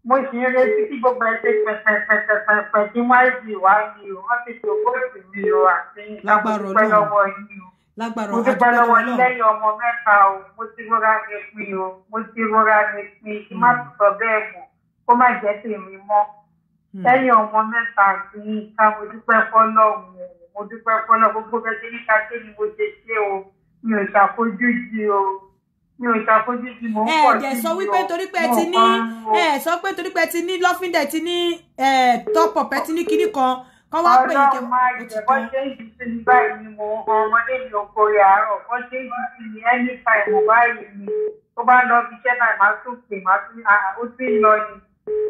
[SPEAKER 3] mo sì ń retí kí gbogbo ẹ ṣe pẹpẹpẹpẹpẹ kí máìlì wá ní o wọ́n ti propose to me wa àti ìdápẹ́ lọ́wọ́ yìí o
[SPEAKER 1] lágbára ọ̀hún adúgbò lọ́wọ́ náà. mo ti gbọ́dọ̀ wọ lẹ́yìn
[SPEAKER 3] ọmọ mẹ́ta o mo ti rọra mi pin o mo ti rọra mi pin kí má tún hmm. sọ bẹ́ẹ̀ mọ́ kó má jẹ́ tèmi mọ́ hmm. lẹ́yìn ọmọ mẹ́ta àti yín ká mo dúpẹ́ fọ́lọ́run o mo dúpẹ́ fọlọ́ gbogbo bẹ́ẹ̀ ṣe níta pé ni mo ṣe ṣe o mi ò ṣàfojúdi o mi ò ṣàfojúdi mò ń pọ̀ sí i o. ẹ jẹ́ sọ wípé torí pé ti ní ẹ
[SPEAKER 1] sọ pé torí pé ti ní lọ́fíndẹ̀ ti ní tọ́pọ̀ pẹ́ ti ní kinní kan kọ́ wá pè é kí wọ́n ti tán.
[SPEAKER 3] ọlọ́run máa jẹ bọ́ṣẹ́ ní báyìí ni mò ọmọdé mi oko rẹ̀ àárọ̀ bọ́ṣẹ́ ìdíje ní ẹni fa ìmọ̀ báyìí ni tó bá lọ fi iṣẹ́ náà máa tún pè máa tún ó tún lọ ni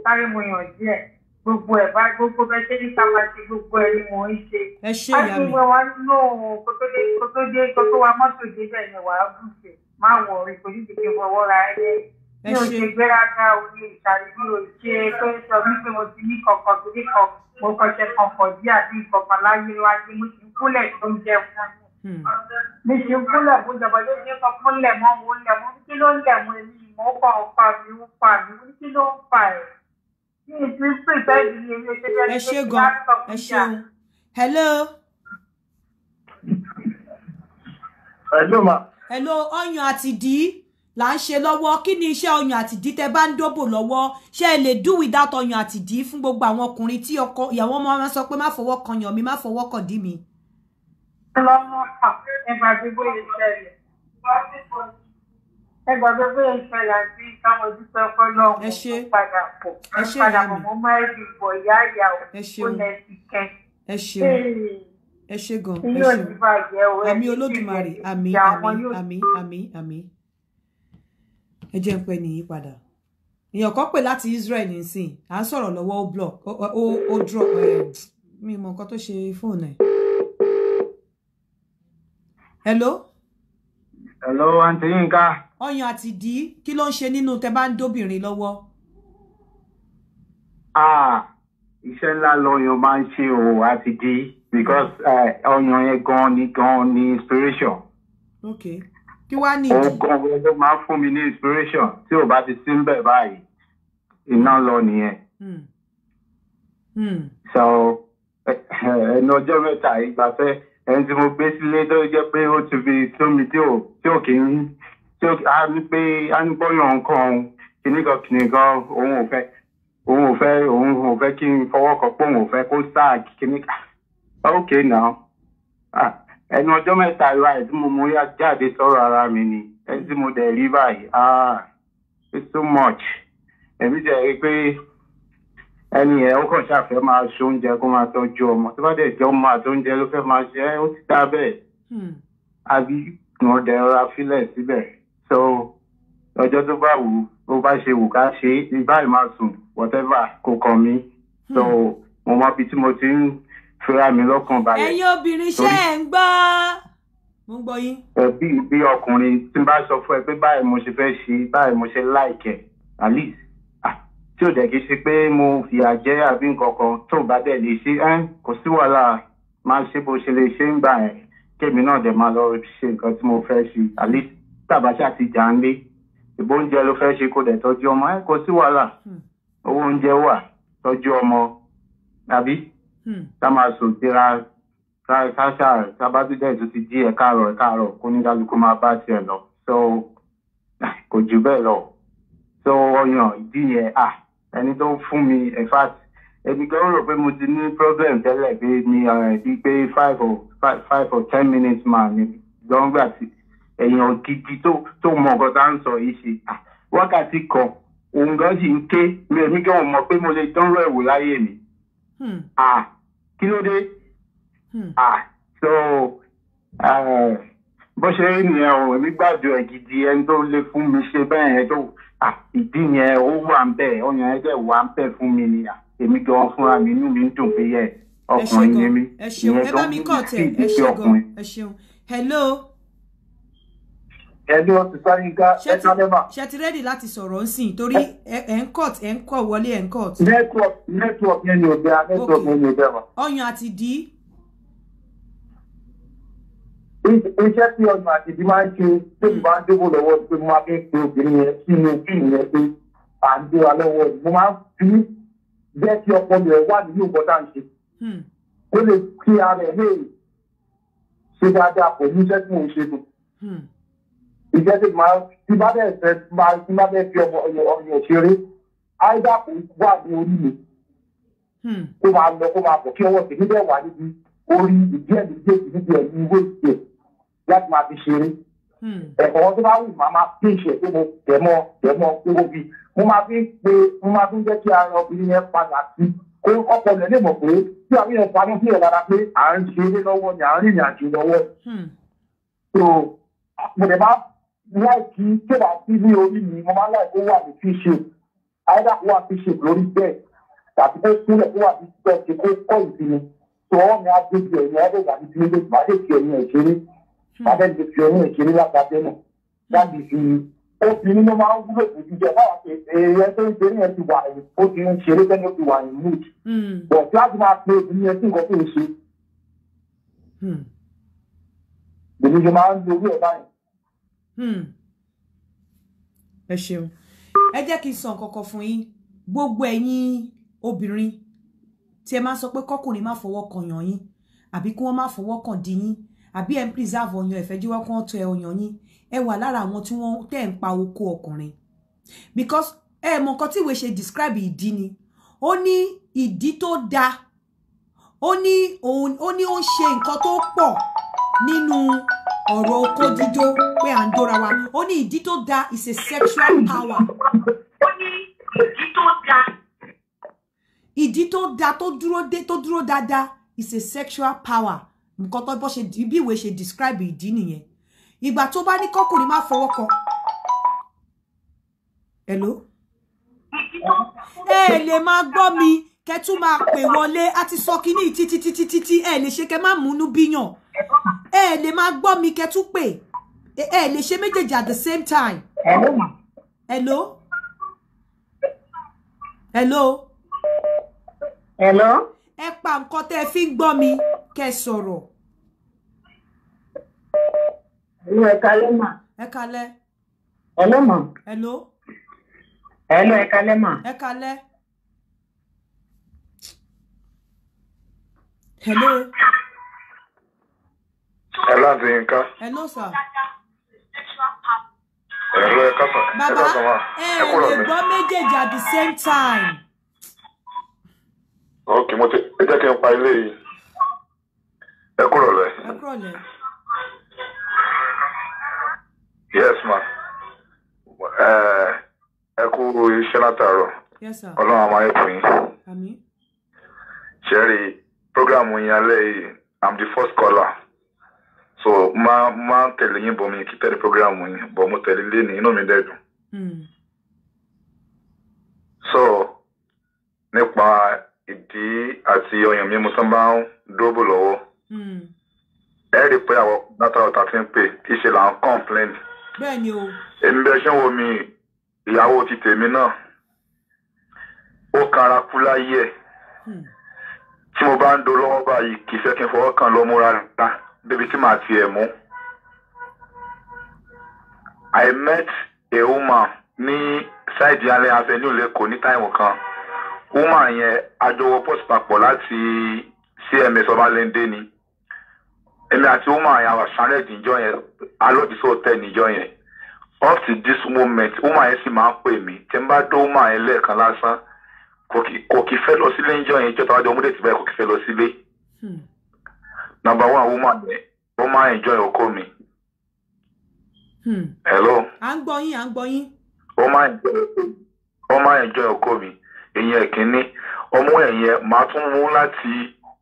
[SPEAKER 3] sáré mo yàn díẹ̀ gbogbo ẹ bá gbogbo bẹ ṣe ní sábà ti gbogbo ẹ ni mò ń ṣe. ẹ ṣe ìyá mi láti wọ wá nínú òun kó tó dé kó tó dé kó tó wa mọ́tò dé bẹ́ẹ̀ ni wàá gùnfẹ̀ má wọ̀ orin kò ní tètè fọwọ́ ra ẹ lé mi ò ṣe gbéraga omi ìṣàlẹ̀ mi ò ṣe pé sọ wípé mo ti ní kankan torí kan mo kọṣẹ kankan bí àbí kankan láyé wájú mo ti kúlẹ̀ tó ń jẹ fún mi. Hmm. mi ṣe ń kúlẹ̀ fún ìjọba ló ní kankan lẹ̀ mọ́ mo lẹ̀ mọ́ kí ló lẹ̀ mọ́
[SPEAKER 1] ẹ ṣe gan ẹ ṣeun hello. hello ma. hello ọyàn àti dì là ń ṣe lọ́wọ́ kí ni iṣẹ́ ọyàn àti dì tẹ́ bá ń dóbò lọ́wọ́ ṣé ẹ lè do without ọyàn àti dì fún gbogbo àwọn ọkùnrin tí ọkọ ìyàwó ọmọ wọn sọ pé má fọwọ́ kan yàn mí má fọwọ́ kàn dí mi. lọ́wọ́
[SPEAKER 3] ẹ̀ka gbogbo ìṣẹ̀lẹ̀ wọ́n ti pọ̀ jù ẹ gbàgbé pé ìṣẹ̀lẹ̀ àti káwọn dúpẹ́ fọlọ́run ó padà pọ̀ ó padà pọ̀ mo máa ń bọ̀ yáyà ó ó lẹ̀ sí kẹ́. ẹ ṣeun ẹ ṣe gan ẹ ṣeun
[SPEAKER 1] àmì olódùmarè àmì àmì àmì àmì àmì ẹ jẹ́ ń pẹ́ nìyí padà èèyàn kan pè láti Israel nísìn à ń sọ̀rọ̀ lọ́wọ́ ó block ó drop eh, mi mọ nǹkan tó ṣe fóònù ẹ̀.
[SPEAKER 3] hello. hello aunty Yinka
[SPEAKER 1] ọyàn àti ìdí kí ló ń ṣe nínú tẹ bá ń Ah, lọ́wọ́.
[SPEAKER 3] iṣẹ́ ńlá lọ́yàn máa ń ṣe o àti ìdí because eh, ọyàn yẹn gan ni gan ni inspiration.
[SPEAKER 1] okay kí wàá ní. òun
[SPEAKER 3] gan ló máa ń mi ní inspiration tí ò bá ti sí ń bẹ̀ báyìí iná lọ nìyẹn.
[SPEAKER 1] Hmm.
[SPEAKER 5] Hmm.
[SPEAKER 3] so eh, ẹnu ọjọ́ mẹ́ta ìgbafẹ́ ẹni tí mo gbé sílé tó jẹ́ pé ó ti fi tó mi tí ò kí ń tí a ní pé a ní gbọ́yàn nǹkan kìnnìkan kìnnìkan òun ò fẹ́ òun ò fẹ́ òun ò fẹ́ kí n fọwọ́ kọ pé òun ò fẹ́ kó sáà kìnnìkan ah, ok now ah, ẹnu ọjọ́ mẹ́ta ìwà ẹ̀ tí mo mú yá jáde sọ̀rọ̀ ara mi ni ẹni tí mo dẹ̀ rí báyìí ah it's too much èmi jẹ́ rí pé ẹni ẹ̀ ó kàn ṣàfẹ́ máa ṣe oúnjẹ kó máa tọ́jú ọmọ tó bá dẹ̀ jẹ́ ọmọ àti oúnjẹ ló fẹ́ máa ṣe ó ti dá bẹ́ẹ̀ hmm. àbí wọn dẹ̀ fílẹ̀ síbẹ̀ so ọjọ́ tó bá wù ó bá ṣe wù ká ṣe é máa sùn whatever kò kàn mí so hmm. mo mọ ibi tí mo ti ń fira mi lọ́kàn balẹ̀. ẹ̀yin obìnrin ṣe é
[SPEAKER 1] ń gbọ́. mo ń gbọ́ yín.
[SPEAKER 3] ẹbí bí ọkùnrin tí n bá sọ fún ẹ pé báyìí mo ṣe fẹ́ ṣe báyìí mo ṣe láìkẹ̀ at least ah, tí ò dẹ̀ kí ṣe pé mo fìyà jẹ àbí nǹkan kan tó bá dẹ̀ lè ṣe ẹ́ kò sí wàhálà máa ṣe bó ṣe lè ṣe ń gbà yẹn kémi náà dẹ̀ máa lọ ṣe nǹkan tí mo fẹ́ ṣe at least tàbáṣà ti jà ń lé ìbò oúnjẹ ló fẹ́ ṣe kó dẹ̀ tọ́jú ọmọ ẹ kò sí wàhálà hmm. owó oúnjẹ wà tọ́jú ọmọ àbí hmm. ká máa sùn síra káṣà tábàtúndẹ̀ tó ti jí ẹ̀ káàárọ̀ ẹ̀ káàárọ̀ kó ní kálukú máa bá tiẹ̀ lọ so kò jù bẹ́ẹ̀ lọ so ọyàn ìdí yẹn à ẹni tó fún mi in fact èmi gan rò pé mo ti ní problem tẹ́lẹ̀ pé ní eh, ẹ̀ pé five or five or ten minutes man lọ́ngbà tí èèyàn gidi tó tó mọ nǹkan tá à ń sọ yìí ṣe wákàtí kan òun gan sì ń ké mi ò ní kí wọn mọ pé mo lè dánrọ ẹwò láyé mi hmm. kí ló dé hmm. so bó ṣe rí nìyẹn o èmi gbàdúrà gidi ẹni tó lè fún mi ṣe bẹ́ẹ̀ yẹn tó ìdí yẹn ó wà ń bẹ̀ ọyàn ẹ̀jẹ̀ wà ń bẹ̀ fún mi nìyà èmi gan fúnra mi inú mi ń dùn pé yẹ ọkùnrin ni mi ìyẹn tó ń bí sí ìdí ọkùnrin. hello ẹni wọn ti sáré ká ẹka lẹ́mà. ṣe ti
[SPEAKER 1] rẹ́dì láti sọ̀rọ̀ nsìn torí ẹ̀ ń court ẹ̀ ń kọ̀ wọlé ẹ̀ ń court.
[SPEAKER 3] network network yẹn ni ò bẹ́ẹ̀ network yẹn ni ò bẹ́ẹ̀ mọ́.
[SPEAKER 1] ọyàn àti dí.
[SPEAKER 3] iṣẹ́ tí ọyàn àti dí máa ń ṣe tó mi hmm. máa ń débò lọ́wọ́ pé mo máa fi ń pe obìnrin yẹn sí inú bí ìyẹn pé à ń dé wa lọ́wọ́ mo máa ń fi jẹ́ kí ọkọ mi ẹ̀ wà nínú nǹkan ń ṣe. Hmm. ó lè kí ara ẹ̀ lè ṣe dáadáa pẹ̀lú iṣẹ́ tí mo ń ṣe nù. Hmm ìjẹ́ tí máa tí bá bẹ́ẹ̀ fẹ́ máa tí bá bẹ́ẹ̀ fi ọmọ ọyàn ṣeré áìdá kò wà ní orí mi kó máa lọ kó máa bọ̀ kí ọwọ́ tèmi bẹ́ẹ̀ wà níbi orí ìdí ẹ̀ níbi ìdí ẹ̀ ní ìwé ìdí ẹ̀ láti máa fi ṣeré ẹ̀kọ́ tó bá wù máa máa pín ìṣẹ̀ tó mo tẹ̀mọ́ tẹ̀mọ́ owó bíi mo máa fi pe mo máa fi jẹ́ kí ara obìnrin yẹn padà sí kó ọkọ rẹ̀ lè mọ̀ pé tí àwọn yẹn parí sí ẹ̀ lára pé à ń ṣeré lọ́wọ́ ni à ń rìnrìn àjò lọ́wọ́. so mo dẹ̀ máa láìkí kébà sí ní orí mi mo máa ń láì kó wà ní fíṣe àìdá kó wà fíṣe lórí bẹ́ẹ̀ tàbí kó kúlẹ̀ kó wà ní bẹ́ẹ̀ ṣe kó kọ́ ìsinmi tó wọ́n ní adébí ẹ̀yìn ẹ̀dẹ́gbà ní ti ilé ìgbà lèkì ẹ̀yìn ìṣeré àbẹ́ni fi ẹ̀yìn ìṣeré látàbẹ́ náà láti fi obìnrin ló máa ń wúlò fún jíjẹ báwa ṣe èèyàn tó ń ṣeré yẹn ti wà ní ó ti ń ṣeré tẹ́ni ó ti wà ní mood hmm. bọ̀ tí láti máa pe obìnrin yẹn sí nǹkan tó ń ṣe. Bèmi hmm. ṣe máa ń lo orí ẹ̀ báyìí. Hmm. ẹ
[SPEAKER 1] ṣeun ẹ jẹ́ kí n sọ nǹkan kan fún yín gbogbo ẹ̀yin obìnrin tí ẹ máa sọ pé kọ́kùnrin má fọwọ́ kan yàn yín àbí kí wọ́n má fọwọ́ kan dí yín àbí ẹ̀ ń preserve ọyàn ẹ̀fẹ́jíwọ́ kí wọ́n tọ́ ẹ ọyàn yín ẹ wà lára àwọn tí wọ́n tẹ̀ ń pa oko ọkùnrin because ẹ mọ nǹkan tí ìwé ṣe describe ìdí ni ó ní ìdí tó dáa ó ní ó ń ṣe nǹkan tó pọ̀ nínú ọ̀rọ̀ okó dídó pé à ń dóra wa ó ní ìdí tó da is a sexual power. ó ní ìdí tó da. ìdí tó da tó dúró dé tó dúró dáadáa is a sexual power nǹkan tó bọ́ ṣe bí ìwé ṣe describe ìdí nìyẹn ìgbà tó bá ní kọkùnrin má fọwọ́ kan. hello. ẹ lè máa gbọ́ mi kẹ tún máa pè wọlé a ti sọ kíní títí títí títí ẹ lè ṣe kẹ má múnú bíyàn ẹ lè má gbọ́ mi kẹ tún pè ẹ lè ṣe méjèèjì at the same time. hello ma. hello. hello. hello. ẹ pa nǹkan tẹ́ ẹ fi ń gbọ́ mi kẹ sọ̀rọ̀. ẹ kalẹ́ ma. ẹ kalẹ́. hello ma. hello.
[SPEAKER 3] hello ẹ kalẹ́ ma. ẹ kalẹ́. hello. hello
[SPEAKER 4] àti nǹkan. hello sir. ẹ̀rọ ẹ̀ka sọ ẹ̀ka sọ wa ẹ kúrò mi.
[SPEAKER 1] bàbá at the same time.
[SPEAKER 4] ok mo ti ẹ jẹ́ kí n pa ilé yìí ẹ kúrò lẹ. ẹ kúrò lẹ. yes ma ẹ kú iṣẹ́ látàárọ̀ ọlọ́run àwọn ayé fún yín.
[SPEAKER 5] àmín
[SPEAKER 3] program yẹn alẹ́ yìí i'm the first caller so ma ma tẹ̀lé you, bọ̀ mi kí tẹ̀lé program yín bọ̀ mo you, you ní inú mi dẹ́dùn.
[SPEAKER 5] Hmm.
[SPEAKER 4] so nípa ìdí
[SPEAKER 3] àti ọyàn mi mo tán bá ń dóbò lọ́wọ́ hmm. ẹ rí i pé àwọn látara ọ̀tá ti complain. bẹ́ẹ̀ni o. èmi wo mi ìyàwó ti tèmi náà ó kara kula ye. ẹ̀. Hmm tí mo bá ń do lọ́wọ́ báyìí kì í fẹ́ kí n fọwọ́ kan lọ múra rárá débi tí màá tiẹ̀ mú. I met a woman ní ṣáìdì alẹ́ avenue lẹ́kọ̀ọ́ ní táìmù kan woman yẹn ajọwọ́ pọ́sì papọ̀ láti cms ọbalẹ́ndé ni èmi àti woman yẹn àwọn sànẹ́ ìdíjọ́ yẹn alọ́dísọ́ tẹ̀ níjọ́ yẹn up to this moment woman yẹn sì máa ń pè mí tí n bá dó woman yẹn lẹ́ẹ̀kan lásán kò kì í fẹ́ lọ sílé níjọ́ yẹn ìjọba àjọ múlẹ̀ tìbáyé kò kì í fẹ́ lọ sílé. Hmm. number one woman yẹn ó máa enjoy ọkọ mi. Hmm. hello.
[SPEAKER 1] à ń gbọ́ yín à ń gbọ́ yín.
[SPEAKER 3] ó máa enjoy ọkọ mi ìyẹn kìíní ọmọ ẹ̀yẹn máa tún mú láti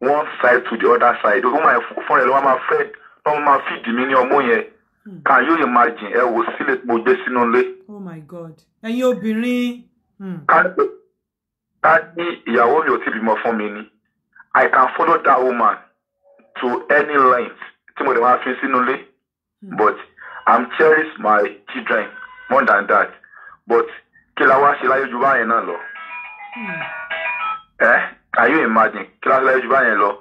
[SPEAKER 3] one side to the other side ó máa fún ẹ lọ́wọ́ máa fẹ́ lọ́wọ́ máa fìdí mi ní ọmọ yẹn kan yóò yẹ máa jìn ẹ wò sílẹ̀ mo gbé sínú ilé. oh my god ẹ̀yin obìnrin. ká hmm á ní ìyàwó mi ò tí bímọ fún mi ni i can follow that woman to any length tí mo lè máa fi sínú ilé hmm. but i'm cherish my children more than that but kí la wá ṣe láyé ju báyẹn náà lọ ẹ hmm. eh? can you imagine kí la ṣe láyé ju báyẹn lọ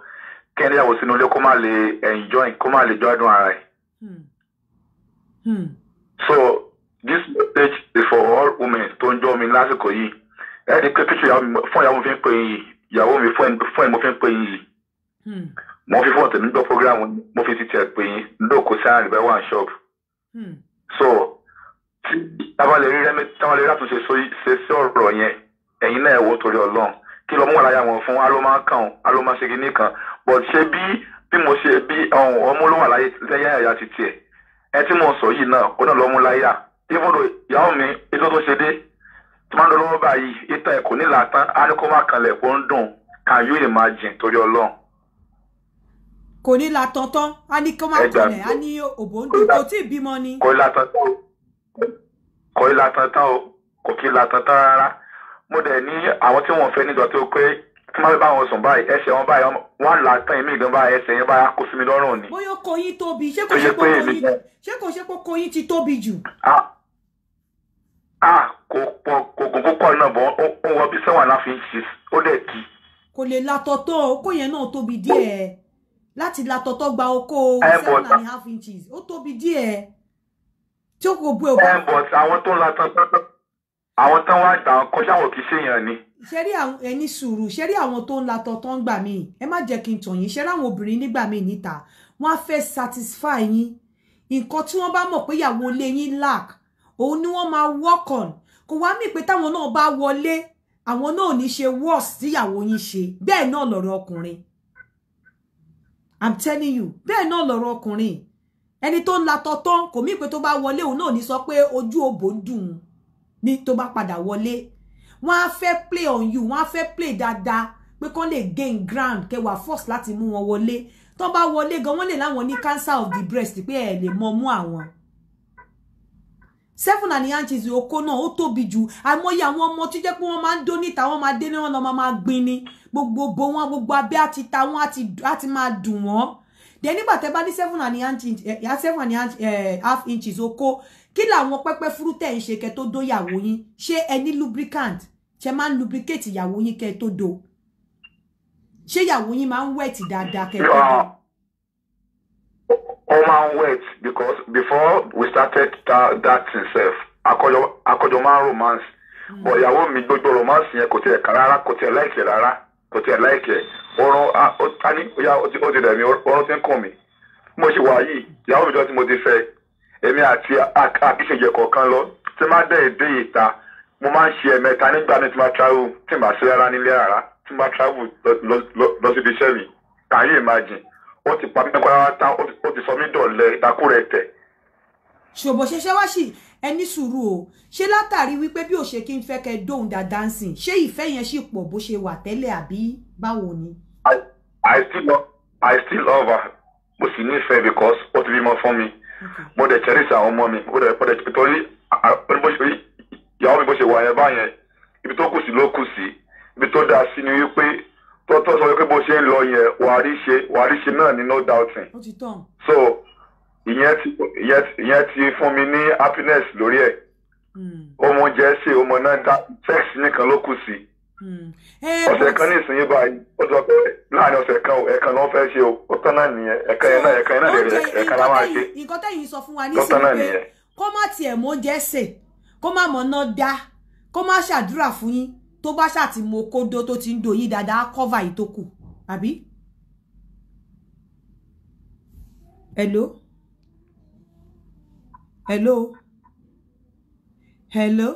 [SPEAKER 3] kí ẹni yàwó sínú ilé kó má lè enjoy kó má lè jọdún ara ẹ. Hmm. so this message is for all women tó ń jọ́ mi lásìkò yìí ẹni pé píṣọ fún ìyàwó fi ń pè yìí ìyàwó mi fún ìmọ̀ fi ń pè yìí hmm. mo fi fọ́ọ̀tì nígbà program mo fi ti tẹ̀ pé yìí lóko sáà rìbẹ́ one shop so tí tábàlẹ̀ rí rẹ́mi tábàlẹ̀ rí àtúnṣe ṣe sí ọ̀rọ̀ yẹn ẹ̀yin náà ẹ̀wọ́ torí ọlọ́run kí lọ́mú wàlàyé àwọn fún alómákàn alómáṣegi nìkan but ṣé bí bí mo ṣe bí ọmú ló wà lẹ́yìn àyà ti tiẹ̀ ẹ tí mo sọ yìí náà ó náà lọ́mú láyà even ìyàwó mi ètò tó ṣe dé tó máa ń lọ́wọ́ báyìí ìtàn ẹ̀kọ́ nílà tán á ní kó má kanlẹ̀ kó ń dùn ká yóò lè máa jìn torí ọlọ́run.
[SPEAKER 1] kò ní la tọ́tán á ní kó má kanlẹ̀ á ní òbò ń dùn kò tí ì bímọ ni. kò ní la
[SPEAKER 3] tán kò ní la tán o kò kí la tán rárá mo dẹ̀ ní àwọn tí wọ́n fẹ́ nígbà tó pé tí wọ́n bá wọn sùn báyìí ẹsẹ̀ wọn báyìí wọ́n là tán èmi ìgbọ́n báyìí ẹsẹ̀ yẹn báyìí kó mi lọ́rùn ni. bóyá koyin tóbi ṣé kò
[SPEAKER 1] ṣe pé koyin ti tóbi jù.
[SPEAKER 4] Ah, a ah, kò pọ̀ kò kò púpọ̀ náà bọ́ ó wọ bí sẹ́wọ̀n láfi ń ṣe ó dẹ̀ kí.
[SPEAKER 1] kò lè latọ tó okó yẹn náà tóbi díẹ̀ láti latọ tó gba okó eh, seven and a half inches ó tóbi díẹ̀
[SPEAKER 3] tí ó kò bu ẹ̀ ẹ bọ̀ àwọn tó ń latọ tó àwọn tán wá gbà kọjá àwọn kì í ṣèyàn ni
[SPEAKER 1] ṣẹ́rí àwọn ẹni sùúrù ṣẹ́rí àwọn tó ń la tọ̀tọ̀ ń gbà mí ẹ má jẹ́ kí n tàn yín ṣẹ́rí àwọn obìnrin nígbà mí níta wọ́n á fẹ́ satisfy yín nǹkan tí wọ́n bá mọ̀ pé ìyàwó ilé yín lack òun ni wọ́n máa work on kò wá mí pé táwọn náà bá wọlé àwọn náà ní ṣe worse tíyàwó yín ṣe bẹ́ẹ̀ náà lọ̀rọ̀ ọkùnrin i'm telling you bẹ́ẹ̀ náà lọ̀rọ̀ ọkùnrin ẹni tó ń la tọ́tán kò mí pé tó bá wọlé òun náà ní sọ pé ojú òbò ń dùn ní tó bá padà wọlé wọ́n á fẹ́ play on you wọ́n á fẹ́ play dáadáa pé kán lè gain ground kẹwàá force láti mú wọn wọlé tó bá wọlé gan wọ́n lè láwọn ní cancer of the breast pé ẹ lè mọ mú àwọn seven and a half inches oko náà ó tóbi jù àìmọye àwọn ọmọ tó jẹ́ pé wọ́n máa ń dó níta wọ́n máa dé ní wọ́n lọ gbin ni gbogbo bo wọn gbogbo abẹ́ ati ta wọn àti máa dùn wọ́n dẹ̀ nígbà tẹ́ bá ní seven and a half inches seven and a eh, half inches oko kí làwọn pẹ́pẹ́ fúrú tẹ̀ ń ṣe kẹ́ tó dó ìyàwó yín ṣé ẹ lubricant ṣe máa lubricate ìyàwó yín kẹ́ tó dó ṣé ìyàwó yín máa ń wẹ̀tì dáadáa kẹ́ tó
[SPEAKER 4] ó máa ń because before we started that, that itself akọjọ akọjọ máa ń romance mm. but ìyàwó mi gbogbo romance yẹn kò tiẹ̀ kà rárá kò tiẹ̀ láìkẹ̀ rárá kò tiẹ̀ láìkẹ̀ ọ̀rọ̀ tani ya ó ti rẹ̀ mí ọ̀rọ̀ ti ń kàn mí mo ṣe wà yìí ìyàwó mi jọ tí mo ti fẹ́ èmi àti akíṣèjẹ kọ̀ọ̀kan lọ tí má dẹ̀ dé ìta mo máa ń ṣe ẹ̀mẹ́ta nígbà mi tí má travel tí má sí rárá nílé rárá tí má travel lọ síbi iṣẹ́ mi kàyé má ó ti pa mí pátá ó ti sọ mí dọ̀lẹ́ ìtakú rẹ̀ tẹ̀.
[SPEAKER 1] ṣòbò ṣẹ̀ṣẹ̀ wá sí ẹni sùúrù o ṣé látàrí wípé bí ò kí n fẹ́ kẹ́ dóhùn dáadáa sí ṣé ìfẹ́ yẹn ṣì pọ̀ bó ṣe wà tẹ́lẹ̀ àbí báwo
[SPEAKER 4] ni. I, I still love I still love her mo sì nífẹ̀ẹ́ because ó ti bímọ fún mi mo dẹ̀ cherish àwọn ọmọ mi mo dẹ̀ mo dẹ̀ torí ìyàwó mi bó ṣe wà yẹn báyẹn ibi tó kù sí ló kù sí ibi tó dáa sí ni wípé tọ́tọ́ sọ pé bó ṣe ń lọ yẹn wàá rí ṣe wàá rí ṣe náà ni no doubting. ó ti tán. so ìyẹn ti ìyẹn ti fún mi ní happiness lórí ẹ̀. Hmm. ọmọ oúnjẹ ṣe ọmọ náà dá sex nìkan ló kù sí. Hmm. ọ̀sẹ̀ kan ní ìsinyìí báyìí ó sọ pé láàrin ọ̀sẹ̀ kan o ẹ̀kan ló ń fẹ́ ṣe o ó tán náà nìyẹn ẹ̀kan yẹn náà ẹ̀kan yẹn náà lè rí ẹ̀kan la máa ṣe.
[SPEAKER 1] nǹkan tẹ̀yìn sọ fún wa nísìnyí pé kó má tiẹ̀ mọ́ jẹ́ sè kó má mọ̀ náà dá kó má ṣàdúrà fún yín tó bá ṣáà ti mo kódó tó ti do yín dáadáa cover yìí tó hello hello hello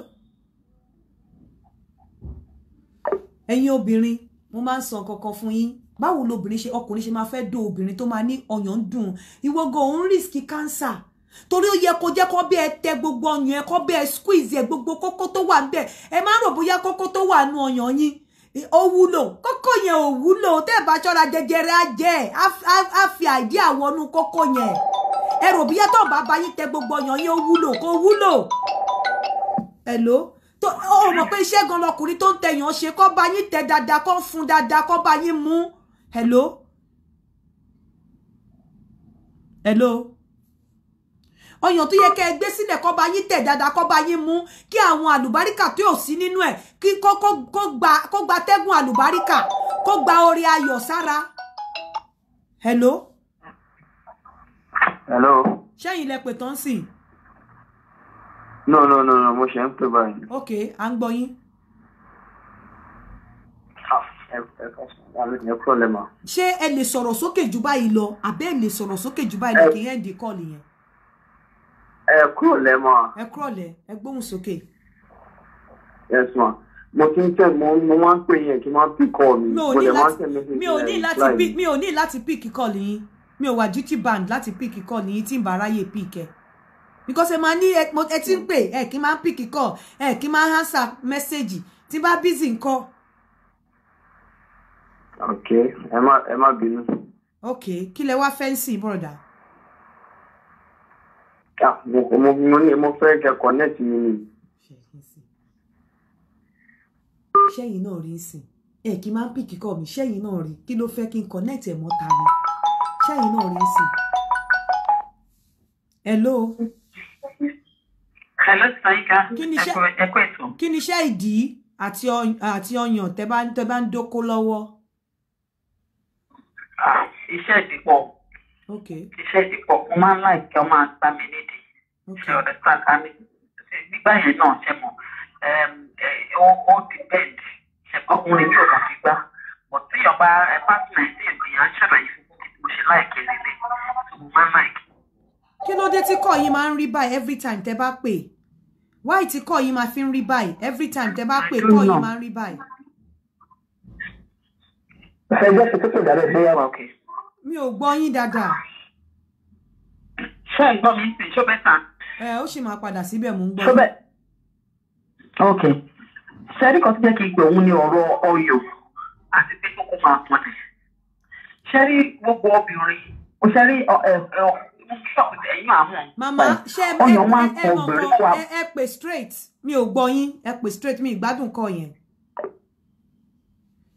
[SPEAKER 1] ẹ̀yin obìnrin mo máa ń sọ nǹkan kan fún yín báwo lobìnrin ṣe ọkùnrin ṣe máa do obìnrin tó máa ní ọyàn ń dùn ìwọ gan risk cancer torí ó yẹ kó jẹ́ kó bẹ́ ẹ tẹ gbogbo ọyàn ẹ kó bẹ́ ẹ squeeze ẹ gbogbo kókó tó wà níbẹ̀ ẹ má rò bóyá kókó tó wà nù ọyàn yín ó wúlò kókó yẹn ò wúlò tẹ́ ẹ bá ṣọ́ra jẹjẹrẹ á jẹ á fi àìdí àwọnú kókó yẹn ẹ rò bóyá tó bá bá tẹ gbogbo ọyàn yín ó wúlò kó wúlò ẹ tó ó mọ̀ pé iṣẹ́ gan lọkùnrin tó ń tẹyàn ṣe kó bá yín tẹ dáadáa kó fún dáadáa kó bá yín mú ẹ ló ọyàn tó yẹ kẹ́ ẹ gbé sílẹ̀ kọ́ bá yín tẹ̀ dáadáa kọ́ bá yín mú kí àwọn àlùbáríkà tó yóò sí nínú ẹ̀ kí kó gba tẹ́gùn àlùbáríkà kó gba orí ayọ̀ sára. hello. hello. ṣẹ́yìn lẹ pè tán sí.
[SPEAKER 3] no no no no mo ṣe ń pè báyìí.
[SPEAKER 1] ok à ń gbọ́ yín. Ah, ṣé ẹ lè sọ̀rọ̀ sókè jù báyìí lọ àbẹ́ ẹ lè sọ̀rọ̀ sókè jù báyìí lọ kí yẹn di
[SPEAKER 3] kọ́ọ̀lù yẹn ẹ kúrò lẹ mọ.
[SPEAKER 1] ẹ kúrò lẹ ẹ gbóhùn sókè.
[SPEAKER 3] ẹ sùn mo tún tẹ mo mo máa ń pè yẹn kí n máa pick call mi. mo lè máa tẹ message mi ò ní eh, láti
[SPEAKER 1] mi ò ní láti pick call yín mi ò wà duty band láti pick call yín tí n bá ráyè pick ẹ because ẹ máa ní ẹ ti ń pè ẹ kí n máa pick call ẹ kí n máa answer message tí n bá busy ńkọ́.
[SPEAKER 3] ok ẹ má ẹ má bínú.
[SPEAKER 1] ok kí lẹ wá fẹ́ǹsì bọ̀dà.
[SPEAKER 3] Ah, mo ní mo fẹ́ kẹ́ connect mi ni.
[SPEAKER 1] ṣẹ́yìn náà rí sìn ẹ̀ kí n máa ń pìkì kọ́ mi ṣẹ́yìn náà rí kí ló fẹ́ kí n connect ẹ̀ mọ́ ta mi ṣẹ́yìn náà rí sìn. hello. hello saika ẹ̀kọ́ ètò. kí ni iṣẹ́ ìdí àti ọyàn tẹ́ bá ń dóko lọ́wọ́.
[SPEAKER 3] Ah, iṣẹ́ ìdí pọ̀ iṣẹ́ sì pọ̀ mo máa ń láìpẹ́ ọ máa gbá mi nídìí ṣe ọ̀dọ̀ stand i mean nígbà yẹn náà ṣe mọ̀ um, eh, ó depend ọkùnrin yóò kàn fi gbá but tí ọba eh, partner ẹ̀ tí ènìyàn ń ṣàlàyé fún mi mo ṣe láìpẹ́ nílé mo máa ń láìpẹ́.
[SPEAKER 1] kí ló dé tí kọ́ yìí máa ń rí báyìí every time tẹ́ bá pè why tí kọ́ yìí máa fi ń rí báyìí every time tẹ́ bá pè kọ́ yìí máa ń rí báyìí.
[SPEAKER 3] ẹgbẹ́ tuntun kò dára ẹgbẹ́ yàrá òkè
[SPEAKER 1] mi ò gbọ́ yín dáadáa. ṣé ẹ gbọ́ mi sìn ṣó bẹ́ẹ̀ ta. ẹ ó sì máa padà síbẹ̀ mò ń gbọ́. ṣó bẹ́ẹ̀
[SPEAKER 3] ok sẹ́rí kan tó jẹ́ kí n pè òun ni ọ̀rọ̀ ọyọ̀ àti pé kókó máa pọ̀ tẹ̀. sẹ́rí gbogbo obìnrin o sẹ́rí mama ṣe ẹ ẹ ẹ
[SPEAKER 1] ẹ pè straight mi ò gbọ́ yín ẹ pè straight mi ìgbádùn kọ yẹn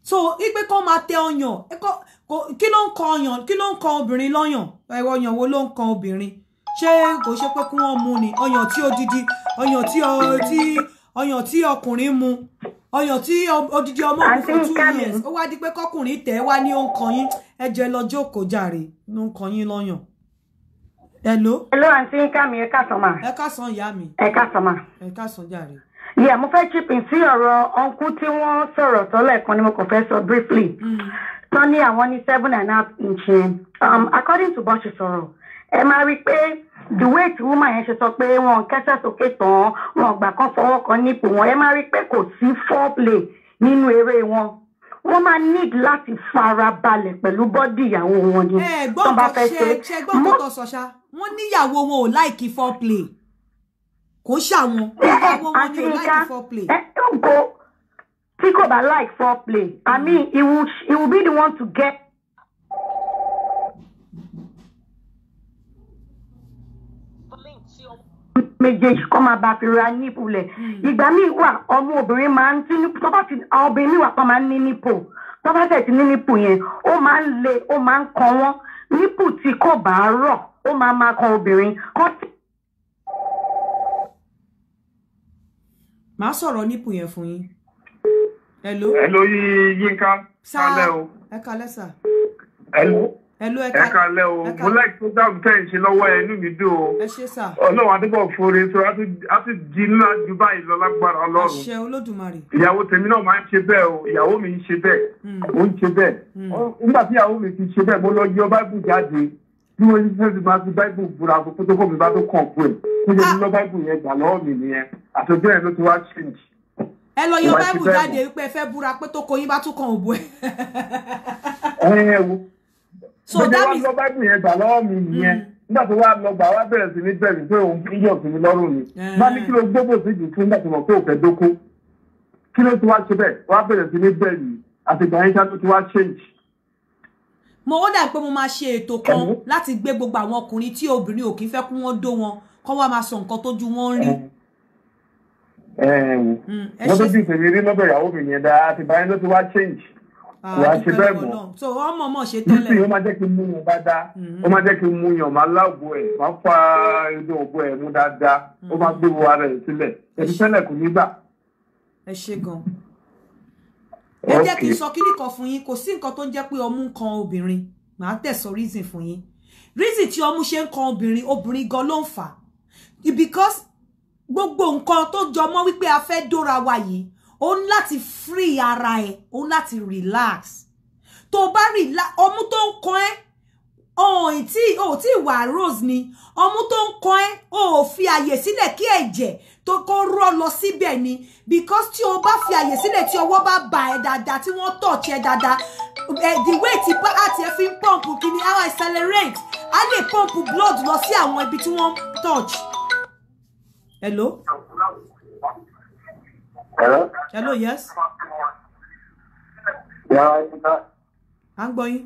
[SPEAKER 1] so ipe kọ́ máa tẹ ọyàn kí ló ń kọ ọyàn kí ló ń kọ obìnrin lọ́yàn ọyàn wo ló ń kọ obìnrin ṣé kò ṣe pé kí wọ́n mu ni ọyàn tí odidi ọyàn tí ọyàn tí ọkùnrin mu ọyàn ti odidi ọmọ òun fún two years ó wá di pé kọkùnrin tẹ̀ wá ní ó ń kọ yín ẹ jẹ́ lọ jókòó jàre ló ń kọ yín lọ́yàn. Hello. Hello, àǹtí ń ká mi, ẹ ká sọ ma. Ẹ ká sọ ìyá mi. Ẹ ká sọ ma. Ẹ ká sọ jàre
[SPEAKER 3] yeah mo fẹ́ chip in sí ọ̀rọ̀ ọ̀nkú tí wọ́n sọ̀rọ̀ sọ́lẹ̀ kan ni mo kàn fẹ́ sọ briefly mm. tán ní àwọn ní seven and a half inch um, according to bó ṣe sọ̀rọ̀ ẹ máa rí i
[SPEAKER 2] pé the way tí woman yẹn ṣe sọ pé wọn kẹsẹ̀ sókè tán wọn gbà kan fọwọ́ kan nípò
[SPEAKER 3] wọn ẹ máa rí i pé kò sí foreplay nínú eré wọn wọn máa need láti fara balẹ̀ pẹ̀lú bọ́dì ìyàwó wọn ni. ẹ gbọ́dọ̀ ṣe ṣe gbọ́dọ̀
[SPEAKER 1] sọ̀ṣà wọ́n níyàwó wọn ò láìkí foreplay kò ṣàwọn àwọn wọn yóò like ẹ yóò go tí kò bá like for play. i mm. mean he will, he will be the one to get. méjèèjì kọ́ máa bá fìrà nípò lẹ̀ mm. ìgbà míì wà ọmọ obìnrin máa ń tí tó bá ti àwọn obìnrin míì wà kan máa ń ní nípò tó tẹ̀ ti ní nípò yẹn ó máa ń le ó máa ń kan wọ́n nípò tí kò bá rọ̀ ó máa máa kan obìnrin kan tí màá sọ̀rọ̀ nípò yẹn fún yín.
[SPEAKER 3] hello. hello Yínká kálẹ̀ o. ẹ kálẹ̀ sà. hello. hello ẹ kálẹ̀ o mo láì tó dáàbò tẹ̀ ń ṣe lọ́wọ́ ẹ
[SPEAKER 4] inú mi dùn o. ẹ ṣe sà. ọlọ́run adébọ̀ fore sọ á ti di ńlá ju báyìí lọ lágbára ọlọ́run. àṣẹ
[SPEAKER 1] olódùmarè.
[SPEAKER 3] ìyàwó tèmi náà máa ń ṣe bẹ́ẹ̀ o ìyàwó mi ń ṣe bẹ́ẹ̀ hmm. ó ń ṣe bẹ́ẹ̀ hmm. nígbà tí ìyàwó mi ti ṣe bẹ́ẹ̀ mo lọ yọ báìbù jáde bí mo ṣe ti máa fi báìbù búra kó tó kó mi bá tó kàn fún ẹ kó jẹ́ mi lọ báìbù yẹn gbà lọ́wọ́ mi nìyẹn àtọ́jú ẹ̀ ló ti wá change. ẹ lọ yọ báìbù jáde
[SPEAKER 1] wípé ẹ fẹ́ búra pé tó kó yín bá tún kàn òbú ẹ.
[SPEAKER 3] ẹ wo so that means. bẹ́ẹ̀ wá lọ báìbù yẹn gbà lọ́wọ́ mi nìyẹn mm. nígbà tó wá lọ gbà wá bẹ̀rẹ̀ sí ní bẹ̀rù pé òun kí yọ̀ sí mi lọ́rùn ni eh. bá ní kí ló gbógbó sí ìdí fún nígbà tó mọ̀ pé òfẹ́ dóko kí ló ti wá ṣe bẹ́ẹ̀ wá bẹ̀rẹ̀ sí ní bẹ̀rù àtìgbà yẹn ṣáájú ti wá change
[SPEAKER 1] mo ó dà pé mo máa ṣe ètò kan láti gbé gbogbo àwọn ọkùnrin tí obìnrin ò kí fẹ́ kí wọ́n dó wọn kọ́ wá máa sọ nǹkan tójú wọn ń rí.
[SPEAKER 3] Mm, wọ́n tó jù tèmi rí lọ́dọ̀ ìyàwó mi yẹn dáa ti báyìí ló ti wá change kò ah, wá ṣe bẹ́ẹ̀ mọ́
[SPEAKER 1] so ọmọ ọmọ ṣe tẹ́lẹ̀ nísìnyí
[SPEAKER 3] ó máa jẹ́ kí n mú yàn dáadáa mm-hmm. ó máa jẹ́ kí n mú yàn máa lágbo ẹ̀ máa fa inú ògbó ẹ̀ mú dáadáa ó máa mm-hmm. gbé wo ara ẹ̀ sílẹ̀ ẹ̀dí ẹ jẹ́ kí n sọ
[SPEAKER 1] kíní kan fún yín kò sí nǹkan tó ń jẹ́ pé ọmú ń kan obìnrin màá tẹ̀sọ̀ reason fún yín reason tí ọmú ṣe ń kan obìnrin obìnrin gan ló ń fà because gbogbo nǹkan tó jọ mọ́ wípé a fẹ́ dóra wa yìí ó ń láti free ara ẹ̀ ó ń láti relax tó o bá relax ọmú tó ń kan ẹ́ òun tí ò tí wà rose ni ọmú tó ń kọ ẹ ò fi àyè sílẹ̀ kí ẹ̀jẹ̀ tó kó rọ́ lọ síbẹ̀ ni because tí o bá fi àyè sílẹ̀ tí ọwọ́ bá bà ẹ́ dáadáa tí wọ́n touch ẹ́ dáadáa the way ti bá àti ẹ fi ń pọ́ǹpù kí ni how I accelerate á lè pọ́ǹpù blood lọ sí àwọn ibi tí wọ́n touch. hello. hello. hello yes.
[SPEAKER 3] yàrá ìgbà. à ń gbọ́ yín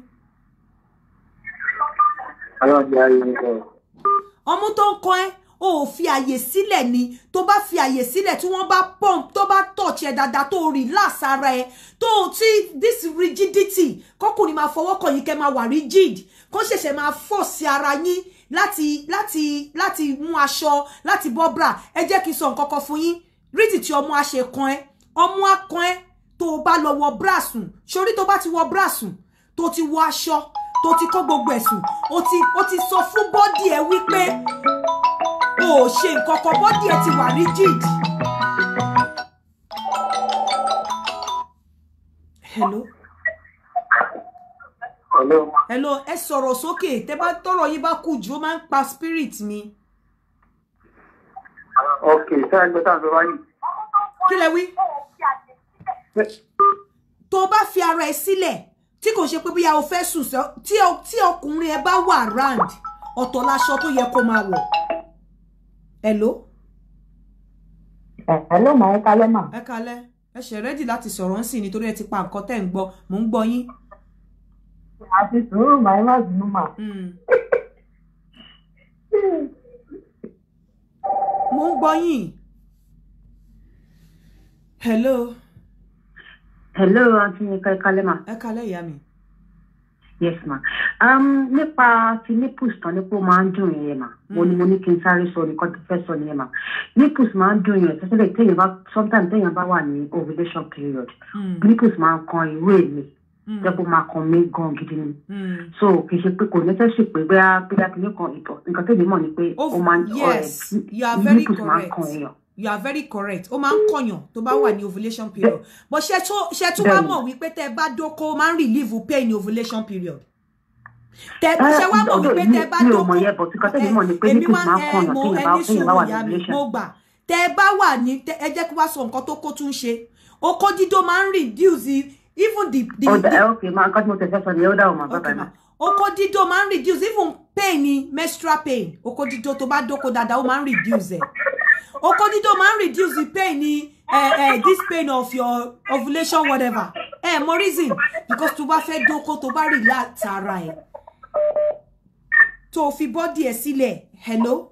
[SPEAKER 3] ọmú
[SPEAKER 1] tó ń kọ ẹ́ o ò fi àyè sílẹ̀ ni tó bá fi àyè sílẹ̀ tí wọ́n bá pump tó bá touch ẹ dáadáa tó relax ara ẹ tó ti this rigidity kọkùnrin máa fọwọ́ kàn yín kẹ́ máa wà rigid kó ṣẹ̀ṣẹ̀ máa force ara yín láti láti láti mú aṣọ láti bọ́ bra ẹ jẹ́ kí n sọ nǹkan kan fún yín rítì tí ọmọ àṣekàn ẹ ọmọ akàn ẹ tó bá lọ wọ bra sùn sórí tó bá ti wọ bra sùn tó ti wọ aṣọ tó ti kó gbogbo ẹ̀sùn o ti o ti sọ fún bọ́dì ẹ wípé o ò ṣe nǹkan kan bọ́dì ẹ ti wà rigid. hello. hello. hello ẹ sọ̀rọ̀ sókè tẹ́ bá tọ́rọ̀ yín bá kù jù ó máa ń pa spirit
[SPEAKER 3] mi. ok ṣé ẹ gbé tá a sọ báyìí.
[SPEAKER 1] kí lẹ wí. tó bá fi ara ẹ sílẹ̀ tí kò ṣe pé bóyá o fẹ́ sùn tí ọkùnrin ẹ bá wà round ọ̀tọ̀ láṣọ tó yẹ kó máa wọ̀ hello. hello ma ẹ kalẹ́ ma. ẹ kalẹ́ ẹ ṣe rẹ́dì láti sọ̀rọ̀ ńsìn nítorí ẹ ti pa nǹkan tẹ́ ń gbọ́ mò ń gbọ́ yín.
[SPEAKER 3] àti sùúrù màá má dùnú mà. Hmm. mò ń gbọ́ yín. hello? hello aunty nìkan ẹ kalẹ́ ma. ẹ kalẹ́ ìyá mi. yes ma um, nípa ti nipples tán ni pé ó máa ń dùn yẹn ma mo ní hmm. mo ní kí n sáré sọ nìkan tó fẹ́ sọ nìyẹn ma nipples máa ń dùn yẹn tẹ́tẹ́lẹ̀ téèyàn bá sometimes téèyàn bá wà ní ovulation period hmm. nipples máa ń kan irú èmi hmm. jẹ́ kó máa kan mí gan gidi ni. so kì í ṣe pé kò nẹ́tẹ́sì pé bóyá bóyá kìíní kan ìtọ̀ nǹkan tẹ́lẹ̀ mọ̀ ni pé ó máa ń ọ̀ ẹ̀ nipples máa ń kan èèyàn
[SPEAKER 1] you are very correct ó máa ń To ba wa ni ovulation period but she tó she tó ba mo. wípé tẹ́ bá dóko ó máa ń relieve pain ovulation period tẹ ṣe wá mọ̀ wípé tẹ bá dóko
[SPEAKER 3] èmi
[SPEAKER 1] máa ń mọ ẹni sùúrù ìyá mi mo gbà tẹ bá wà ní ẹ jẹ́ kí wá sọ nǹkan tó kó tún ṣe okó dídó máa ń reduce even the the oh, the okay ma nǹkan tí mo tẹ̀sẹ̀ sọ ni ó dá o ma bàbá mi. okó dídó máa ń reduce even pain menstrual pain okó dídó tó bá dóko dáadáa ó reduce ẹ̀ okodido máa ń reduce the pain ni eh, eh, this pain of your ovulation whatever eh, mo reason because tó bá fẹ́ dóko tó bá relax ara ẹ̀ tó fi body ẹ̀ sílẹ̀ hello.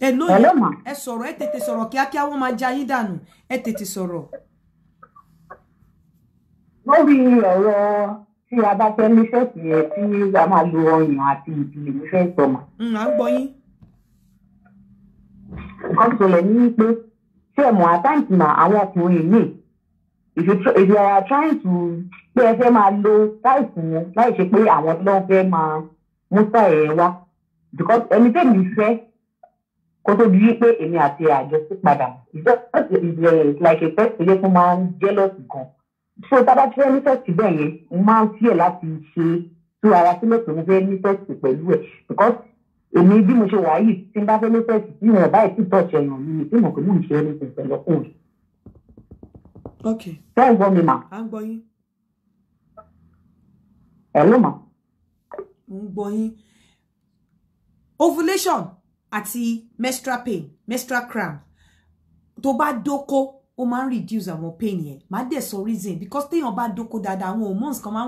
[SPEAKER 1] hello ẹ soro ẹ tètè sọ̀rọ̀ kíákíá wọ́n máa danu dànù ẹ tètè sọ̀rọ̀.
[SPEAKER 3] lórí ọ̀rọ̀ tí a bá fẹ́ ní sẹ́ẹ̀tì ẹ̀ ti a máa lo ọyàn àti ìdílé ní fẹ́ẹ́ sọ̀mọ̀. Mm, à ń gbọ́ yín nǹkan tó ṣẹlẹ̀ ní pé ṣé ẹ̀mọ̀ àtàǹtì mà àwọn ọkùnrin yìí if you are trying to pé ẹ fẹ́ máa lo táì fún wọn láì ṣe pé àwọn ló fẹ́ máa mú táì ẹ wá because ẹni tẹ́mi fẹ́ kó tó di pé èmi àti àjọṣe padà it's like a person yẹ kó máa ń jealous gan so tábà tí wọ́n ní fẹ́ẹ̀sì bẹ́ẹ̀ yẹn mo máa ń fíẹ̀ láti ṣe tú ara sílẹ̀ pé mo fẹ́ ní fẹ́ẹ̀sì pẹ̀lú ẹ̀ because èmi bí mo ṣe wà yìí tí n bá fẹ́ lẹ́sẹ̀sì tí wọn báyìí tí tọ́ọ̀ṣì ẹ̀yàn mi ni tí mo kò mú ìṣe ẹni pẹ̀pẹ̀ lọ́kùnrin. ok ṣé ń gbọ́ mi mà. à ń gbọ́ yín. ẹ̀ ló mà.
[SPEAKER 1] ń gbọ́ yín. ovulation àti menstrual pain menstrual cramp tó bá dóko ó máa ń reduce àwọn pain yẹn máa dẹ̀ sọ reason because téèyàn bá dóko dáadáa àwọn hormones kan máa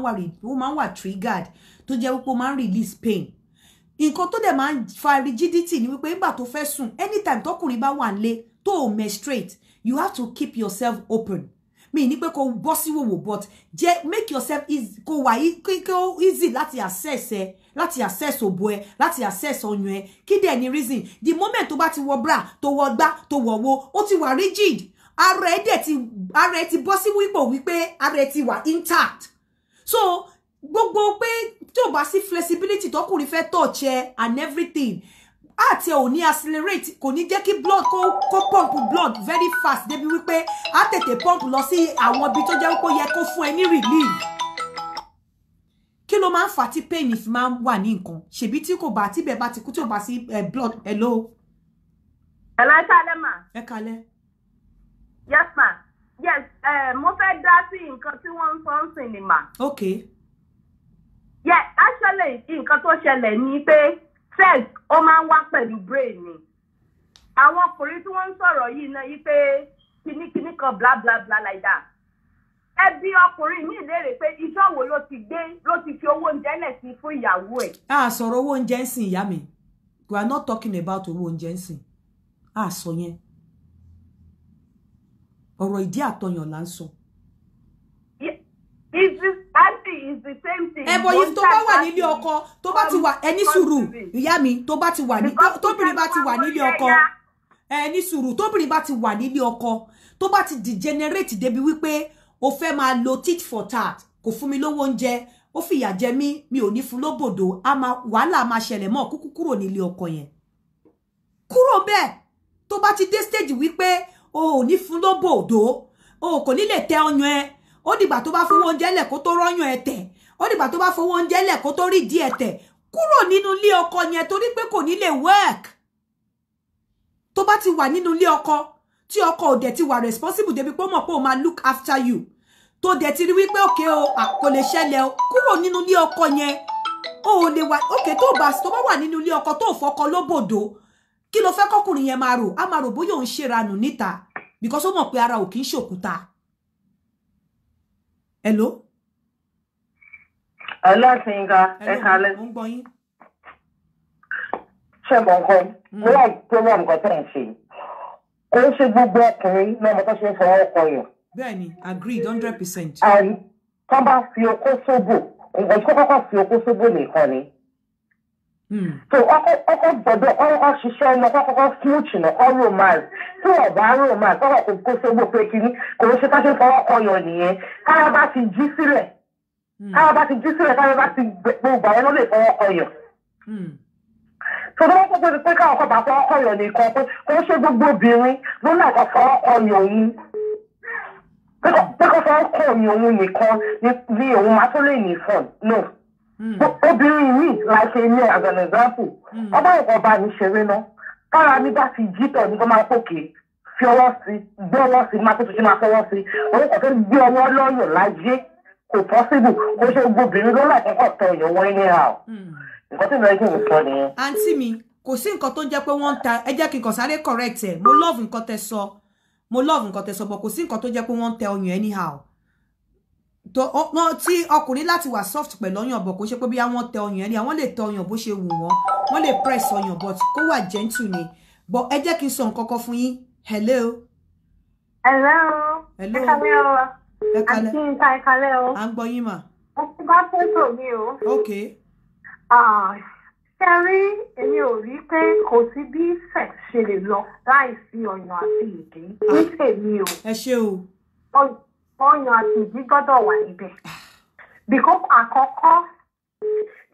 [SPEAKER 1] ń wà triggered tó jẹ́ wípé ó máa ń release pain nǹkan tó dẹ̀ máa ń fa rigidity ni wípé nígbà tó fẹ́ sùn anytime tọkùnrin bá wà nílé tó o menstruate you have to keep yourself open mi ní pé kó bọ́ sí wòwò but jẹ́ make yourself easy kó wà kó easy láti access ẹ láti access òbò ẹ láti access ọyàn ẹ kí dẹ̀ ni reason the moment tó bá ti wọ bra tó wọ gbá tó wọ wo ó ti wà rigid ara ẹ dẹ̀ ti ara ẹ ti bọ́ sí wípò wípé ara ẹ ti wà intact so gbogbo pé tí ò bá sí flexibility tọkùnrin fẹ́ touch eh and everything àti ò ní accelerate kò ní jẹ́ kí blood kó kó pump blood very fast débi wípé á tètè pump lọ sí àwọn ibi tó jẹ́ wípé ó yẹ kó fún ẹ relief kí ló máa ń fà tí pain fi máa ń wà ní nǹkan ṣèbí tí kò bá tíbẹ̀ bá ti kú tí ò bá sí blood hello. hello ẹ ma.
[SPEAKER 3] mà. ẹ yes ma yes mo fẹ́ dá sí nǹkan tí wọ́n ń sọ ni mà. okay yeah actually nǹkan tó ṣẹlẹ̀ ni pé sex ó máa ń wá pẹ̀lú brain ni àwọn ọkùnrin tí wọ́n ń sọ̀rọ̀ yìí náà yí pé kìnnìkìnnì kan bla bla bla like that ẹbí ọkùnrin mi léèrè pé ìjọ́ wo ló ti gbé ló ti fi owó oúnjẹ lẹ̀ sí fún ìyàwó ẹ̀. a
[SPEAKER 1] sọ̀rọ̀ owó oúnjẹ ń sìn ìyá mi we are not talking about owó oúnjẹ ń sìn a sọ yẹn ọ̀rọ̀ ìdí àtọyàn là ń sọ. So
[SPEAKER 3] is the party is the same thing. ẹ bọyì tó bá wà nílé ọkọ tó bá ti wà
[SPEAKER 1] ẹni sùúrù ìyá mi tó bá ti wà ní tóbìnrin bá ti wà nílé ọkọ ẹni sùúrù tóbìnrin bá ti wà nílé ọkọ tó bá ti degenerate débi wípé o fẹ́ máa lo tit for tat kò fún mi lówó oúnjẹ ó fìyà jẹ mí mi ò ní fún lóbòdò a máa wàhálà máa ṣẹlẹ̀ mọ́ kúkú kúrò nílé ọkọ yẹn kúrò bẹ́ẹ̀ tó bá ti dé stage wípé o ò ní fún lóbòdò o kò ní lè tẹ ọyàn ẹ ó dìgbà tó bá fowó oúnjẹ lẹ̀ kó tó rọ́yàn ẹ̀tẹ̀ ó dìgbà tó bá fowó oúnjẹ lẹ̀ kó tó rí ìdí ẹ̀tẹ̀ kúrò nínú ilé ọkọ yẹn torí pé kò ní lè work tó bá ti wà nínú ilé ọkọ tí ọkọ ò dẹ̀ ti wà responsible débi pé ó mọ̀ pé ó máa look after you tó dẹ̀ ti rí wípé òkè o kò lè ṣẹlẹ̀ o kúrò nínú ilé ọkọ yẹn o ò lè wà òkè tó bá tó bá wà nínú ilé ọkọ tó fọkọ lóbòdó kí ló fẹ́ kọkùnrin yẹn máa rò á máa rò bóyá òun ṣèrànù níta because ó mọ̀ pé ara ò kì í ṣòkúta
[SPEAKER 3] hello. hello Yinka hello mo ń ṣé mo ń kọ́ mm. mo wà tó wà nǹkan tẹ̀ ń ṣe kò ń ṣe gbogbo ọkùnrin náà mo tó ṣe ń fọwọ́ kọ yàn. bẹ́ẹ̀ni agreed hundred percent. àrí tó bá fi okó sóbò nǹkan tó kọ́kọ́ fi okó sóbò nìkan ni so ọkọ ọkọ gbọ́dọ̀ ọkọ ṣiṣẹ́ ọmọ kọkọkọ fún ìtùnà ọrọ mile tí ọba rò mile tọwọ kò kó sógbó pé kínní o ń ṣe ká ṣe fọwọ́ ọyọ nìyẹn kára bá ti jí sílẹ̀ kára bá ti jí sílẹ̀ kára bá ti gbogbo àwọn ọlọ́lẹ̀ fọwọ́ ọyọ. tó lọ́wọ́ pé pé káwọn ọkọ bá fọwọ́ ọyọ nìkan pé kò ń ṣe gbogbo obìnrin ló náà kọ fọwọ́ ọyọ yìí pé kò fọwọ́ ọyọ òun nìkan ni òun máa tó lè nì Hmm. obìnrin mi láìṣe ilé as an example hmm. ọba ìkọba mi ṣeré náà kára mi bá ti jí tọ̀ ní kó máa pòkè fi ọwọ́ sí gbé ọwọ́ sí máa tó tó ṣe máa fọwọ́ sí òun kò fẹ́ gbé ọwọ́ lọ́yọ̀ láyé kò pọ́sibù kó ṣe gbóbìnrin lọ́wọ́ àkọ́kọ́ tọ ìyọ̀wọ́ ilé ra o nǹkan tí mo rẹ́ kí n sọ nìyẹn.
[SPEAKER 1] àǹtí mi kò sí nǹkan tó ń jẹ́ pé wọ́n ń ta ẹ jẹ́ kí n kàn sáré correct ẹ̀ mo love nǹkan tẹ sọ mo love nǹkan tẹ sọ bọ̀ kò sí nǹkan tó jẹ́ pé wọ́n ń tẹ ọyàn anyhow tí ọkùnrin láti wà soft pẹ̀lú ọyàn bọ̀ kó ṣe pé bí àwọn tẹ ọyàn ẹni àwọn lè tẹ ọyàn bó ṣe wù wọ́n wọ́n lè press ọyàn but kó wà gentle ni but ẹ jẹ́ kí n sọ nǹkan kan fún yín hello. hello. hello. ẹ kálẹ́ o. ẹ kálẹ́ àti nǹkan ẹ
[SPEAKER 3] kálẹ́ o. à ń gbọ́ yín mà. ẹ ti gbọ́ pẹ́tò mi o. ok. ṣé rí èmi ò rí pé kò sí bí sex ṣe lè lọ láìsí ọyàn àti ìdí ní tèmi o. ẹ ṣé o ọyàn àti ìdí gbọ́dọ̀ wà níbẹ̀ because àkọ́kọ́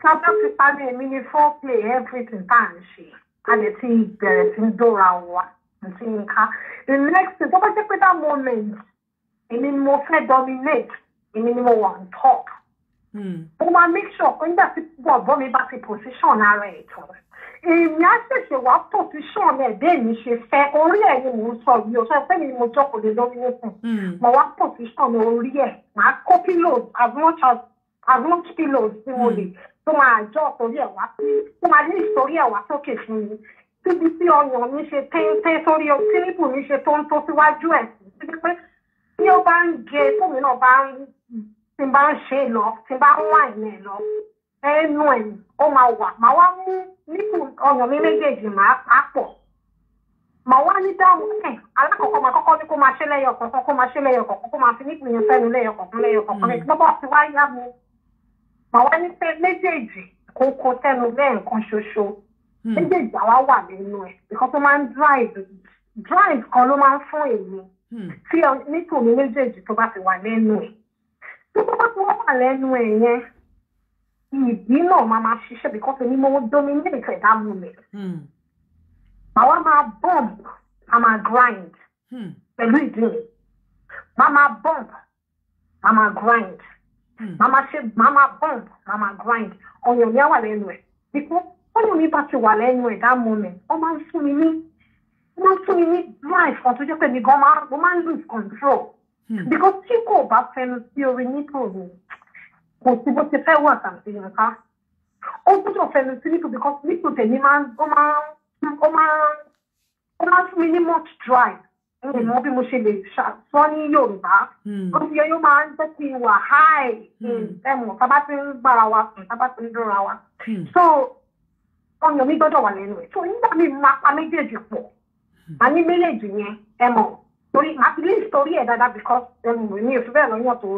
[SPEAKER 3] tábà ti parí èmi ni foreplay everything tá à ń ṣe a lè ti bẹ̀rẹ̀ sí í dóra wa àti nǹkan the next thing tó bá jẹ́ pé that moment èmi ni mo fẹ́ dominate èmi ni mo wà on top. Hmm. mo máa make sure pé nígbà tí bọ̀bọ́ mi bá ti position ara ẹ̀ tán èmi á ṣẹ̀ṣẹ̀ wá pọ̀ fi ṣàn mi ẹ̀dẹ́ mi ṣe fẹ́ orí ẹ̀ ni mò ń sọ mi ò sọ pé mi ni mo jókòó lé lórí nìkan hmm. mo wá pọ̀ fi ṣàn orí ẹ̀ màá kó pillows as much as as much pillows tí mo lè hmm. tó máa jọ orí ẹ̀ wá sí tó máa ní ìsọrí ẹ̀ wá sókè fún mi síbi tí ọyàn mi ṣe téńté sórí kílípù mi ṣe tó ń tó síwájú ẹ̀ síbi pé tí ó bá ń ge tómi náà bá ń tí bá ń ṣe lọ tí bá ń wà ní ẹ̀ lọ ẹnu ẹ̀ ó máa wà màá wá mú nínú ọyàn mi méjèèjì màá pàpọ̀ màá wá ní dáhùn ẹ̀ alákọ̀ọ́kọ́ máa kọ́kọ́ ní kó máa ṣe lẹ́yọ kọ̀ọ̀kan kó máa ṣe lẹ́yọ kọ̀ọ̀kan kó máa fi nípìn yẹn fẹ́nu lẹ́yọ kọ̀ọ̀kan lẹ́yọ kọ̀ọ̀kan ẹ̀ mm. bọ́bọ́ ti wá yá mu màá wá ní pé méjèèjì kó kó tẹnu lẹ́ẹ̀kan ṣoṣo mm. méjèèjì àwa wà nínú ẹ̀ because ó máa ń drive drive kan ló máa ń fún èmi mm. tí nípò mi méjèèjì tó bá ti wà lẹ́nu ẹ̀ tó bá ti wà lẹ́nu ẹ̀ yẹn ìdí náà máa máa ṣiṣẹ́ because èmi mo dominate that moment. àwa máa bump a máa grind hmm. pẹ̀lú ìdí mi máa máa bump máa grind máa hmm. máa ṣe máa máa bump máa grind ọ̀yàn yẹn wà lẹ́nu ẹ̀ because ọ̀nà mi bá ti wà lẹ́nu ẹ̀ that moment ó máa ń fún mi ní ó máa ń fún mi ní life kan tó jẹ́ pé mi gan máa mo máa ń lose control hmm. because tí kò bá fẹnu sí orin nítorí kò sí bó ti fẹ́ wà ṣàfihàn ká ó gbúdọ̀ fẹnu sí nítorí because nítorí tèmi máa ń ó máa ń ó máa ń ó máa ń fún mi ní much drive mi mọ bí mo ṣe lè sọ ní yorùbá omi hmm. yẹn yóò máa ń jẹ́ kí n wà háì hmm. ẹ̀mọ̀ tábà ti ń gbára wa sùn tábà ti ń dúnra wa hmm. so ọyàn mi gbọ́dọ̀ wà lẹ́nu ẹ̀ so nígbà míì máa pa méjèèjì pọ̀ àní méjèèjì yẹn ẹ̀mọ̀ torí màá ti leave torí ẹ̀ dáadáa because um, mi ò fi bẹ́ẹ̀ lọ́yàn tó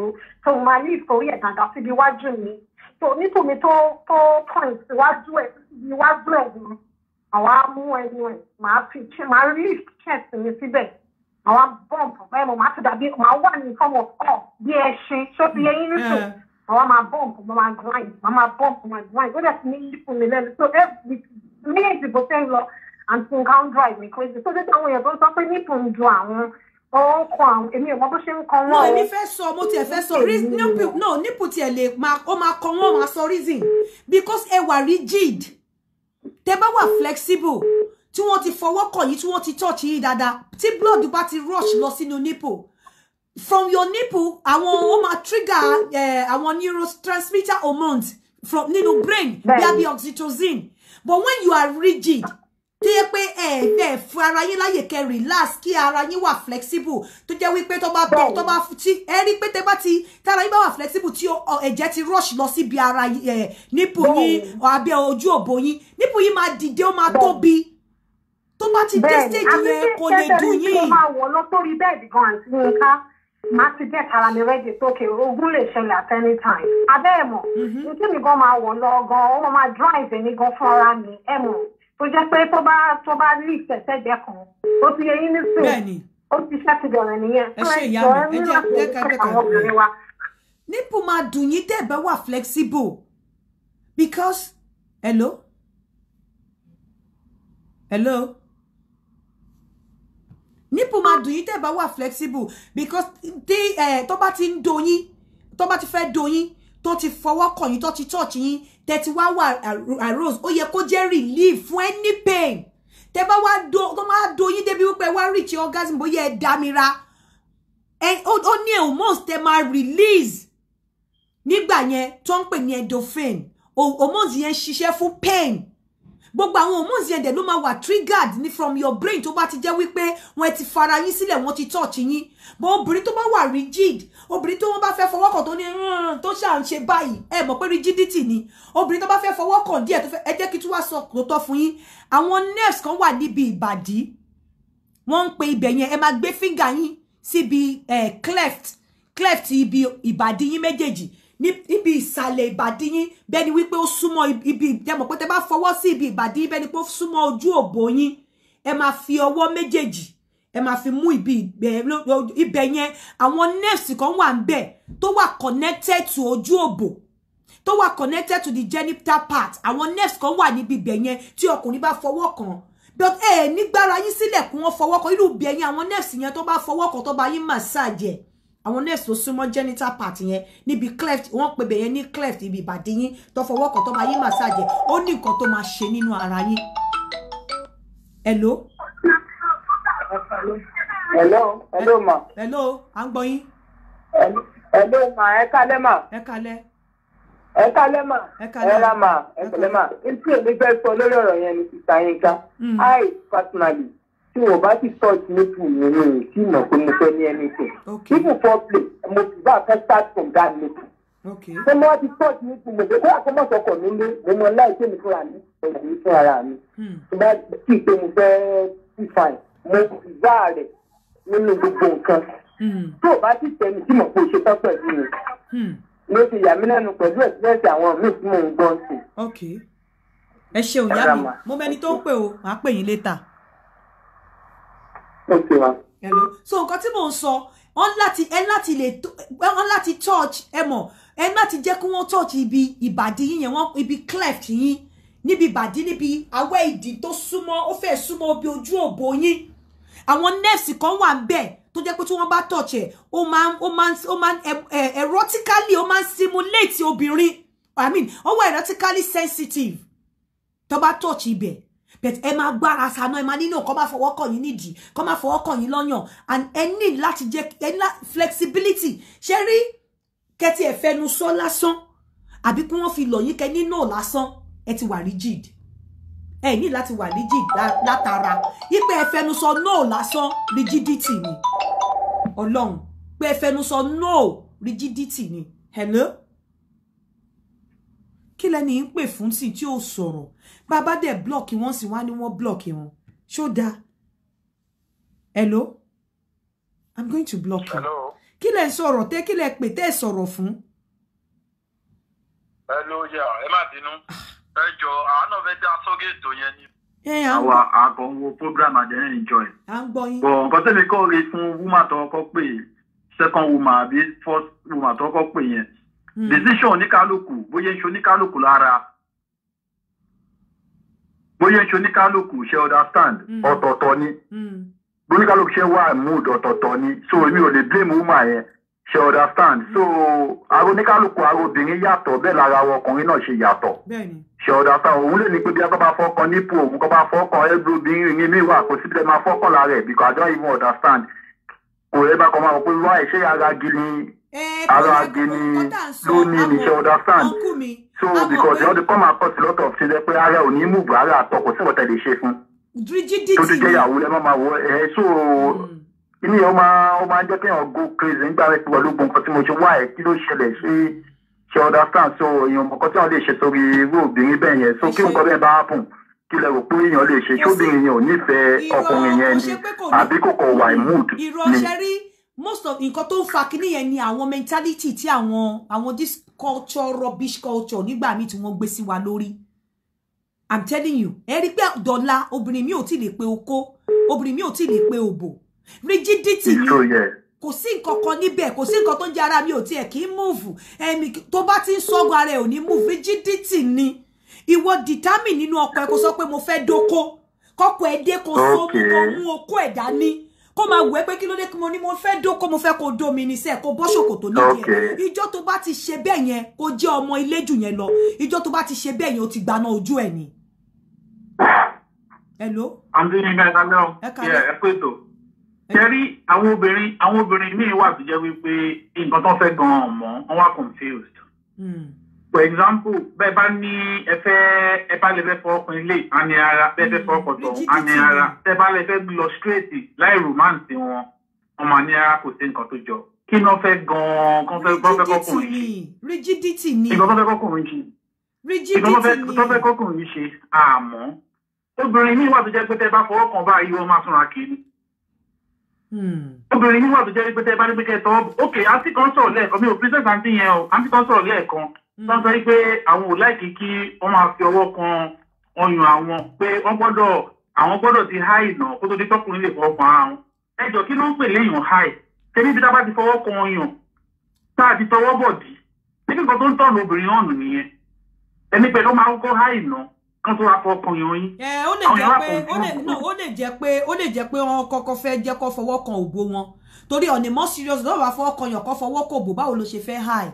[SPEAKER 3] so màá leave torí ẹ̀ dáadáa síbi iwájú mi so nítorí tó tó point iwájú ẹ̀ iwájú ẹ̀ ni àwa mú ẹnu ẹ̀ màá fi màá leave chest mi síbẹ̀ àwa bump bẹ́ẹ̀ mo màá ti dàbí màá wà ní form of up bí ẹ ṣe ṣó ti yẹ yín nítorí mm, mm. àwa máa bump mo máa grind màá máa bump mo máa grind ó dẹ̀ ti ní yí fún mi lẹ́nu so méjì bó fẹ́ lọ àǹtí nǹkan ń drive mi crazy tó dé táwọn èèyàn tó ń sọ pé nípò ń ju àwọn ọkọ àwọn èmi ò mọ bó ṣe ń kọ wọn. náà èmi fẹ́ sọ mo tiẹ̀ fẹ́ sọ
[SPEAKER 1] náà nípò mm. tiẹ̀ lè máa ó máa kọ wọn máa sọ reason because ẹ wà rigid tẹ bá wà flexible tí wọ́n ti fọwọ́ kàn yìí tí wọ́n ti touch yìí dáadáa tí blood bá ti rush lọ sínú nipple from your nipple àwọn ó máa trigger eh, àwọn neurotransmitter hormones from nínú brain bí abí oxytocin but when you are rigid tó yẹ pé ẹ̀ẹ́dẹ̀ fún ara yín láyè kẹ́ relax kí ara yín wà flexible tó jẹ́ wípé tó bá bẹ̀rẹ̀ tó bá ti ẹ rí pé tẹ́ bá ti tára yín bá wà flexible tí ẹ̀jẹ̀ ti rush lọ síbi ara ẹ̀ nípò yín abẹ́ ojú òbò yín nípò yín máa dìde ó máa tóbi tó bá ti dé stage yẹn kò lè dùn yín. bẹ́ẹ̀ni àti tẹ́tẹ́
[SPEAKER 3] máa wọ̀ lọ sórí bẹ́ẹ̀dì gan àti nǹka máa ti get ara mi ready sókè ogun lè ṣẹlẹ̀ at any time abẹ́ ẹ̀ mọ̀ nítorí mhm. gan máa wọ̀ lọ gan ó máa drive èmi gan fúnra mi ẹ̀ mọ̀ tó e jẹ́ pé tó bá tó bá lì tẹ̀sẹ̀gbẹ́ kan ó ti yẹ yín ní sùn ó ti ṣàtìbẹ̀rẹ̀ nìyẹn tó ẹ̀ jọ ẹ̀ ní láti ṣe àwọn obìnrin wa.
[SPEAKER 1] nípò máa dùn yín tẹ́ ẹ bá wà flexible because hello hello nípò máa dùn yín tẹ́ ẹ bá wà flexible because tí ẹ tó bá ti ń doyin tó bá ti fẹ́ doyin tó ti fọwọ́ kàn yín tó ti touch yín tẹ́tí wá wà arose ó yẹ kó jẹ́ relief fún any pain tẹ́ bá wá do tó máa do yín débi wípé wá reach orgasm bóyá ẹ dámira ó ní hormones tẹ́ máa release nígbà yẹn tó ń pè ní endorphin hormones yẹn ṣiṣẹ́ fún pain gbogbo àwọn hormones yẹn dẹ̀ ló máa wà triggered ní from your brain tó bá ti jẹ́ wípé wọ́n ti fara yín sílẹ̀ wọ́n ti touch yín But obìnrin tó bá wà rigid obìnrin tó wọ́n bá fẹ́ fọwọ́ kàn tó ní tó ṣà ń ṣe báyìí ẹ mọ̀ pé rigidity ni obìnrin tó bá fẹ́ fọwọ́ kàn díẹ̀ tó fẹ́ ẹ jẹ́ kí tí wàá sọ tòótọ́ fún yín àwọn nerves kan wà níbi ìbàdí wọ́n ń pe ibẹ̀ yẹn ẹ máa gbé fíngà yín síbi eh, cleft cleft ibi ìbàdí yín méjèèjì níbi ìsàlẹ̀ ìbàdí yín bẹ́ẹ̀ ni wípé ó súnmọ́ ibi ìdẹ́mọ̀ pé tẹ bá fọwọ́ sí ibi ìbàdí yín bẹ́ẹ̀ ni pé ó súnmọ́ ojú òbò yín ẹ máa fi ọwọ́ méjèèjì ẹ máa fi mú ibi ibẹ̀ yẹn àwọn nerves kan wà ń bẹ̀ tó wà connected to ojú òbò tó wà connected to the genital part àwọn nerves kan wà níbi ibẹ̀ yẹn tí ọkùnrin bá fọwọ́ kàn but ẹ nígbára yín sílẹ̀ kún wọn fọwọ́ kàn irú ibẹ̀ yẹn àwọn nerves yẹn tó bá fọwọ́ kàn tó bá yín massage àwọn nurse tó súnmọ́ genital part yẹn níbi cleft wọ́n pè bẹ̀yẹn ní cleft ibi ìbàdí yín tó fọwọ́ kan tó máa yí massage ó ní nǹkan tó máa ṣe nínú ara yín. hello.
[SPEAKER 3] hello hello ma. hello à ń gbọ́ yín. hello ma ẹ kálẹ́ ma. ẹ kálẹ́. ẹ kálẹ́ ma. ẹ kálẹ́ ma ẹ kálẹ́ ma. n tí èmi fẹ́ sọ lórí ọ̀rọ̀ yẹn ni sísá yín ká. i personally tí o bá ti touch nipple mi mi ò tí mọ̀ pé mo fẹ́ ní anything even for play mo fi bá fẹ́ start from that nipple ṣé mo wá ti touch nipple mo fẹ́ kó àkọ́mọ̀ sọkọ̀ mi lé mo mọ láìpẹ́ mi fúnra mi ẹ̀jẹ̀ mi fún ara mi hmm. tí bá kí pé mo fẹ́ sí fine mo fi bá rẹ̀ nínú gbogbo nǹkan hmm. tó o bá ti tẹ̀ mí tí mo kò ṣe tán pẹ̀lú mi ló hmm. ti yà mí lẹ́nu pẹ̀lú ẹ̀sìnẹ́sì àwọn míì tí mò ń gbọ́n sí.
[SPEAKER 2] ẹ ṣeun yá mi
[SPEAKER 1] mo mẹni tó ń pè o màá pè yín létà okay ma. hello so nǹkan tí mò ń sọ wọ́n láti ẹ láti lè wọ́n láti touch ẹ mọ̀ ẹ láti jẹ́ kí wọ́n touch ibi ìbàdí yín yẹn wọ́n ibi cleft yín níbi ìbàdí níbi awẹ́ ìdí tó súnmọ́ ó fẹ́ súnmọ́ bí ojú òbò yín àwọn nurse kan wà bẹ́ẹ̀ tó jẹ́ pé tí wọ́n bá touch ẹ̀ ó máa ó máa ó máa erotically ó máa simulate obìnrin i mean ó wà erotically sensitive tó bá touch ibẹ̀ but ẹ máa gbára sànà ẹ máa nínú kọ́ máa fọwọ́ kàn yín nídìí kọ́ máa fọwọ́ kàn yín lọ́yàn and ẹ ní láti jẹ ẹ ní flexibility ṣé rí kẹtì ẹ fẹnu sọ lásán àbí kí wọ́n fi lọ̀ yín kẹ nínú lásán ẹ ti wà rigid ẹ ní láti wà rigid látara ipe ẹ fẹnu sọ no lásán rigidity ni ọlọ́run pé ẹ fẹnu sọ no rigidity ni hello kí lẹni ń pè fún sí tí ò sọ̀rọ̀ bàbá dẹ̀ blọ́ọ̀kì wọ́n sì wá ní wọ́n blọ́ọ̀kì wọn ṣó dáa hello i'm going to block you kí lẹ sọ̀rọ̀ tẹ́ kí lẹ pè tẹ́ sọ̀rọ̀ fún.
[SPEAKER 3] ẹ ló yà ẹ má bínú ẹ jọ àánú fẹẹ dá sókè ètò yẹn ni àwa àgọ́ wo program àdéhùn enjoy. bọ̀ nǹkan tẹ́lẹ̀ kọ́ rí fún woman tó kọ́ pé second woman àbí first woman tó kọ́ yẹn
[SPEAKER 5] Hmm. decision
[SPEAKER 3] oníkálukú bóyá ń ṣe oníkálukú lára bóyá ń ṣe oníkálukú ṣe understand hmm. ọ̀tọ̀ọ̀tọ̀ ni hmm. oníkálukú ṣe wà mood ọ̀tọ̀ọ̀tọ̀ ni so èmi ò lè blame woman yẹn ṣe understand so àwọn oníkálukú àwọn obìnrin yàtọ̀ bẹ́ẹ̀ lára àwọn ọkùnrin náà ṣe yàtọ̀
[SPEAKER 5] ṣe
[SPEAKER 3] understand òun lè ní pé bí a bá fọ́kàn nípò òun kọ́ bá fọ́kàn ẹgbẹ́ obìnrin yìí mi wà kò síbi tẹ́ máa fọ́kàn lára ẹ̀ because I don't even understand kò rẹ́ bá kọ́ máa wọ pé wá ẹ̀ ṣé ara gidi Eh, ara gini ló ní ní understand so because they all dey come across a lot of things pé ara ò ní move ara àtọ kò sí ọ̀tẹ̀ lè ṣe fún
[SPEAKER 1] tó ti jẹ́ ìyàwó
[SPEAKER 3] lẹ́mọ́ máa wọ ẹ̀ so hmm. inú yẹn ó máa ó máa ń jẹ́ kéèyàn go crazy nígbà rẹ̀ pẹ̀lú gbogbo nǹkan tí mo ṣe wá ẹ̀ kí ló ṣẹlẹ̀ ṣe ṣe understand so èèyàn mọ̀kàn tí wọ́n lè ṣe sórí irú obìnrin bẹ́ẹ̀ yẹn so kí nǹkan bẹ́ẹ̀ bá happen kí lẹ rò pé èèyàn lè ṣe ṣóbìnrin yẹn ò nífẹ̀ẹ́ ọkùnrin yẹn ni àbí kò kọ̀ wà mood
[SPEAKER 1] ni most of nǹkan tó ń fa kíní yẹn ni àwọn mentality tí àwọn àwọn this culture rubbish culture nígbà míì tí wọ́n gbé sí wa lórí i'm telling you ẹ rí pé dọ́là obìnrin mi ò tí lè pe okó obìnrin mi ò tí lè pe òbò rigidity ni kò sí nǹkan kan níbẹ̀ kò sí nǹkan tó ara mi ò tiẹ̀ kì í múùfù ẹ̀mí tó bá ti ń sọ́gun ara ẹ̀ ò ní rigidity ni ìwọ determine nínú ọkọ ẹ kó sọ pé mo fẹ́ dóko kọ́kọ́ ẹ dé kó sómú kó mú okó ẹ̀ dání kó máa wù ẹ́ pé kí ló mo ní mo fẹ́ mo fẹ́ kó dó mi ní sẹ́ kó bọ́ ṣòkòtò nídìí ẹ̀ ìjọ́ tó bá ti ṣe bẹ́ẹ̀ yẹn kó jẹ́ ọmọ ilé jù yẹn lọ ìjọ́ tó ti ṣe bẹ́ẹ̀ yẹn ó ti gbaná ojú ẹ̀ ni.
[SPEAKER 3] hello. àǹtí yín ká ẹ̀ka lẹ́wọ̀n ẹ pé tó tẹ́rí àwọn obìnrin àwọn obìnrin míì wà tó jẹ́ wípé nǹkan tó fẹ́ gan-an mọ́ wọ́n confused. Mm for example bẹ́ẹ̀ bá ní ẹ fẹ́ ẹ bá lè fẹ́ fọ ọkùnrin lè àmì ara bẹ́ẹ̀ fẹ́ fọ ọkọ̀tọ̀ àmì mm-hmm. ara bẹ́ẹ̀ bá lè fẹ́ lọ straight láì romance wọn ọmọ àmì ara kò sí nǹkan tó jọ kí ni wọ́n fẹ́ gan-an kí wọ́n fẹ́ kọ́kùnrin ṣe rigidity ni ìgbọ́n fẹ́ kọ́kùnrin ṣe ìgbọ́n fẹ́ kọ́kùnrin ṣe àmọ́ obìnrin míì wà tó jẹ́ pé tẹ́ bá fọwọ́ kan báyìí wọ́n máa súnra kiri hmm. obìnrin míì wà tó jẹ́ pé tẹ́ bá ní pé kẹ́ tọ́ ok àǹtí kan sọ̀rọ̀ lẹ́ẹ̀kan mi ò princess àǹtí yẹn o àǹtí kan sọ̀rọ̀ lẹ́ẹ̀kan wọ́n sọ pé àwọn ò láìkí kí wọ́n máa fi ọwọ́ kan ọyàn àwọn pé wọ́n gbọ́dọ̀ àwọn gbọ́dọ̀ ti há ìnà kó tó di tọkùnrin lè fọwọ́ kan àrùn ẹjọ́ kí ló ń pè léèyàn há ẹ̀ tẹ́lẹ̀ ibi tá a bá ti fọwọ́ kan ọyàn tá a ti tọwọ́ bọ̀ dì níbi nǹkan tó ń tọ̀nù obìnrin náà nù nìyẹn ẹni pẹ̀lú máa kọ́kọ́ há ìnà kan tó wá fọ ọkàn yàn yín. ẹ ó lè jẹ pé ó lè jẹ pé ó lè jẹ pé wọn kọ́kọ́ fẹ́ jẹ kó
[SPEAKER 1] fọwọ́ kan òbó wọn torí ọ̀nìmọ́ serious lọ́wọ́ àfọwọ́kọyàn kó fọwọ́ kò bò báwo ló ṣe fẹ́ há ẹ̀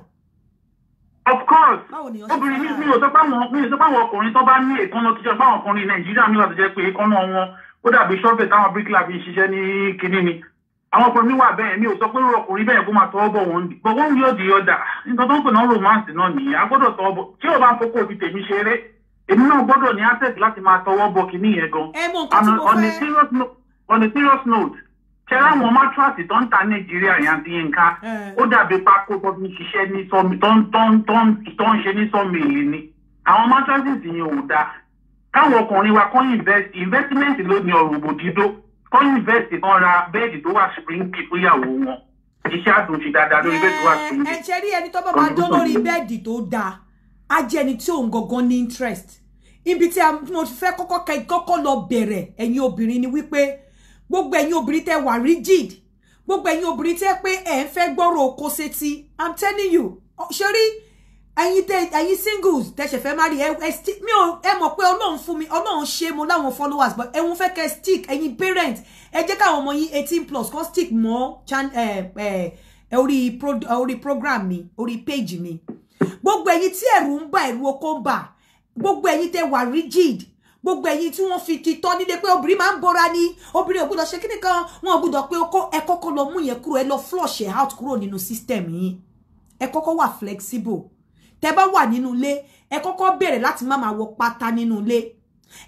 [SPEAKER 3] of course obìnrin mi mi ò sọ pé àwọn mi ò sọ pé àwọn ọkùnrin tó bá ní èkánná tó jẹ́ pé àwọn ọkùnrin nàìjíríà ní láti jẹ́ pé èkánná wọn ó dàbí ṣọ́ọ̀bẹ̀ táwọn bíríkìlà fi ń ṣiṣẹ́ ní kinní ni àwọn ọkùnrin mi wà bẹ́ẹ̀ mi ò sọ pé ọkùnrin bẹ́ẹ̀ kó máa tọwọ́ bọ̀ wọ́n bọ̀ wọ́n yóò di ọ̀dà nǹkan tó ń pè náà romance náà nìyí a gbọ́dọ̀ tọwọ́ bọ̀ tí ò bá fọ́kọ̀ fi tèmi ṣeré èmi náà gbọ́dọ̀ ní access láti máa tọwọ́ bọ̀ kinní yẹn gan on a serious note tẹ́lá àwọn mátíráàsì tó ń ta nàìjíríà yẹn àti yínká ó dàbí pákó tó ń ṣiṣẹ́ ní sọ́mi tó ń tó ń tó ń tó ń ṣe ní sọ́mi èlé ni àwọn mátíráàsì yẹn ò dáa káwọn ọkùnrin wa kọ́ invest investment ló ní ọ̀rọ̀ òbòdìdó kọ́ invest kan ra bẹ́ẹ̀dì tó wà springy fúyàwó wọn iṣẹ́ àtúnṣe dáadáa lórí bẹ́ẹ̀dì tó wà springy.
[SPEAKER 1] ẹ ṣe rí ẹni tó bá máa dán lórí bẹ́ẹ̀dì tó dáa á jẹ́ ẹni tí òun gangan ní interest ibi tí mo fẹ́ kọ́kọ́ kọ́kọ́ lọ bẹ̀rẹ̀ ẹ̀yin obìnrin ni wípé gbogbo ẹ̀yin obìnrin tẹ́ wà rigid gbogbo ẹ̀yin obìnrin tẹ́ pé ẹ̀ ń fẹ́ gbọ́rọ̀ oko sétí i'm telling you ṣorí ẹ̀yin tẹ́ ẹ̀yin singles tẹ́ ṣe fẹ́ marry ẹ mi ò ẹ mọ̀ pé ọlọ́run fún mi ọlọ́run ṣe mo láwọn followers but ẹ̀wọ̀n fẹ́ kẹ́ stick ẹ̀yin parents ẹ jẹ́ káwọn ọmọ yín eighteen plus kan stick Chan mọ́ orí orí program mi orí page mi gbogbo ẹ̀yin tí ẹ̀rù ń bà ẹ̀rù oko ń bà gbogbo ẹ̀yin tẹ́ wà rigid gbogbo ẹ̀yin tí wọ́n fi ti tọ́ nílé pé obìnrin máa ń bora ni obìnrin ò ṣe kíní kan wọn ò gbúdọ̀ pé ẹ kọ́kọ́ lọ mú yẹn kúrò ẹ lọ flush ẹ out kúrò nínú system yín ẹ kọ́kọ́ wà flexible tẹ bá wà nínú ilé ẹ kọ́kọ́ bẹ̀rẹ̀ láti má máa wọ pátá nínú ilé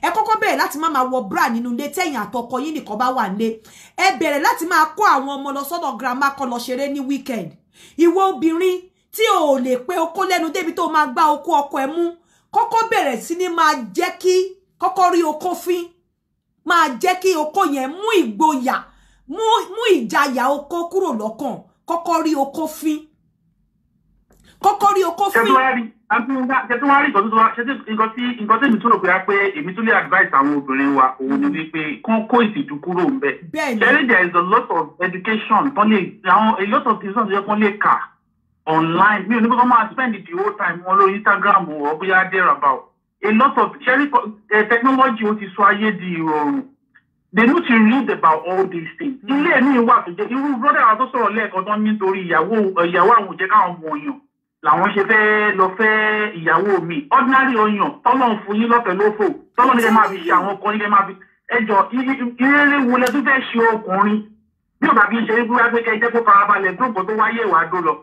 [SPEAKER 1] ẹ kọ́kọ́ bẹ̀rẹ̀ láti má máa wọ bra nínú ilé tẹ̀yìn àtọkọ yín nìkan bá wà nílé ẹ bẹ̀rẹ̀ láti máa kó àwọn ọmọ lọ sọ́dọ̀ grandma kan lọ ṣeré ní weekend ìwọ obìnrin tí ò lè pé okó lẹ́nu débi tó máa gbá okó ọkọ ẹ mú kọ́kọ́ bẹ̀rẹ̀ sí ni máa jẹ́ kí kọ́kọ́ rí okó fín máa jẹ́ kí okó yẹn mú ìgboyà
[SPEAKER 3] mú ìjayà okó kúrò lọ́kàn kọ́kọ́ rí okó fín kọ́kọ́ rí okó fín. ṣe tó wá rí nǹkan tó wá ṣe nǹkan tí nǹkan tí èmi tó rò pé pé èmi tó lè advice àwọn obìnrin wa òun ni wípé kán kó ìtìjú kúrò ń bẹ. bẹ́ẹ̀ni there is a lot of education tán lè àwọn a lot of things tó yẹ kán lè kà online mi ò ní kó máa spend the whole time wọn lórí Instagram o bóyá dé rabaw a lot of uh, technology ó ti sọ ayé di ìrọ̀rùn they need to read about all these things. Hmm. ilé mi wà tó jẹ irú brother wa tó sọ̀rọ̀ lẹ́ẹ̀kan tán nítorí ìyàwó eh, ìyàwó àwọn òjẹ́ káwọn wọ̀nyàn làwọn ṣe fẹ́ lọ fẹ́ ìyàwó mi ordinary ọyàn tọ́lọ́n fún yín lọ́fẹ̀ẹ́ lófò tọ́lọ́n ní kẹ́ máa fi ṣe àwọn ọkọ ní kẹ́ máa fi ẹjọ́ ìrírí wo lẹ ṣe ọkùnrin bí ò bá fi ṣe é gbúra pé kẹ́ jẹ́ kó farabalẹ̀ gbọ́ǹkan tó wáyé ìwádó lọ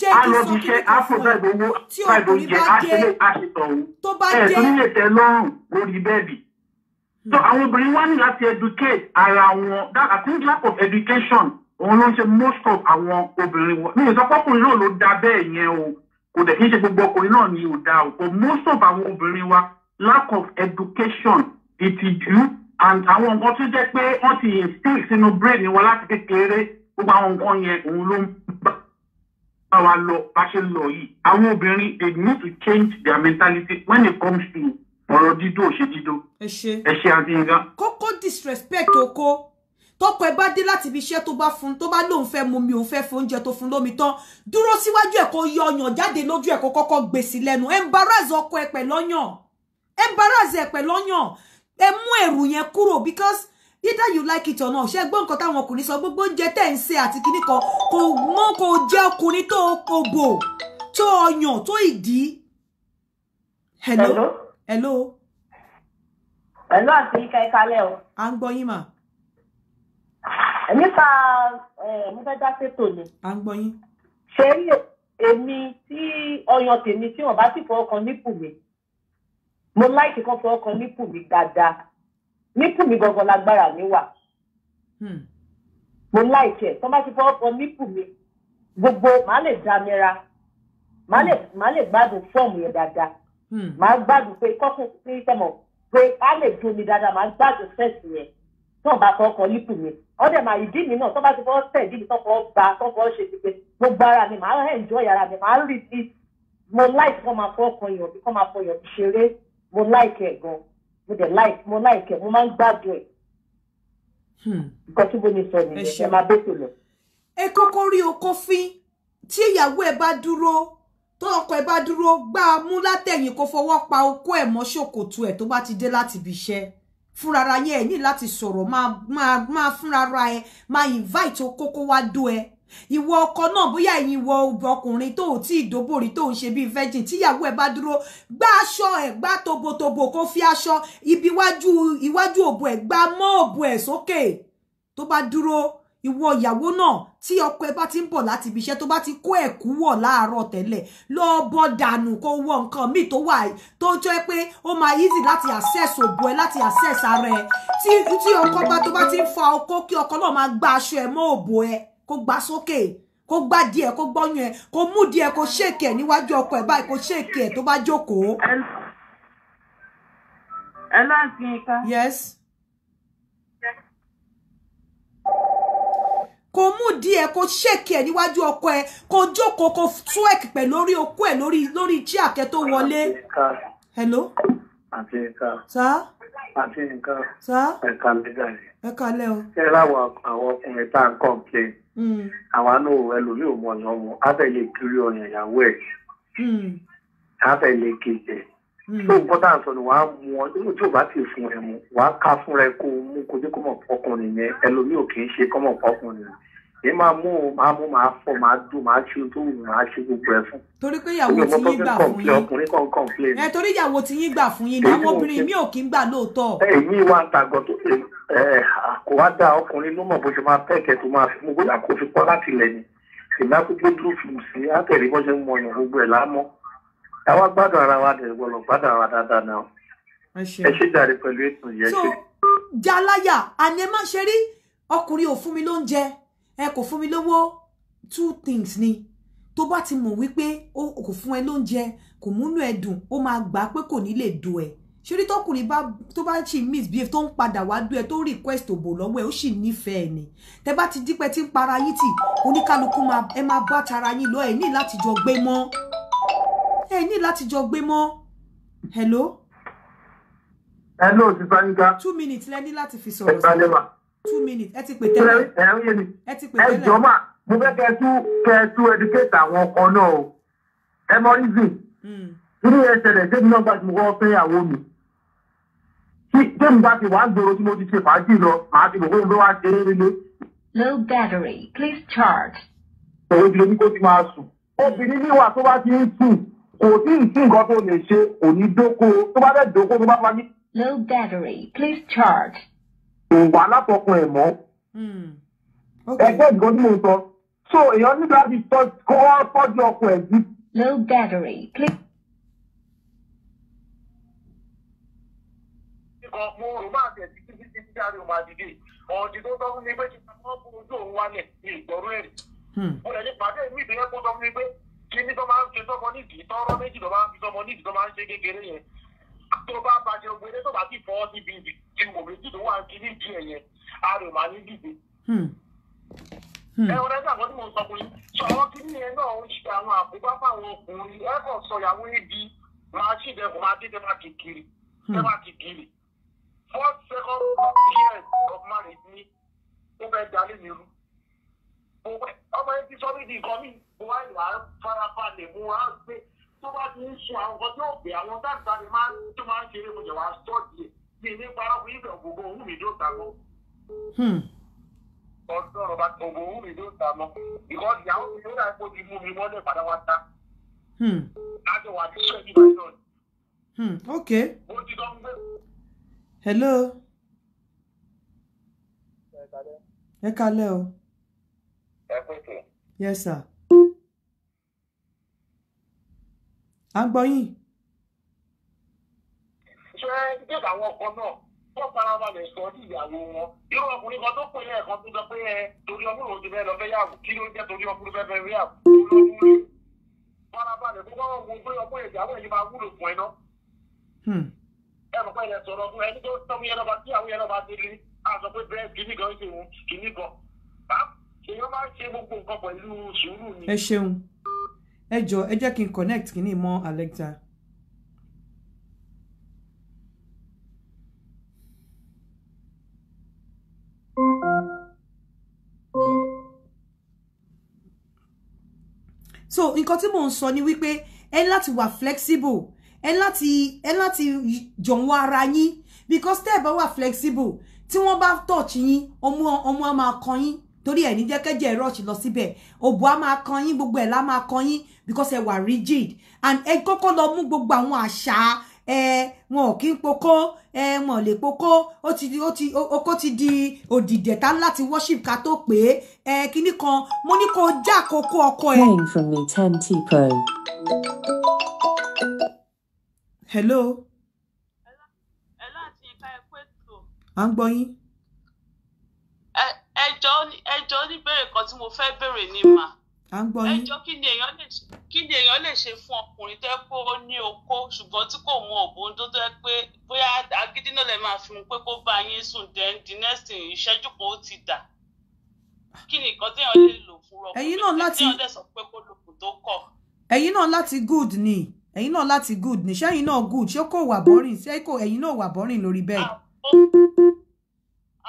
[SPEAKER 3] jẹ́ kí sọ kí ló fún ẹ tí ọkùnrin bá dé tó bá dé ẹ̀sùn nílé tẹ lọ́rùn lórí bẹ́ẹ̀bì. so hmm. àwọn obìnrin wá ní láti educate ara wọn that i think lack of education òun ló ń ṣe most of àwọn obìnrin wọn mi ò sọ pọ́kùnrin náà ló da bẹ́ẹ̀ yẹn o kò dẹ̀ kí n ṣe gbogbo ọkùnrin náà ni ò da o but most of àwọn obìnrin wa lack of education ìtìjú and àwọn nǹkan tó jẹ́ pé wọ́n ti instill sínú brain wọn láti kékeré gbogbo àwọn nǹkan yẹn òun ló ń bá Our law, passion, bá I ń lọ yìí they need to change their mentality when it comes to or dídó she dídó. ẹ ṣe ẹ ṣe àfihàn. disrespect oko tọkọ ẹ bá
[SPEAKER 1] dé láti ibi iṣẹ́ tó bá fún tó bá lóun fẹ́ mu mi òun fẹ́ fún oúnjẹ tó fún lómi tán dúró síwájú ẹ̀ kó yọ ọyàn jáde lójú ẹ̀ kó kọ́kọ́ gbèsè lẹ́nu embarrass ọkọ ẹ pẹ̀lọ́yàn embarrass ẹ pẹ̀lọ́yàn ẹ mú èrù yẹn kúrò because either you like it or not ṣe gbọ́ nǹkan táwọn ọkùnrin sọ gbogbo oúnjẹ tẹ̀ ń ṣe àti kinní kan kò mọ́ kò jẹ́ ọkùnrin tó kòbò tó ọyàn tó ìdí. hello hello.
[SPEAKER 3] hello àti ika ika lẹ o. à ń gbọ́ yín mà. nípa eh, eh, mo fẹ́ dá sétò ni. à ń gbọ́ yín. ṣé èmi tí ọyàn tèmi tí wọn bá sì fọwọ́ kan nípò mo láìsí kan fọwọ́ kan nípò dáadáa nípù mi gangan lágbára mi wà hmm. mo láìkẹ tó bá ti fọwọ́ fọ nípù mi gbogbo màá lè dá mi ra màá lè hmm. gbádùn fọ́ọ̀mù yẹn dáadáa hmm. màá gbádùn pé kọ́kùn sí tẹ̀mọ̀ pé á lè dùn mi dáadáa màá gbádùn sẹ́ẹ̀sì yẹn tó bá fọwọ́ fọ nípù mi ọdẹ màá ìdí mi náà tó bá ti fọwọ́ tẹ̀ ìdí mi tó fọwọ́ gba tó fọwọ́ ṣe ti pé gbogbo ara mi màá enjoy ara mi màá rí ti mo láìkí kọ́ máa fọ́ ọkàn yàn bí kọ́ máa fọ yàn bí ṣeré mo láìkí gan-an mo dẹ̀ láì mo láì kẹ́ mo máa ń gbádùn ẹ̀ hmm. nǹkan tí mo lè sọ nìyẹn ẹ máa bẹ́tò lọ.
[SPEAKER 1] ẹ kọ́kọ́ rí okó fín tí ìyàwó ẹ bá dúró tó ọkọ ẹ bá dúró gbá a mú látẹ̀yìn kó fọwọ́ pa okó ẹ̀ mọ́ ṣòkòtò ẹ̀ tó bá ti dé láti ibi iṣẹ́ fúnrara yẹn ẹ ní láti sọ̀rọ̀ máa máa máa máa invite okó kó wá dó ẹ ìwọ ọkọ náà bóyá ẹ̀yin ìwọ ọkùnrin tó ò tí ì dóbòrí tó ń ṣe bíi virgin tíyàwó ẹ bá dúró gbá aṣọ ẹ gbá tobotobo kó fi aṣọ ibi iwájú òbò ẹ gbá mọ́ òbò ẹ sókè tó bá dúró ìwọ ìyàwó náà tí ọkọ ẹ bá ti ń bọ̀ láti ibi iṣẹ́ tó bá ti kó ẹ̀kú wọ̀ láàárọ̀ tẹ́lẹ̀ lọ bọ́ dànù kó wọ nǹkan míì tó wà tó jẹ́ pé ó máa easy láti access òbò ẹ láti access ara ẹ tí ọkọ bá tó bá ti ń fa okó kí ọkọ náà máa gbá aṣọ ẹ mọ́ òbò ẹ kó gbà sókè kó gbá díẹ̀ kó gbọ́yún ẹ kó mú díẹ̀ kó ṣèkì ẹ níwájú ọkọ ẹ báyìí kó ṣèkì ẹ tó bá jókòó. ẹ lọ yes. kò mú díẹ̀ kò ṣèkì ẹ̀ níwájú ọkọ ẹ̀ kò jókòó kò twerk pẹ̀ lórí okó ẹ̀ lórí lórí ijí àkẹ́ tó wọlé.
[SPEAKER 3] hello. àti ẹ̀ka. sá. àti ẹ̀ka. sá. ẹ̀ka lẹ́gàdì. ẹ̀ka lẹ́ o. ṣé láwọn àwọn ọkùnrin tá à ń kọ̀ǹpléǹ Mm. àwa náà ẹlòmíì ò mọ ọ̀nà ọmọ afẹ́ lè kiri ọ̀yàn ìyàwó ẹ̀ mm. afẹ́ lè kejì ẹ̀ tó mm. nǹkan tá à ń sọ ni wàá mú ọ nínú tí ò bá ti fún ẹ mu wàá ká fúnra ẹ kó o mú kojú kó pọ́kùnrin yẹn ẹlòmíì ò kì í ṣe kọ́mọ̀ pọ́kùnrin yẹn èyí máa mú un máa mú máa fọ máa dùn máa ṣe tó wù máa ṣe gbogbo ẹ fún.
[SPEAKER 1] torí pé ìyàwó tí yín gbà fún yín ọkùnrin
[SPEAKER 3] kan complain. ẹ
[SPEAKER 1] torí ìyàwó tí yín gbà fún yín ni àwọn obìnrin mi ò
[SPEAKER 3] kí ń gbà lóòótọ́. èyí wá ń tàgọ tó lè kò wá dá ọkùnrin ló mọ̀ bó ṣe máa pẹ́ẹ̀kẹ́ tó máa fi mú bóyá kó fi pọ́ láti lẹ̀ ni ìgbà gbogbo dúró fún sí àtẹ̀rí bó ṣe ń mọ ìyàn gbogbo ẹ̀ lámọ́ àwa gbádùn ara wa dẹ̀ gbọ́dọ̀ gbádùn ara dáadáa náà so
[SPEAKER 1] jaláyà àní ẹ má ṣe rí ọkùnrin ẹ kò fún mi lówó two things ni To bá ti mọ̀ wípé ó kò fún ẹ lóúnjẹ kò múnú ẹ dùn ó máa gbà pé kò ní lè dùn ẹ To tọkùnrin bá tó bá ṣì misbehave tó ń padà wá dùn ẹ tó ń request òbò lọ́wọ́ ẹ ó sì nífẹ̀ẹ́ ni tẹ bá ti dípẹ́ tí ń para yín tì oníkálukú ẹ máa bá tara yín lọ ẹ ní láti jọ gbé mọ́ ẹ ní láti jọ gbé mọ́ hello.
[SPEAKER 3] hello sísá two minutes lẹ ní láti fi sọ̀rọ̀ sí i. ẹ gbàlẹ́ wa two minutes ẹ ti pè tẹ́lẹ̀ ẹ ti pè tẹ́lẹ̀. ẹ jọ mà mo fẹ́ kẹ́ tú kẹ́ tú educate àwọn ọkọ náà o ẹ mọ reason hmm. irú ẹ ṣẹlẹ̀ ṣé mi náà tí mo fẹ́ ìyàwó mi tí low battery
[SPEAKER 2] please charge.
[SPEAKER 3] òwe ti lóní hmm. tó bá ti ń sùn kò sí nǹkan tó lè ṣe òní dóko tó bá fẹ́ dóko tó bá fagi. low battery
[SPEAKER 2] please charge
[SPEAKER 3] wà látọkùn ẹ̀ mọ́ hmm. ẹgbẹ́ ìgbọ́n tí mo sọ so èèyàn nígbà tí kó wá tọ́jú ọkùn ẹ̀ sí. low battery click. mo rò máa tẹ̀ sí títí títí jáde òun àdìdì ọ̀dì tó sọ fún mi pé kí n máa bọ ojú òun wálẹ̀ hmm. ní ìgbọ́rú ẹ̀rì. mo lè ní pàdé mi ìdílé kó sọ fún mi pé kí ní tó máa ń ṣe sọmọ nídìí tọ́rọ́ méjì tó máa ń fi sọmọ nídìí tó máa ń ṣe kékeré yẹn tó bá bàjẹ́ ogun ilé tó bá ti fọwọ́ sí ibi tí wò méjì tó wà ń kiri ìdí ẹ̀ yẹn a rè máa ní dìde.
[SPEAKER 5] Hmm. Hmm. ẹ
[SPEAKER 3] ọ̀rẹ́ gbàgbọ́ tí mo sọ fún yín sọ àwọn kiri yẹn náà ń ṣe àwọn àkóbá fáwọn ọkùnrin ẹ kàn sọ ìyàwó yín di máa ṣì dẹkùn máa dé dẹ́gbà kìkiri dẹ́gbà hmm. kìkiri first second years of marriage ni ó fẹ́ dalé mi rú ọmọ yẹn ti sọ mí di nǹkan mi mo wá ìwà farabalẹ̀ mo wá gbé tó bá ti ń sun àwọn nǹkan tí àwọn dáadáa ni máa tó máa ń ṣeré mo jẹ̀ wá sọ́ọ̀dì mi ní parọ́ fún ibẹ̀ gbogbo òun mi ló ta mọ́. Hmm. ọ̀rọ̀ bá gbogbo òun mi ló ta mọ́ because ìyàwó mi ló dàgbò ti mú mi mọ́lẹ̀ padà wá ta. Hmm. láti wà ní ìṣẹ́ ìgbà náà. Hmm, ok. mo ti lọ gbé. hello. ẹ kalẹ́ o. ẹ pèsè. yes sir. à ń gbọ́ yín. ṣé jẹ́ka àwọn ọkọ náà wọ́n fara balẹ̀ sọ ní ìyàwó wọn irú ọkùnrin kan tó pèlè ẹ̀kan tó sọ pé ẹ torí ọkùnrin òjò bẹ́ẹ̀ lọ fẹ́ yàwó kí ló jẹ́ torí ọkùnrin bẹ́ẹ̀ fẹ́ yàwó kí ló fara balẹ̀ kó wọ́n wo pé ọkùnrin ìyàwó yìí máa wúlò fún ẹ náà. Hmm. ẹ mọ̀ pé ilẹ̀ sọ̀rọ̀ fún ẹni tó tọ́mú yẹn lọ́ba tí àwọn yẹn lọ́ba ti lé
[SPEAKER 1] ẹ jọ ẹ jẹ́ kí n connect kínní mọ́ Alexa. so nǹkan tí mò ń sọ ni wípé ẹ láti wà flexible ẹ láti ẹ láti jọ̀wọ́ ara yín because tẹ́ ẹ bá wà flexible tí wọ́n bá touch yín ọmọ ọmọ á máa kan yín torí ẹ̀ ní jẹ́kẹ́jẹ́ rush lọ síbẹ̀ òbò á máa kan yín gbogbo ẹ̀ lá máa kan yín because ẹ wà rigid and ẹ kọ́kọ́ lọ mú gbogbo àwọn àṣà ẹ wọn ò kí ń pokó ẹ wọn ò lè pokó ó ti ó ti okó ti di òdìdẹ̀ tá láti worship ká tó pé ẹ kinní kan mo ní kó já kókó ọkọ ẹ. playing from the ten t pro. hello.
[SPEAKER 3] hello àti ìka ẹ̀kọ́ ètò. à ń gbọ́ yín ẹjọ́ ẹjọ́ níbèrè kan tí mo fẹ́ béèrè ni mà ẹjọ́ kí ni èèyàn lè ṣe fún ọkùnrin tó yẹ pé ó ní okó ṣùgbọ́n tí kò mọ òbòǹdó tó tó yẹ pé bóyá agídí lè máa fi mu pé kó bá yín sùn then the next thing ìṣẹ́jú kan ó ti dà kí ni nǹkan téèyàn lè lò fún ọkùnrin tí wọ́n dẹ̀ sọ pé kó lòkùn tó kọ̀.
[SPEAKER 1] ẹ̀yin náà láti good ni ẹ̀yin náà láti good ni ṣẹ́yin náà good ṣé kò wà bọ́rìn ṣé kò ẹ̀yin náà wà bọ́rìn lórí bẹ́ẹ̀.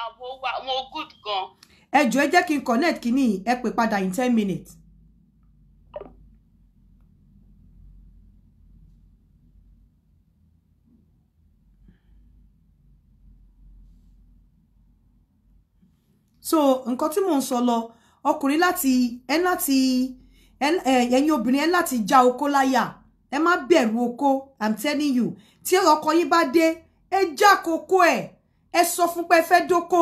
[SPEAKER 3] àwọn wa good gan
[SPEAKER 1] ẹ jọ̀ọ́ ẹ jẹ́ kí n connect ẹ pè padà in ten minutes. so nkan tí mò ń sọ lọ ọkùnrin láti ẹ láti ẹ̀yin obìnrin ẹ láti já okó láyà ẹ má bẹ̀rù oko i'm telling you tí ọkọ yín bá dé ẹ já koko ẹ ẹ sọ fún pé ẹ dóko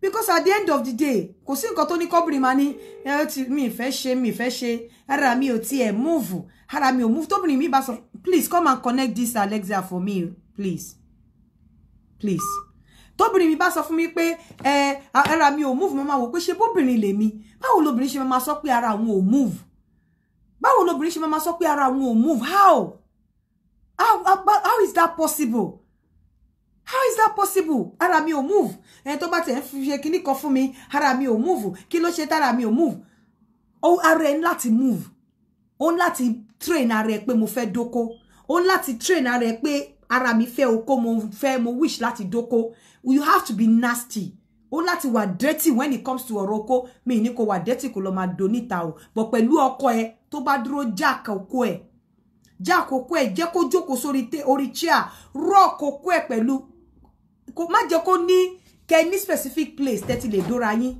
[SPEAKER 1] because at the end of the day kò sí nǹkan tó ní kọ́bìnrin máa ní mi ìfẹ́ ṣe mi ìfẹ́ ṣe ara mi ò tiẹ̀ move ara mi ò move tóbìnrin mi bá sọ please come and connect this Alexa for me please please tóbìnrin mi bá sọ fún mi pé ẹ ara mi ò move mo máa wò pé ṣe bóbìnrin lèmi báwo lobìnrin ṣe máa sọ pé ara òun ò move báwo lobìnrin ṣe máa sọ pé ara òun ò move how how how is that possible how is that possible ara mi ò move En tó bá tẹ̀ ń fi ṣe kinní kan fún mi ara mi ò move kí ló ṣe tára mi ò move O are ẹ ní move ó ní láti train ara ẹ pé mo fẹ́ dóko ó ní láti train ara ẹ pé ara mi fẹ́ oko mo fẹ́ mo wish láti dóko you have to be nasty ó láti wà dirty when it comes to ọ̀rọ̀ oko mi ní kó wà dirty kó lọ máa do níta o but pẹ̀lú ọkọ e tó bá dúró jack oko ẹ jack oko ẹ jẹ́ kó jókòó sórí te orí chair rock oko ẹ pẹ̀lú kó má jẹ́ kó ní kẹ ní specific place tẹ́tí lè dóra yín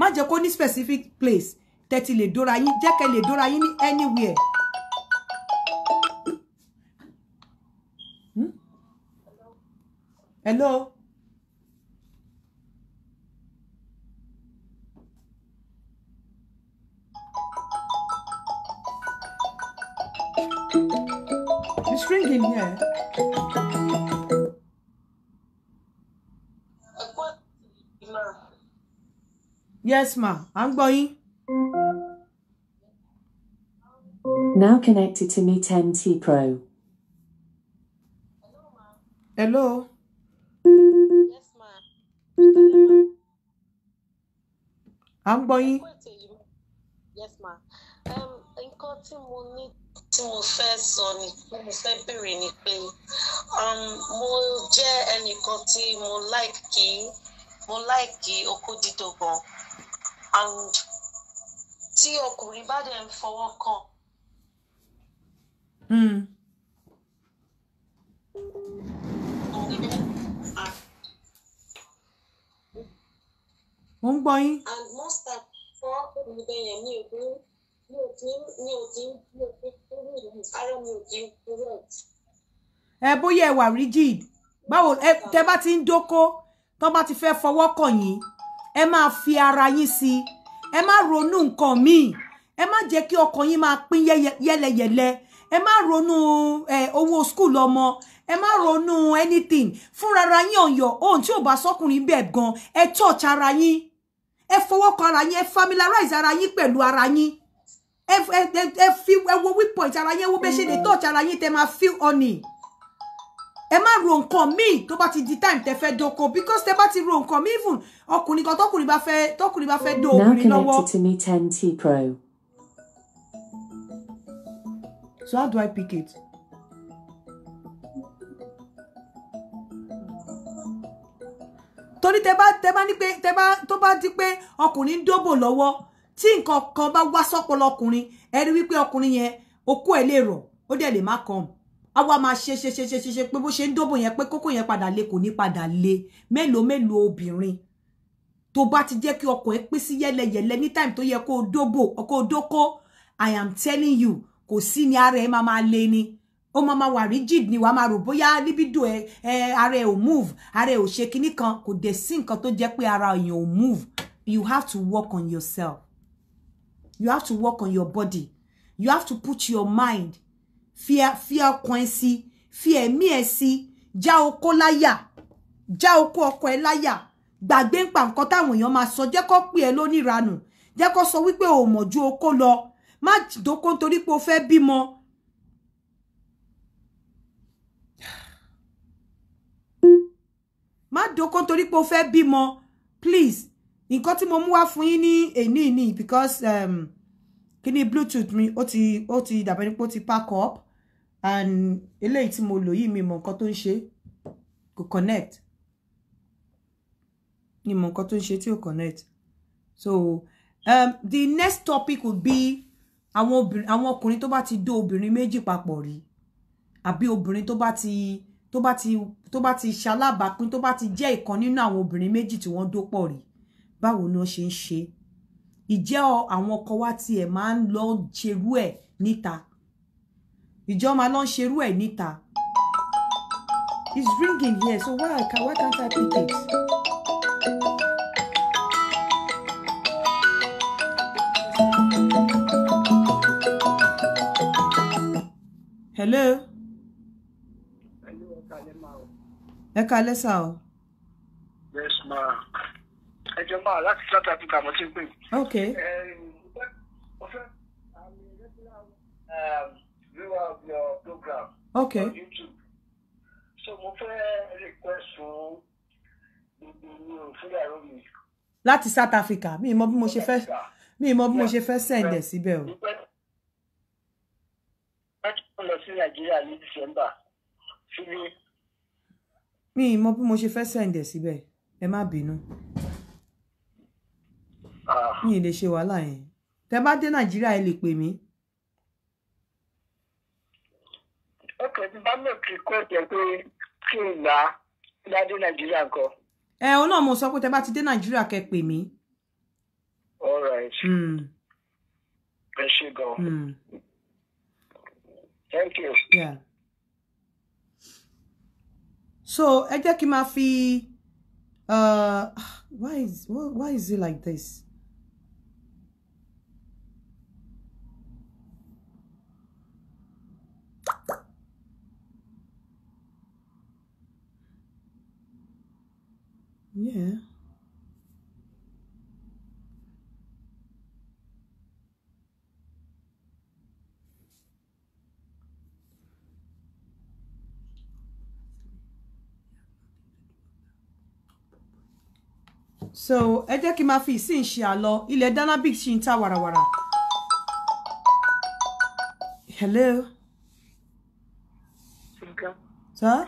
[SPEAKER 1] má jẹ́ kó ní specific place tẹ́tí lè dóra yín jẹ́ kẹ lè dóra yín ní anywhere. Hmm? Hello. It's ringing here. Yes, ma. I'm going. Now
[SPEAKER 5] connected to Mi 10T Pro.
[SPEAKER 1] Hello. Yes, ma. Hello, ma. I'm going. Yes, ma. Um, nǹkan cutting money. ní tí first fẹ́ sọ ni mo fẹ́ béèrè ni pé um, mo jẹ́ ẹnìkan tí mo like kí. Like mo láìkí okó dídò gan and tí ọkùnrin bá dẹ̀ ń fọwọ́ kàn. Hmm. mo ń gbọ́ yín.
[SPEAKER 3] and most of fọ́ omi bẹ́yẹn mi ò kí mi ò kí mi ò kí mi ò kí kúrò ní ara mi ò kí kúrò.
[SPEAKER 1] ẹ bóyá ẹ wà rigid báwo ẹ tẹ bá ti ń dóko tọ́n bá ti fẹ́ fọwọ́ kàn yín ẹ máa fi ara yín sí ẹ má ronú nǹkan míì ẹ má jẹ́ kí ọkàn yín máa pín yẹ́lẹyẹ̀lẹ ẹ má ronú owó school ọmọ ẹ má ronú anything fúnrara yín ọ̀yọ̀ ohun tí ò bá sọ́kùnrin bẹ́ẹ̀ gan ẹ touch ara yín ẹ fọwọ́ kan ara yín ẹ familiarize ara yín pẹ̀lú ara yín ẹ fi ẹ wo weak point ara yín ẹ wo bẹ́ẹ̀ ṣe lè mm-hmm. touch ara yín tẹ máa feel honey ẹ má ro nǹkan míì tó bá ti di time tẹ fẹ́ doko because tẹ bá ti ro nǹkan míì even ọkùnrin kan tọkùnrin bá fẹ́ tọkùnrin bá fẹ́ do obìnrin lọ́wọ́. now connected
[SPEAKER 5] to me ten t pro.
[SPEAKER 1] so how do i pick it. torí tẹ bá tẹ bá ní pé tẹ bá tó bá di pé ọkùnrin ń dóbò lọ́wọ́ tí nǹkan kan bá wá sọ́pọ̀lọ́ ọkùnrin ẹ rí wípé ọkùnrin yẹn okó ẹ̀ lè rọ̀ ó dẹ̀ lè má kàn a wá máa ṣe ṣe ṣe ṣe ṣe ṣe pé bó ṣe ń dóbò yẹn pé kókó yẹn padà le kò ní padà le mélòó mélòó obìnrin tó bá ti jẹ́ kí ọkọ ẹ pín sí yẹ́lẹyẹ̀lẹ ní time tó yẹ kó o dóbò ọkọ o dóko i am telling you kò sí ni ara ẹ máa máa le ni ó máa máa wà rigid ni wàá máa rò bóyá libido ẹ ẹ ara ẹ ò move ara ẹ ò ṣe kinní kan kò dẹ̀ sí nǹkan tó jẹ́ pé ara èèyàn ò move you have to work on yourself you have to work on your body you have to put your mind fi ọkàn ẹ sí fi ẹ̀mí ẹ sí já okó láyà já okó ọkọ ẹ láyà gbàgbé ń pa nǹkan táwọn èèyàn máa sọ jẹ́ kó pè ẹ́ lóníranù jẹ́ kó sọ wípé o mọ̀ ju okó lọ má dókó nítorí pé o fẹ́ bímọ. má dókó nítorí pé o fẹ́ please nǹkan tí mo mú wá fún yín ní èní ní because um, kini bluetooth mi ó ti ó ti dàbẹ́ nípò ti pack up and eléyìí tí mo lò yìí mi mọ nǹkan tó ń ṣe kò connect mi mọ nǹkan tó ń ṣe tí ò connect so um, the next topic would be àwọn obìnrin àwọn ọkùnrin tó bá ti dó obìnrin méjì papọ̀ rí àbí obìnrin tó bá ti tó bá ti tó bá ti ṣalábàápín tó bá ti jẹ́ ìkan nínú àwọn obìnrin méjì tí wọ́n dó pọ̀ rí báwo ni wọ́n ṣe ń ṣe ìjẹ́ àwọn ọkọ wa tiẹ̀ máa ń lọ ṣerú ẹ̀ níta ìjọ máa lọ ń ṣerú ẹ̀ níta it's ringing here so why, can, why can't I pick it. hello. ẹ kalẹ́ sà o.
[SPEAKER 5] yes ma ẹ jẹ́ máa láti south africa mo ti ń pè. ok. ẹ ẹ mo fẹ́ um, of your program okay. on YouTube. So mo fẹ́ request
[SPEAKER 3] fún gbogbo mi
[SPEAKER 1] Láti South Africa, mi mọ bí mo ṣe fẹ́ mi mọ bí mo ṣe fẹ́ send ẹ̀ síbẹ̀ o. Mo
[SPEAKER 3] lọ sí Nàìjíríà ní December sílé.
[SPEAKER 1] Mi mọ bí mo ṣe fẹ́ send ẹ̀ síbẹ̀, ẹ má bínú. Ah. Mi lè ṣe wàhálà yẹn. Tẹ bá dé Nàìjíríà ẹ lè pè mí.
[SPEAKER 3] ókè tí bá lè kí kó jẹ pé kí n gbà bá dé nàìjíríà nǹkan.
[SPEAKER 1] ẹ ọ náà mo sọ pé tẹ bá ti dé nàìjíríà kẹ pè mí. all right. Hmm. ẹ ṣe gan. Hmm. thank you. Yeah. so ẹ jẹ́ kí n máa fi. Uh, why is why is it like this? Yeah. so ẹ jẹ́ kí n máa fi ìsìn ṣe àlọ ilẹ̀ danabik ṣì ń ta wàràwàrà. hello. sir.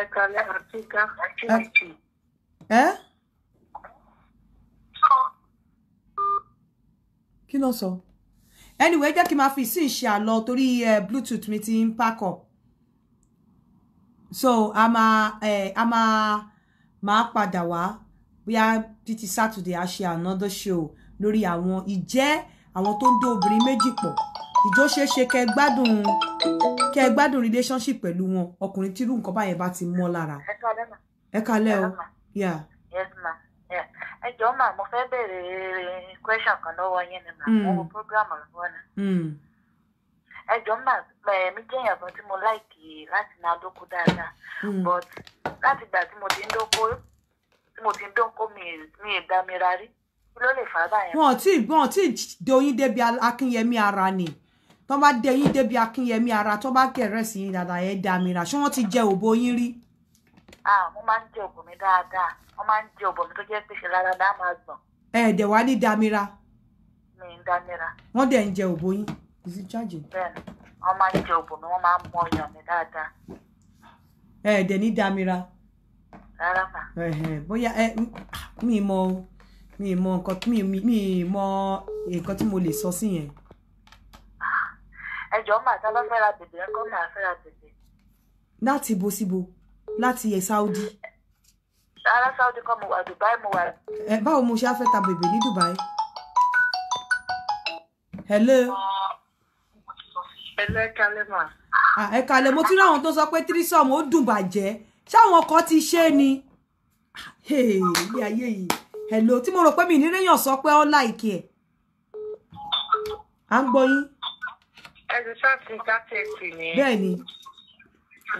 [SPEAKER 3] Ẹ̀kàlẹ̀ àti ìgbà àti
[SPEAKER 1] Kí ló sọ? Anyway, jẹ́ kí n máa fi sí ìṣe àlọ torí eh, Bluetooth mi ti ń pack So, a máa eh, a máa máa padà wá bóyá títí Saturday a ṣe another show lórí àwọn ìjẹ́ àwọn tó ń dó obìnrin méjì pọ̀. Ìjó ṣeéṣe kẹ́ gbádùn kẹ́ ẹ gbádùn relationship pẹ̀lú wọn ọkùnrin tírú nǹkan báyẹn bá ti mọ́ lára. ẹ kalẹ́ ma. ẹ kalẹ́ o. yeah.
[SPEAKER 3] yes ma ẹ jọ̀ọ́ mà mo fẹ́ béèrè question kan lọ́wọ́ yín ni mà hmm. mo wo program lọ́wọ́ ni. Hmm. ẹ jọ̀ọ́ ma mi jẹ́ èèyàn kan tí mo láìkì láti máa dóko dáadáa hmm. but láti ìgbà tí mo ti ń dóko tí mo ti ń dóko mi ì dámira rí kí ló lè fà á báyẹn. wọn ò tí
[SPEAKER 1] ì ò tí ì doyin débi akínyẹmí ara ni tó bá dé yín débi akínyẹmí ara tó bá kẹrẹ sí yín dáadáa ẹ dá mi rà ṣé wọ́n ti jẹ òbò yín rí.
[SPEAKER 3] ah mo máa ń jẹ òbò mi dáadáa wọ́n máa ń jẹ òbò mi tó jẹ́ pé ṣe dá máa gbọ̀n.
[SPEAKER 1] ẹ ẹ dẹ̀ wá ní damira.
[SPEAKER 3] mi ń damira.
[SPEAKER 1] wọ́n dẹ̀ ń jẹ òbò yín is it charging.
[SPEAKER 3] bẹ́ẹ̀ni wọ́n máa ń jẹ òbò mi wọ́n máa ń mọ ọyàn mi dáadáa.
[SPEAKER 1] ẹ ẹ dẹ̀ ní damira. rárá mà. bóyá ẹ mi mọ mi mọ nǹkan mi mọ nǹkan tí mo lè sọ sí yẹn
[SPEAKER 3] ẹjọ́ mà tá a bá fẹ́ ra bèbè ẹ̀kọ́ mà á fẹ́ ra bèbè.
[SPEAKER 1] láti bo síbo láti ẹ̀ Saudi.
[SPEAKER 3] ara Saudi kọ́ mo wà Dubai mo wà.
[SPEAKER 1] ẹ báwo mo ṣe á fẹ́ ta bèbè ní Dubai. hello.
[SPEAKER 3] hello ẹ kalẹ́ mà.
[SPEAKER 1] ẹ kalẹ́ mo ti rí àwọn tó sọ pé tírísọ̀mù ó dùn bàjẹ́ ṣáwọn ọkọ ti ṣe ni ilé ayé yìí hello tí mo rò pé mi ní réyàn sọ pé ọ́ láìkí ẹ̀ à ń gbọ́ yín
[SPEAKER 3] ẹ̀sìn ṣáàtì kásẹ̀tì ni. bẹ́ẹ̀ni.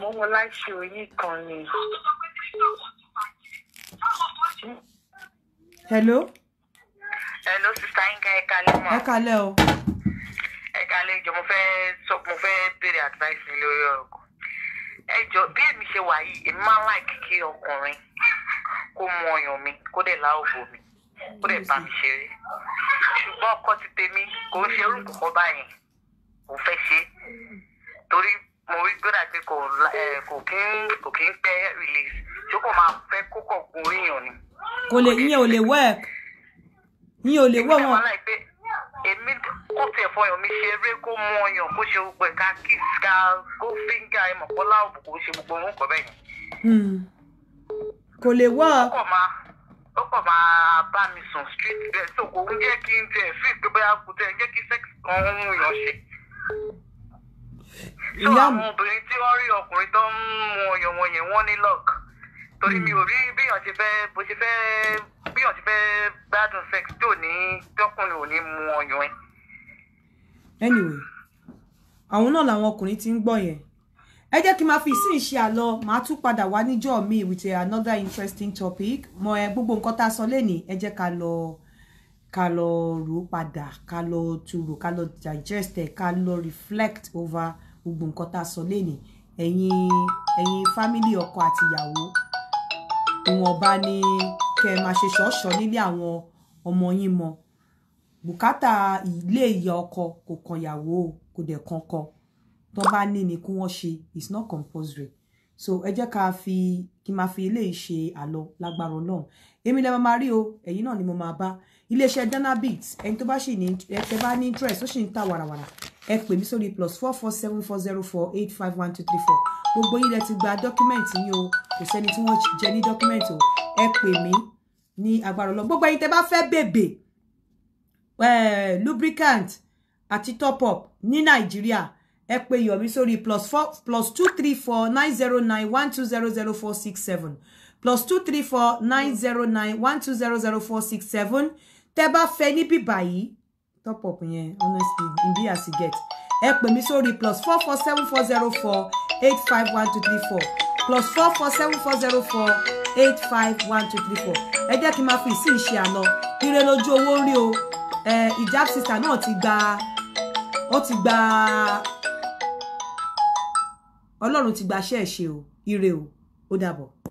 [SPEAKER 3] mo mọ láìsí oyin kan ni. hello. hello sista yín ká ẹ kalẹ̀ mọ́. ẹ kalẹ̀
[SPEAKER 1] o. ẹ kalẹ̀ ìjọ mo fẹ́ sọ mo
[SPEAKER 3] fẹ́ béèrè advice mi lórí ọ̀rọ̀ kan. ẹ jọ bí èmi ṣe wà yìí èmi máa ń láìkí kí ọkùnrin kó mọ ọyàn mi kó dẹ̀ láòbò mi kó dẹ̀ bá mi ṣeré ṣùgbọ́n ọkọ ti tèmi kò ń ṣe orúkọ kọ báyìí mo fẹ́ ṣe torí mo rí gbọ́dọ̀ pé kò kí ń kò kí ń pẹ́ release tí ó kò máa fẹ́ kókò gun èèyàn ni.
[SPEAKER 1] kò lè yín ò lè work yín ò lè wọ́ wọn.
[SPEAKER 3] èmi kò tiẹ̀ fọyàn mi ṣe eré kó mú ọyàn kó ṣe gbogbo ẹ̀ka kiss
[SPEAKER 1] ká go finger ẹ̀ mọ̀kọ́lá òbùkún ṣe gbogbo ohun kọ̀ bẹ́ẹ̀ hmm. kò lè work.
[SPEAKER 3] ó kọ̀ máa bá mi sùn street bẹ́ẹ̀ tó kò ń jẹ́ kí n tẹ̀ fi ìgbébáyà kù tẹ̀ ń jẹ́ kí sex kan ń yàn ṣe ìyá àwọn obìnrin tí wọ́n rí ọkùnrin tó ń mu ọyàn wọn yẹn wọ́n ní luck torí mi hmm. ò rí bíyàn ṣe fẹ́ bó ṣe fẹ́ bíyàn ṣe fẹ́ gbádùn sex tí ò ní tọkùnrin ò ní mu ọyàn ẹ.
[SPEAKER 1] anyway àwọn náà làwọn ọkùnrin tí ń gbọ́ yẹn ẹ jẹ́ kí n máa fi ìsìn ṣe àlọ màá tún padà wá níjọ́ mi with another interesting topic mọ ẹ gbogbo nǹkan tá a sọ lẹ́nìí ẹ jẹ́ ká lọ. Lo ká lọ rò ó padà ká lọ turo ká lọ digest ká lọ reflect over gbogbo nǹkan tá a sọ lénìí ẹ̀yin ẹ̀yin fámílì ọkọ àti ìyàwó ìwọ̀nba ni kẹ́ ẹ máa ṣe ṣọ́ọ̀ṣọ́ nílé àwọn ọmọ yín mọ bùkátà ilé ìyá ọkọ kò kan ìyàwó kò dẹ̀ kan kọ tó bá ní ni kí wọ́n ṣe it's not compulsory so ẹ jẹ́ ká fi kí n máa fi eléyìí ṣe àlọ́ lágbára Ọlọ́run èmi lẹ́ máa rí o ẹ̀yin náà ni mo máa bá iléeṣẹ́ danabit ẹni tó bá sì ní ẹtẹ bá ní interest ó sì ń ta wàràwàrà ẹ pè mí sórí plus four four seven four zero four eight five one two three four gbogbo yín lẹ ti gba dọ́kímẹ́ǹtì yín o kò sẹ́ni tí wọ́n jẹ ní dọ́kímẹ́ǹtì o ẹ pè mí ní agbára ọlọ́ gbogbo ẹ̀yin tẹ bá fẹ́ bèbè lubricant àti top up ní nàìjíríà ẹ pè yọ̀mí sórí plus four plus two three four nine zero nine one two zero zero four six seven plus two three four nine zero nine one two zero zero four six seven tẹ́ bá fẹ́ níbí báyìí top up yẹn honestly e be as e get ẹ pè mí sórí plus four four seven four zero four eight five one two three four plus four four seven four zero four eight five one two three four ẹ jẹ́ kí n máa fi ìsìn ṣe àná ire lójú owó rí o ìjáàb sísà náà ti gba ó ti gba ọlọ́run ti gbaṣẹ́ ẹ̀ o ire o ó dàbọ̀.